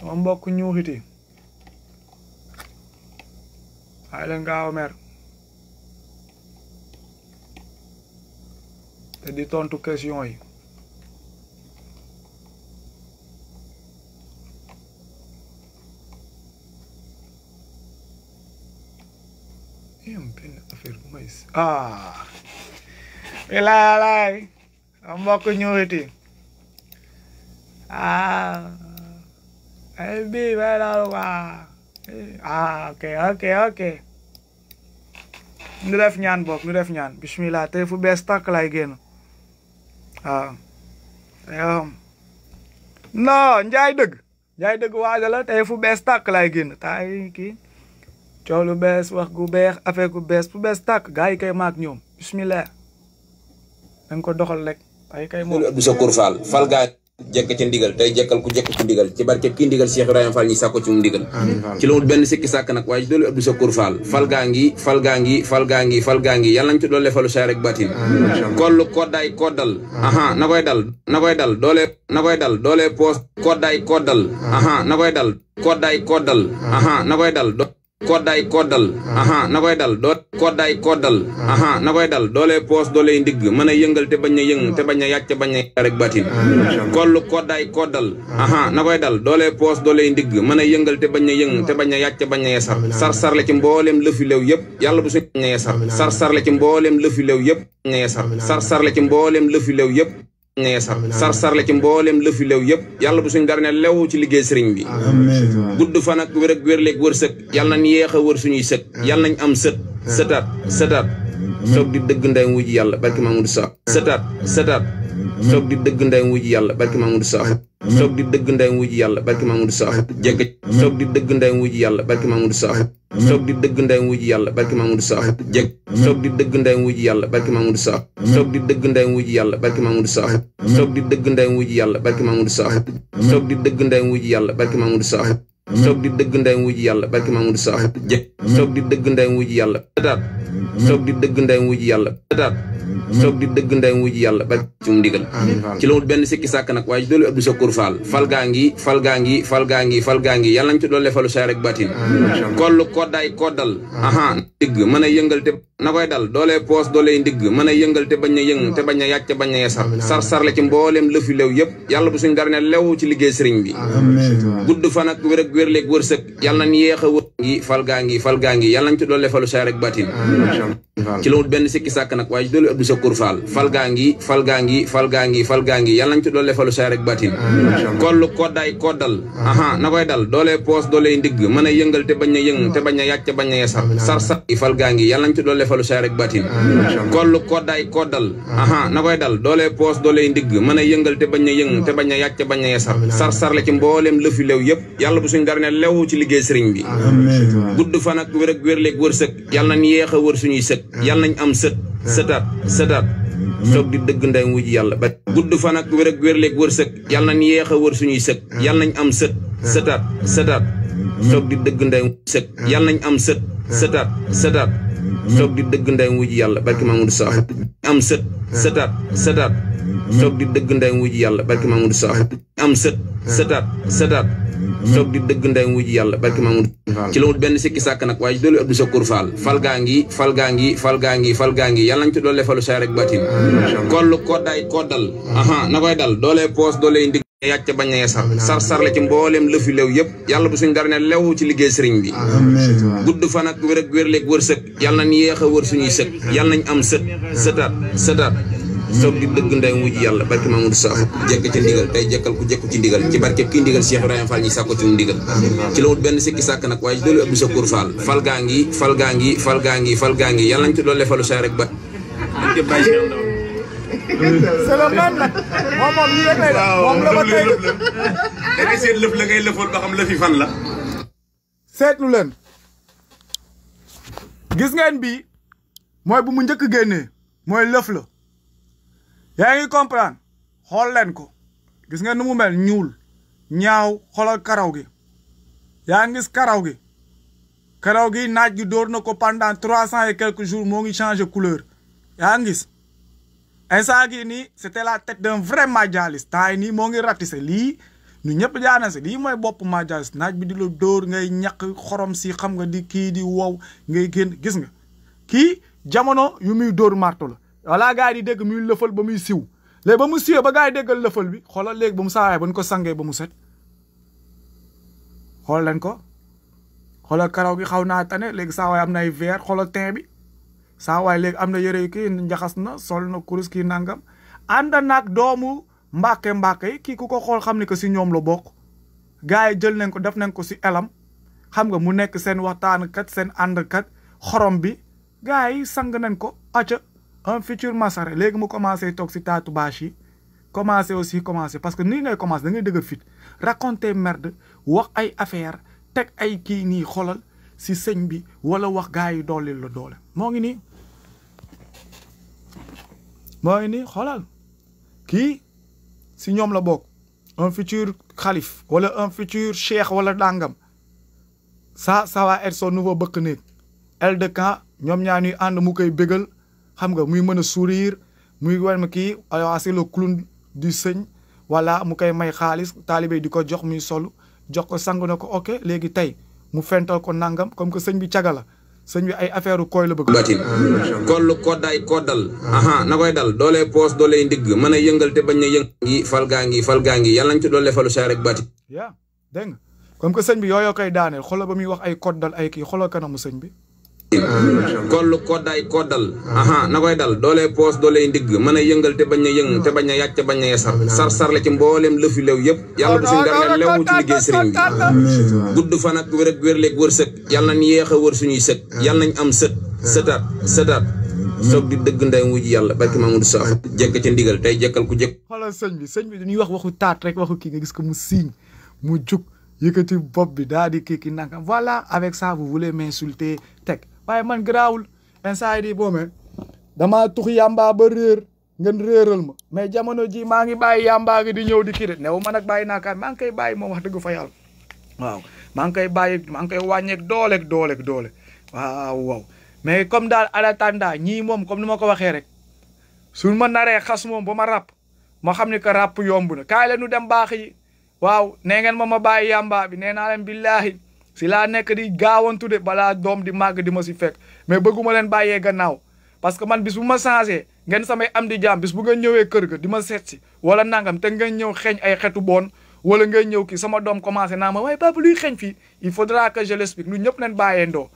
Ông bà có nhau hít đi Ai lên cao mẹ te di tontu question yi yam ben affaire bu may ah um ah ilaay am mbokk ñëwiti ah ay bii bay daal waa ah ok ok ok ñu def ñaan bokk ñu def ñaan bismillah tey fu bes tak lay génn waaw non njaay dëgg njaay dëgg waaja la tey fu bees tàkk laay génn tay kii coow lu bees wax gu beex affaire gu bees fu bees tàkk gars yi kay maak ñoom bismillah dañ ko doxal rek ay kay moom Abdou Sakour Fall jekk ca ndigal tey jekkal ku jekk ku ndigal ci barke ki ndigal Cheikh Ibrahima Fall ñi sàkko ci mu ndigal ci la benn sikki sàkk nag waaye ci doolu Abdou Sakour fal gaa ngi fal gaa ngi fal gaa ngi fal gaa ngi yàlla nañ ci doole falu saa rek baatin kollu koddaay koddal aha na koy dal na koy dal doole na koy dal doole poos koddaay koddal aha na koy dal koddaay koddal aha na koy dal koddaay koddal aha na koy dal doo koddaay koddal aha na koy dal doole poos doolee ndigg mën a yëngal te bañ a yëng te bañ a yàcc bañ a rek batin kollu koddaay koddal aha na koy dal doolee poos doolee ndigg mën a yëngal te bañ a yëng te bañ a yàcc bañ a yesar sar sar le ci mbooleem lëfi lew yëpp yàlla bu suñ bañ a yesar sar sar le ci mbooleem lëfi lew yëpp bañ a yesar sar sar ci mbooleem lëfi lew yëpp ñee sar sar sar la ci mbooleem lëfi lew yëpp yàlla bu suñ dara ne lew ci liggéey sëriñ bi gudd fan ak wér ak wér leeg wër sëg yàlla nañ yeex a wër suñuy sëg yàlla nañ am sët sëtaat sëtaat soog di dëgg nday wuji yàlla barki Mamadou Sa sëtaat sëtaat soog di dëgg ndey wuji yàlla barki Mamadou Sakho soog di dëgg ndey wuji yàlla barki Mamadou Sakho jégg soog di dëgg ndey wuji yàlla barki Mamadou Sakho soog di dëgg ndey wuji yàlla barki Mamadou Sakho jégg soog di dëgg ndey wuji yàlla barki Mamadou Sakho soog di dëgg ndey wuji yàlla barki Mamadou Sakho soog di dëgg ndey wuji yàlla barki Mamadou Sakho soog di dëgg ndey wuji yàlla barki Mamadou Sakho soog di dëgg nday wuj yàlla barki ma Sakho soog di dëgg nday wuj yàlla taat soog di dëgg nday wuj yàlla taat soog di dëgg nday wuj yàlla barki di mu ndigal ci lawul benn sikki sàkk nag waaye ci doolu Abdou Sakour fal gaa ngi fal gaa ngi fal gaa ngi fal gaa ngi yàlla nañ ci doole falu saa rek baatin kollu koddaay koddal aha dëgg mën a yëngal te na koy dal doolee pos doolee ndigg mën a yeungal te bañ a yëng te bañ a te bañ a sar sar la ci mbooleem lëfi lew yeb yalla bu suñu darne lew ci liggey serign bi gudd fan ak wër ak falgangi wërsëg yalla nañ yeexa wër gi fal nañ ci falu sa rek baatin ci la ben sikki sak nak Abdou fal gaa ngi fal gaa fal nañ ci falu sa rek baatin kollu koddaay koddal aha na koy dal doolee pos doolee ndigg mën yang yeungal te bañ a yëng te bañ a bañ sar sar fal gaa nañ ci defalu saa rek baatin ah, koll koddaay koddal ah. aha na koy dal doolee poos doolee ndigg mën yëngal te bañ a yëng te bañ a yàcc te bañ a yesar sar sar la ci mbooleem lëfi lew yëpp yàlla bu suñ dara ne lew ci liggéey sëriñ bi ah, gudd fan ak wér ak wérleeg wër sëg yàlla nañ yeex a wër suñuy sëg yàlla nañ am sët sëtaat sëtaat soog di dëgg nday wuj yàlla ba gudd fan ak wér ak wérleeg wër sëg yàlla nañ yeex a wër suñuy sëg yàlla nañ am sët sëtaat sëtaat soog di dëgg nday sëg yàlla nañ am sët sëtaat sëtaat soog di dëgg nday wuji yàlla barki Mamadou Sakho am sët sëtaat sëtaat soog di dëgg nday wuji yàlla barki Mamadou Sakho am sët sëtaat sëtaat soog di dëgg nday wuji yàlla barki Mamadou ci loolu benn sikki sàkk nag waaye doolu Abdou Sakour Fall falgaa ngi falgaa ngi falgaa ngi falgaa ngi yàlla nañ ci doole falu saa rek batin koll ko day aha na koy dal doole poos doole ndig yàcc bañ ñay sar sar-sar la ci mbooleem lëfi lew yeb yalla bu suñu darne lew ci liggey serigne bi gudd fan ak wër ak wérleeg wërsëg yalla nañ yéxa wër suñu sekk yalla nañ am sekk setat setat soog di dëgg nday muju yalla barke Mamadou Sakho jekk ci ndigal tay jekkal ku jekku ci ndigal ci barke ki ndigal Cheikh ibrahim Fall ñi sakku ci ndigal ci la ben sikki sàkk nag waaye Abdou Sakour Fall fal gaa ngi fal gaa ngi fal gaa ngi fal gaa ngi yàlla nañ ci doole falu saa rek ba c'est le même nag moom moom lii rek lay def la ba tey da lëfi fan la seetlu leen gis ngeen bi mooy bu mu njëkk génnee mooy lëf la yaa ngi comprendre xool leen ko gis ngeen nu mu mel ñuul ñaaw xoolal karaw gi yaa ngi karaw gi karaw gi naaj gi dóor na ko pendant trois cent et quelques jours moo ngi changé couleur yaa ngi instant gii nii c'était la tête d'un vrai madialiste temps yi nii moo ngi ratissé lii ñu ñëpp jaana si lii mooy bopp madialiste naaj bi di la door ngay ñàkk xorom si xam nga di kii di wow ngay génn gis nga kii jamono yu muy dóor marto la voilà gars yi di dégg muy lëfal ba muy siw le ba mu siwee ba gaa yi déggal lëfal bi xoolal léegi ba mu saawaay ba ko sangee ba mu set xool leen ko xoolal karaw gi xaw naa tane léegi saawaay am na ay verre xoolal teint bi sa way leg amna yere yu njaxas na sol na kurus ki nangam nak domu mbake mbake ki kuko xol xamni ko si ñom lo bok gaay nañ ko def nañ ko si elam xam nga mu nekk kat sen and kat xorom bi gaay sang nañ ko acca un futur masare léegi mu commencé tok si tatou bashi commencé aussi commencé parce que ni ngay commencé da ngay deug fit raconter merde wax ay affaire tek ay ki ni xolal si señ bi wala wax gaay yu dooleel la dolé mo ngi ni mooy ni xoolal kii si ñoom la bokk un futur xalif wala un futur cheikh wala dàngam sa ça va être son nouveau bëkk néeg aide de camp ñoom ñaa ñuy ànd mu koy bégal xam nga muy mën a sourire muy ma kii le clown du sëñ wala mu koy may xaalis taalibe di ko jox muy solu jox ko sang na ko ok léegi tey mu fental ko nangam comme que sëñ bi caga la sëñ bi ay affaire kooy la bëgg batin koll koddaay koddal aha na koy dal doole poos doolee ndigg mën a yëngal te bañ na yëng ngi fal gaa ngi fal gaa ngi yàlla nañ ci doolee falu saarek batin yaa dégg nga comme que sëñ bi yooyoo koy daaneel xoolal ba muy wax ay koddal ay kii xoolal kanamu sëñ bi koll koddaay koddal aha na koy dal doolee poos doolee ndigg mën a yëngal te bañ a yëng te bañ a yàcc te bañ a yasar sar-sar la ci mbooleem lëfi lew yëpp yàlla bu suñ dara lew ci liggéey sëriñ bi gudd fan ak wér ak wérleeg wër sëg yàlla nañ yeex a wër suñuy sëg yàlla nañ am sët sëtaat sëtaat soog di dëgg nday wuj yàlla barki Mamadou Saaf jekk ca ndigal tey jekkal ku jekk xoolal sëñ bi ko mu waye man grawul instant di bomé dama tukh yamba ba réer ngeen réeral ma mais jamono ji ma ngi baye yamba gi di ñew di kii de man ak baye nakar ma ngi kay baye moom wax dolek fa dolek. waaw ma ngi kay tanda nyimom, ngi koy ak doole ak doole waaw waaw mais comme ala tanda ñi mom comme ni ko waxee rek suñu ma naré xass mom bama rap ma ni que yomb na kay la nu dem bax yi waaw nee ngeen ma bi na len billahi si laa nekk di gaawantu de balaa doom di màgg di ma si fekk mais bëgguma leen bàyyee gannaaw parce que man bis bu ma changé ngeen samay am di jaam bis bu ngeen ñëwee kër ga di ma seet wala nangam te ngeen ñëw xeeñ ay xetu boon wala ngay ñëw kii sama doom commencé naa ma waaye papa luy xeeñ fii il faudra que je l'explique lu ñëpp leen bàyyee ndoo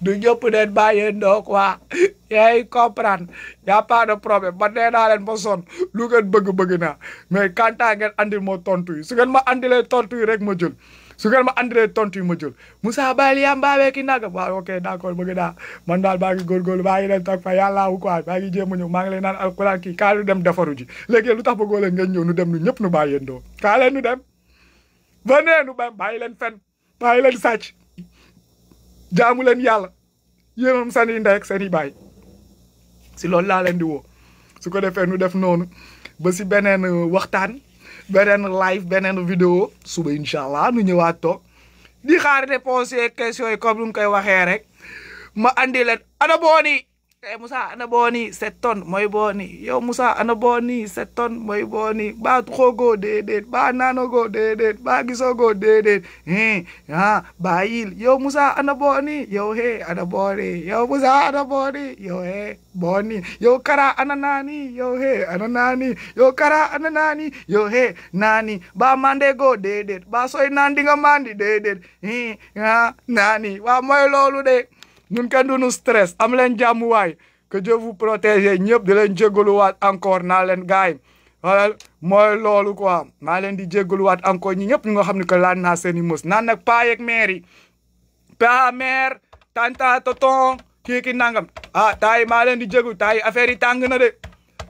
du ñëpp leen bàyyee ndoo quoi yaay comprendre y a pas de problème man nee naa leen ba son lu ngeen bëgg-bëgg naa mais quant andil moo tontu yi su ngeen ma andilee tontu yi rek ma jël su gal ma andilee tontu ma jël Moussa Baye li am baawee ki nag waaw ok d'accord gol bëgg da man dal baagi gor gor baagi len leen fa yalla wu quoi baagi ñu ma ngi lay naan alcorane ki dem defaru ji lu tax bëggoo leen ngeen nu dem nu ñëpp nu bàyyi ndo kaa nu dem ba nu ba bàyyi leen fen bàyyi leen sàcc jaamu len yalla yéenam sani nday ak sani si loolu la len di wo su ko defee nu def nonu ba si benen euh, waxtaan beneen live beneen vidéo suba incha allah nu ñëwaat toog di xaar réponse questions yi comme ni mu koy waxee rek ma andi leen ana eh Moussa ana boni nii moy boni. mooy boo ana boni nii moy boni. Ba boo nii baa xoogoo déedéet baa naanogoo déedéet baa gisogoo déedéet eh ah Ba il. yow Moussa ana boni. nii yow ana boni. nii yow ana boni. nii yow boni. boo kara ana nani. yow eh ana nani. yow kara ana nani. yow eh nani. Ba mandegoo déedéet baa sooy naan di nga mandi déedéet eh ah Nani. Wa moy loolu de. ñun kenn duñu stress am leen jàmm waay que Dieu vous ñëpp di leen jégaluwaat encore naa leen gars yi wala mooy loolu quoi maa leen di jégaluwaat encore ñi ñëpp ñu nga xam ne que laan naa seen i mës naan nag paa yeeg yi paa mère tanta tonton kii ki nangam ah taay maa leen di jégalu taay affaire yi tàng na de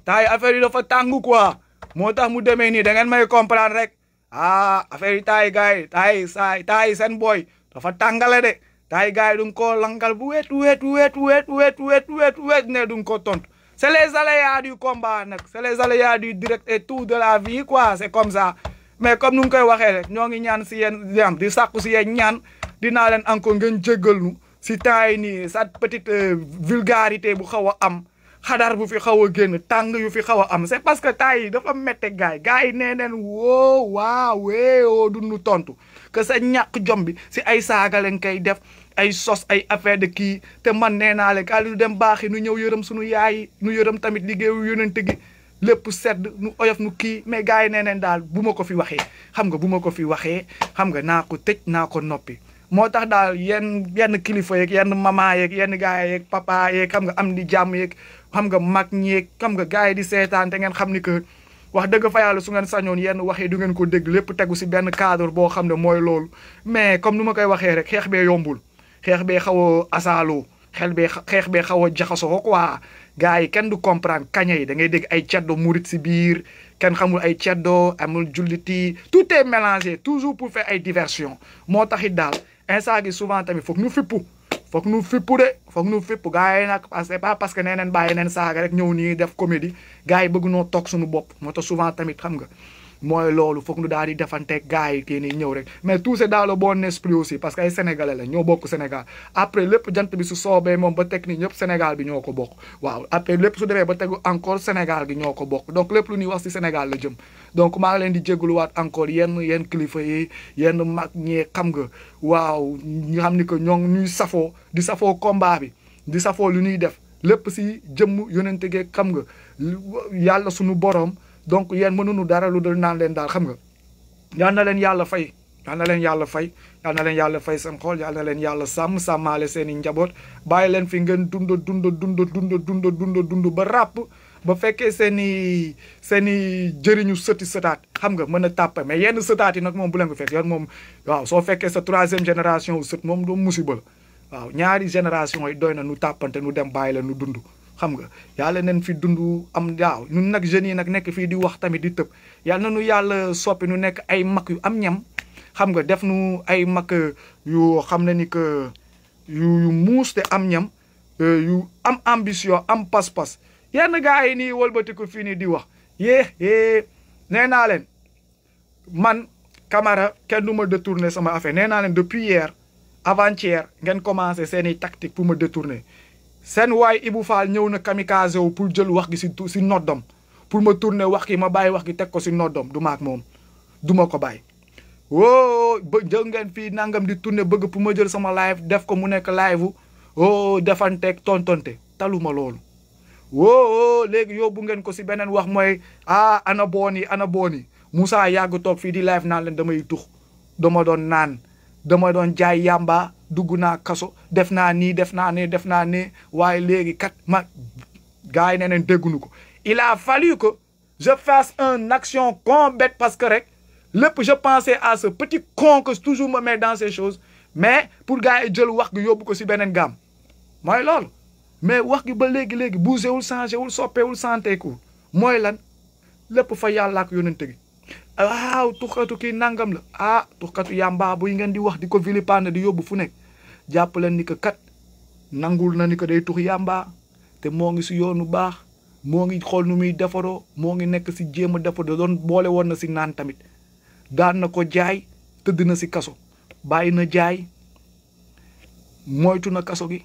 taay affaire yi dafa tàng quoi moo tax mu demee nii da ngeen may rek ah affaire yi taay gars yi taay saay taay seen booy dafa tàngale de tay gars yi ko langal bu wet wet wet weet wet wet wet wet ne duñ ko tontu c'est les aléas du combat nag c'est les aléas direct et tout de la vie quoi c'est comme ça mais comme nu ngi koy waxee rek ñoo ngi ñaan si yéen ñaan di sàkku si yéen ñaan dinaa leen encore ngeen jéggal nu si temps yi nii sa petite euh, vulgarité bu xaw a am xadar bu fi xaw a génn tàng yu fi xaw a am c'est parce que temps yi dafa mette gaay gaay yi nee neen woo waaw weewoo duñu tontu que sa ñàkk jom bi si ay saaga leen koy def ay sos ay affaire de kii te man nee naa leen kaay lu dem baaxi nu ñëw yërëm suñu yaay nu yërëm tamit liggéeyu yónente gi lépp sedd nu oyof nu kii mais gars yi nee neen daal bu ma ko fi waxee xam nga bu ma ko fi waxee xam nga naa ko tëj naa ko noppi moo tax daal yenn yenn kilifa yeeg yenn mama yeeg yenn gars yeeg papa yeeg xam nga am di jàmm yeeg xam nga mag ñeeg xam nga gars yi di seetaan te ngeen xam ni que wax dëgg fa su ngeen sañoon yenn waxee du ngeen ko dégg lépp tegu si benn cadre boo xam ne mooy loolu mais comme nu ma koy waxee rek xeex bee yombul xeex bee xaw a asaaloo xel bee xeex bee xaw a jaxasoo quoi gars yi kenn du comprendre kaña yi da ngay dégg ay ceddo murit si biir kenn xamul ay ceddo amul julliti tout est mélangé toujours pour faire ay diversion moo taxit daal instant gi souvent tamit foog ñu fippu foog nu fippu de foog nu fippu gars yi nag c'est pas parce que nee neen bàyyi neen saaga rek ñëw nii def comédie gars yi bëgg noo toog suñu bopp moo tax souvent tamit xam nga mooy loolu foog nu daal di defanteeg gars yi kii nii ñëw rek mais tout c'est dans le bon esprit aussi parce que ay sénégalais la ñoo bokk Sénégal après lépp jant bi su soobee moom ba teg nii ñëpp bi ñoo ko bokk waaw après lépp su demee ba tegu encore Sénégal gi ñoo ko bokk donc lépp lu ñuy wax si Sénégal jëm donc maa ngi leen di jégaluwaat encore yenn yenn kilifa yi yenn mag ñee xam nga waaw ñu xam ni que ñoo ñuy safoo di safoo combat bi di safoo lu ñuy def lépp si jëmm yonente gee xam nga yàlla sunu borom donc yéen mënuñu dara lu dul naan leen daal xam nga yal na leen yàlla fay yal na leen yàlla fay yal na leen yàlla fay seen xool yal na leen yàlla sàmm sàmmaale seen i njaboot bàyyi leen fi ngeen dund dund dund dund dund dund dund ba ràpp ba fekkee seen i seen i jëriñu sëti sëtaat xam nga mën a tàppe mais yenn sëtaat yi nag moom bu leen ko yoon moom soo fekkee sa troisième génération wu sët moom doom musiba la waaw ñaari génération yi doy na nu tàppante nu dem bàyyi la nu dund xam nga yàlla neen fi dund am waaw ñun nag jeunes yi nag nekk fii di wax tamit di tëb yàlla nanu yàlla soppi nu nekk ay mag yu am ñam xam nga def nu ay mag euh, yu xam ne ni que yu yu muus te am ñam euh, yu am ambition am pas-pas yenn gaay yi nii wëlbatiku fini di wax ye ye neena len man Camara ken du détourner sama affaire neena len depuis hier avant-hier ngeen commencé sen tactique pour me détourner sen way Ibou Fall ñëw na kamikaze wu pour jël wax gi ci ci noddam pour me tourner wax gi ma bàyyi wax gi tek ko ci du mom du ko oh, jël nangam di tourner bëgg pour ma jël sama live def ko mu nek live wu oh, defante ak tontonté taluma loolu woo léegi yóbbu ngeen ko si benen wax moy ah ana boni ana boni musa Moussa yàgg toog fii di live nan len damay tukh dama doon naan dama doon jaay yàmba dugg naa kaso defna naa defna def defna nii def naa kat ma gay yi nee il a fallu que je fasse un action combat parce que rek lépp je pensais à ce petit con que toujours me met dans ces choses mais pour gars yi wax gi ko si benen gam moy loolu mais wax gi ba léegi léegi buuse wul changé wul soppeewul santeeku mooy lan lépp fa yàlla ak yonent gi waaw tuxkatu kii nangam la ah tuxkatu yàmbaa buy ngeen di wax di ko vilipande di yóbbu fu nekk jàpp leen ni que kat nangul na ni que day tux yàmbaa te moo ngi si yoonu baax moo ngi xool nu muy defaroo moo ngi nekk si jéem a defaroo doon boole woon na si naan tamit daan na ko jaay tëdd na si kaso bàyyi na jaay moytu na kaso gi.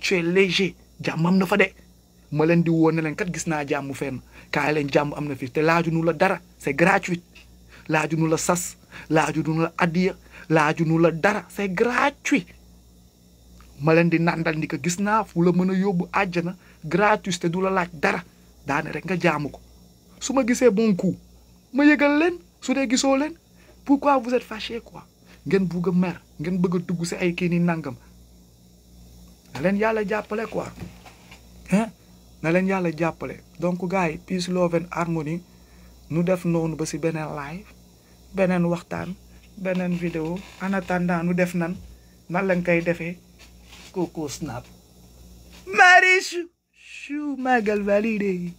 tu es léger jàmm am na fa de ma leen di woon ne leen kat gis naa jàmm fenn kaay leen jàmm am na fi te laaju nu la dara c'est gratuit laaju nu la sas laaju nu la addiya laaju nu la dara c'est gratuit ma leen di nàndal ndi ko gis naa fu la mën a yóbbu àjjana gratuit te du la laaj dara daane rek nga jaamu ko su ma gisee bon coup ma yëgal leen su dee gisoo leen pourquoi vous êtes fâché quoi ngeen bugg a mer ngeen bëgg a dugg si ay kii ni nangam na leen yàlla jàppale quoi hein na leen yàlla jàppale donc gars yi peace love nu def noonu ba si beneen live beneen waxtaan beneen vidéo en attendant def nan nan lañ koy defee coco snap. Marichou chou magal validé.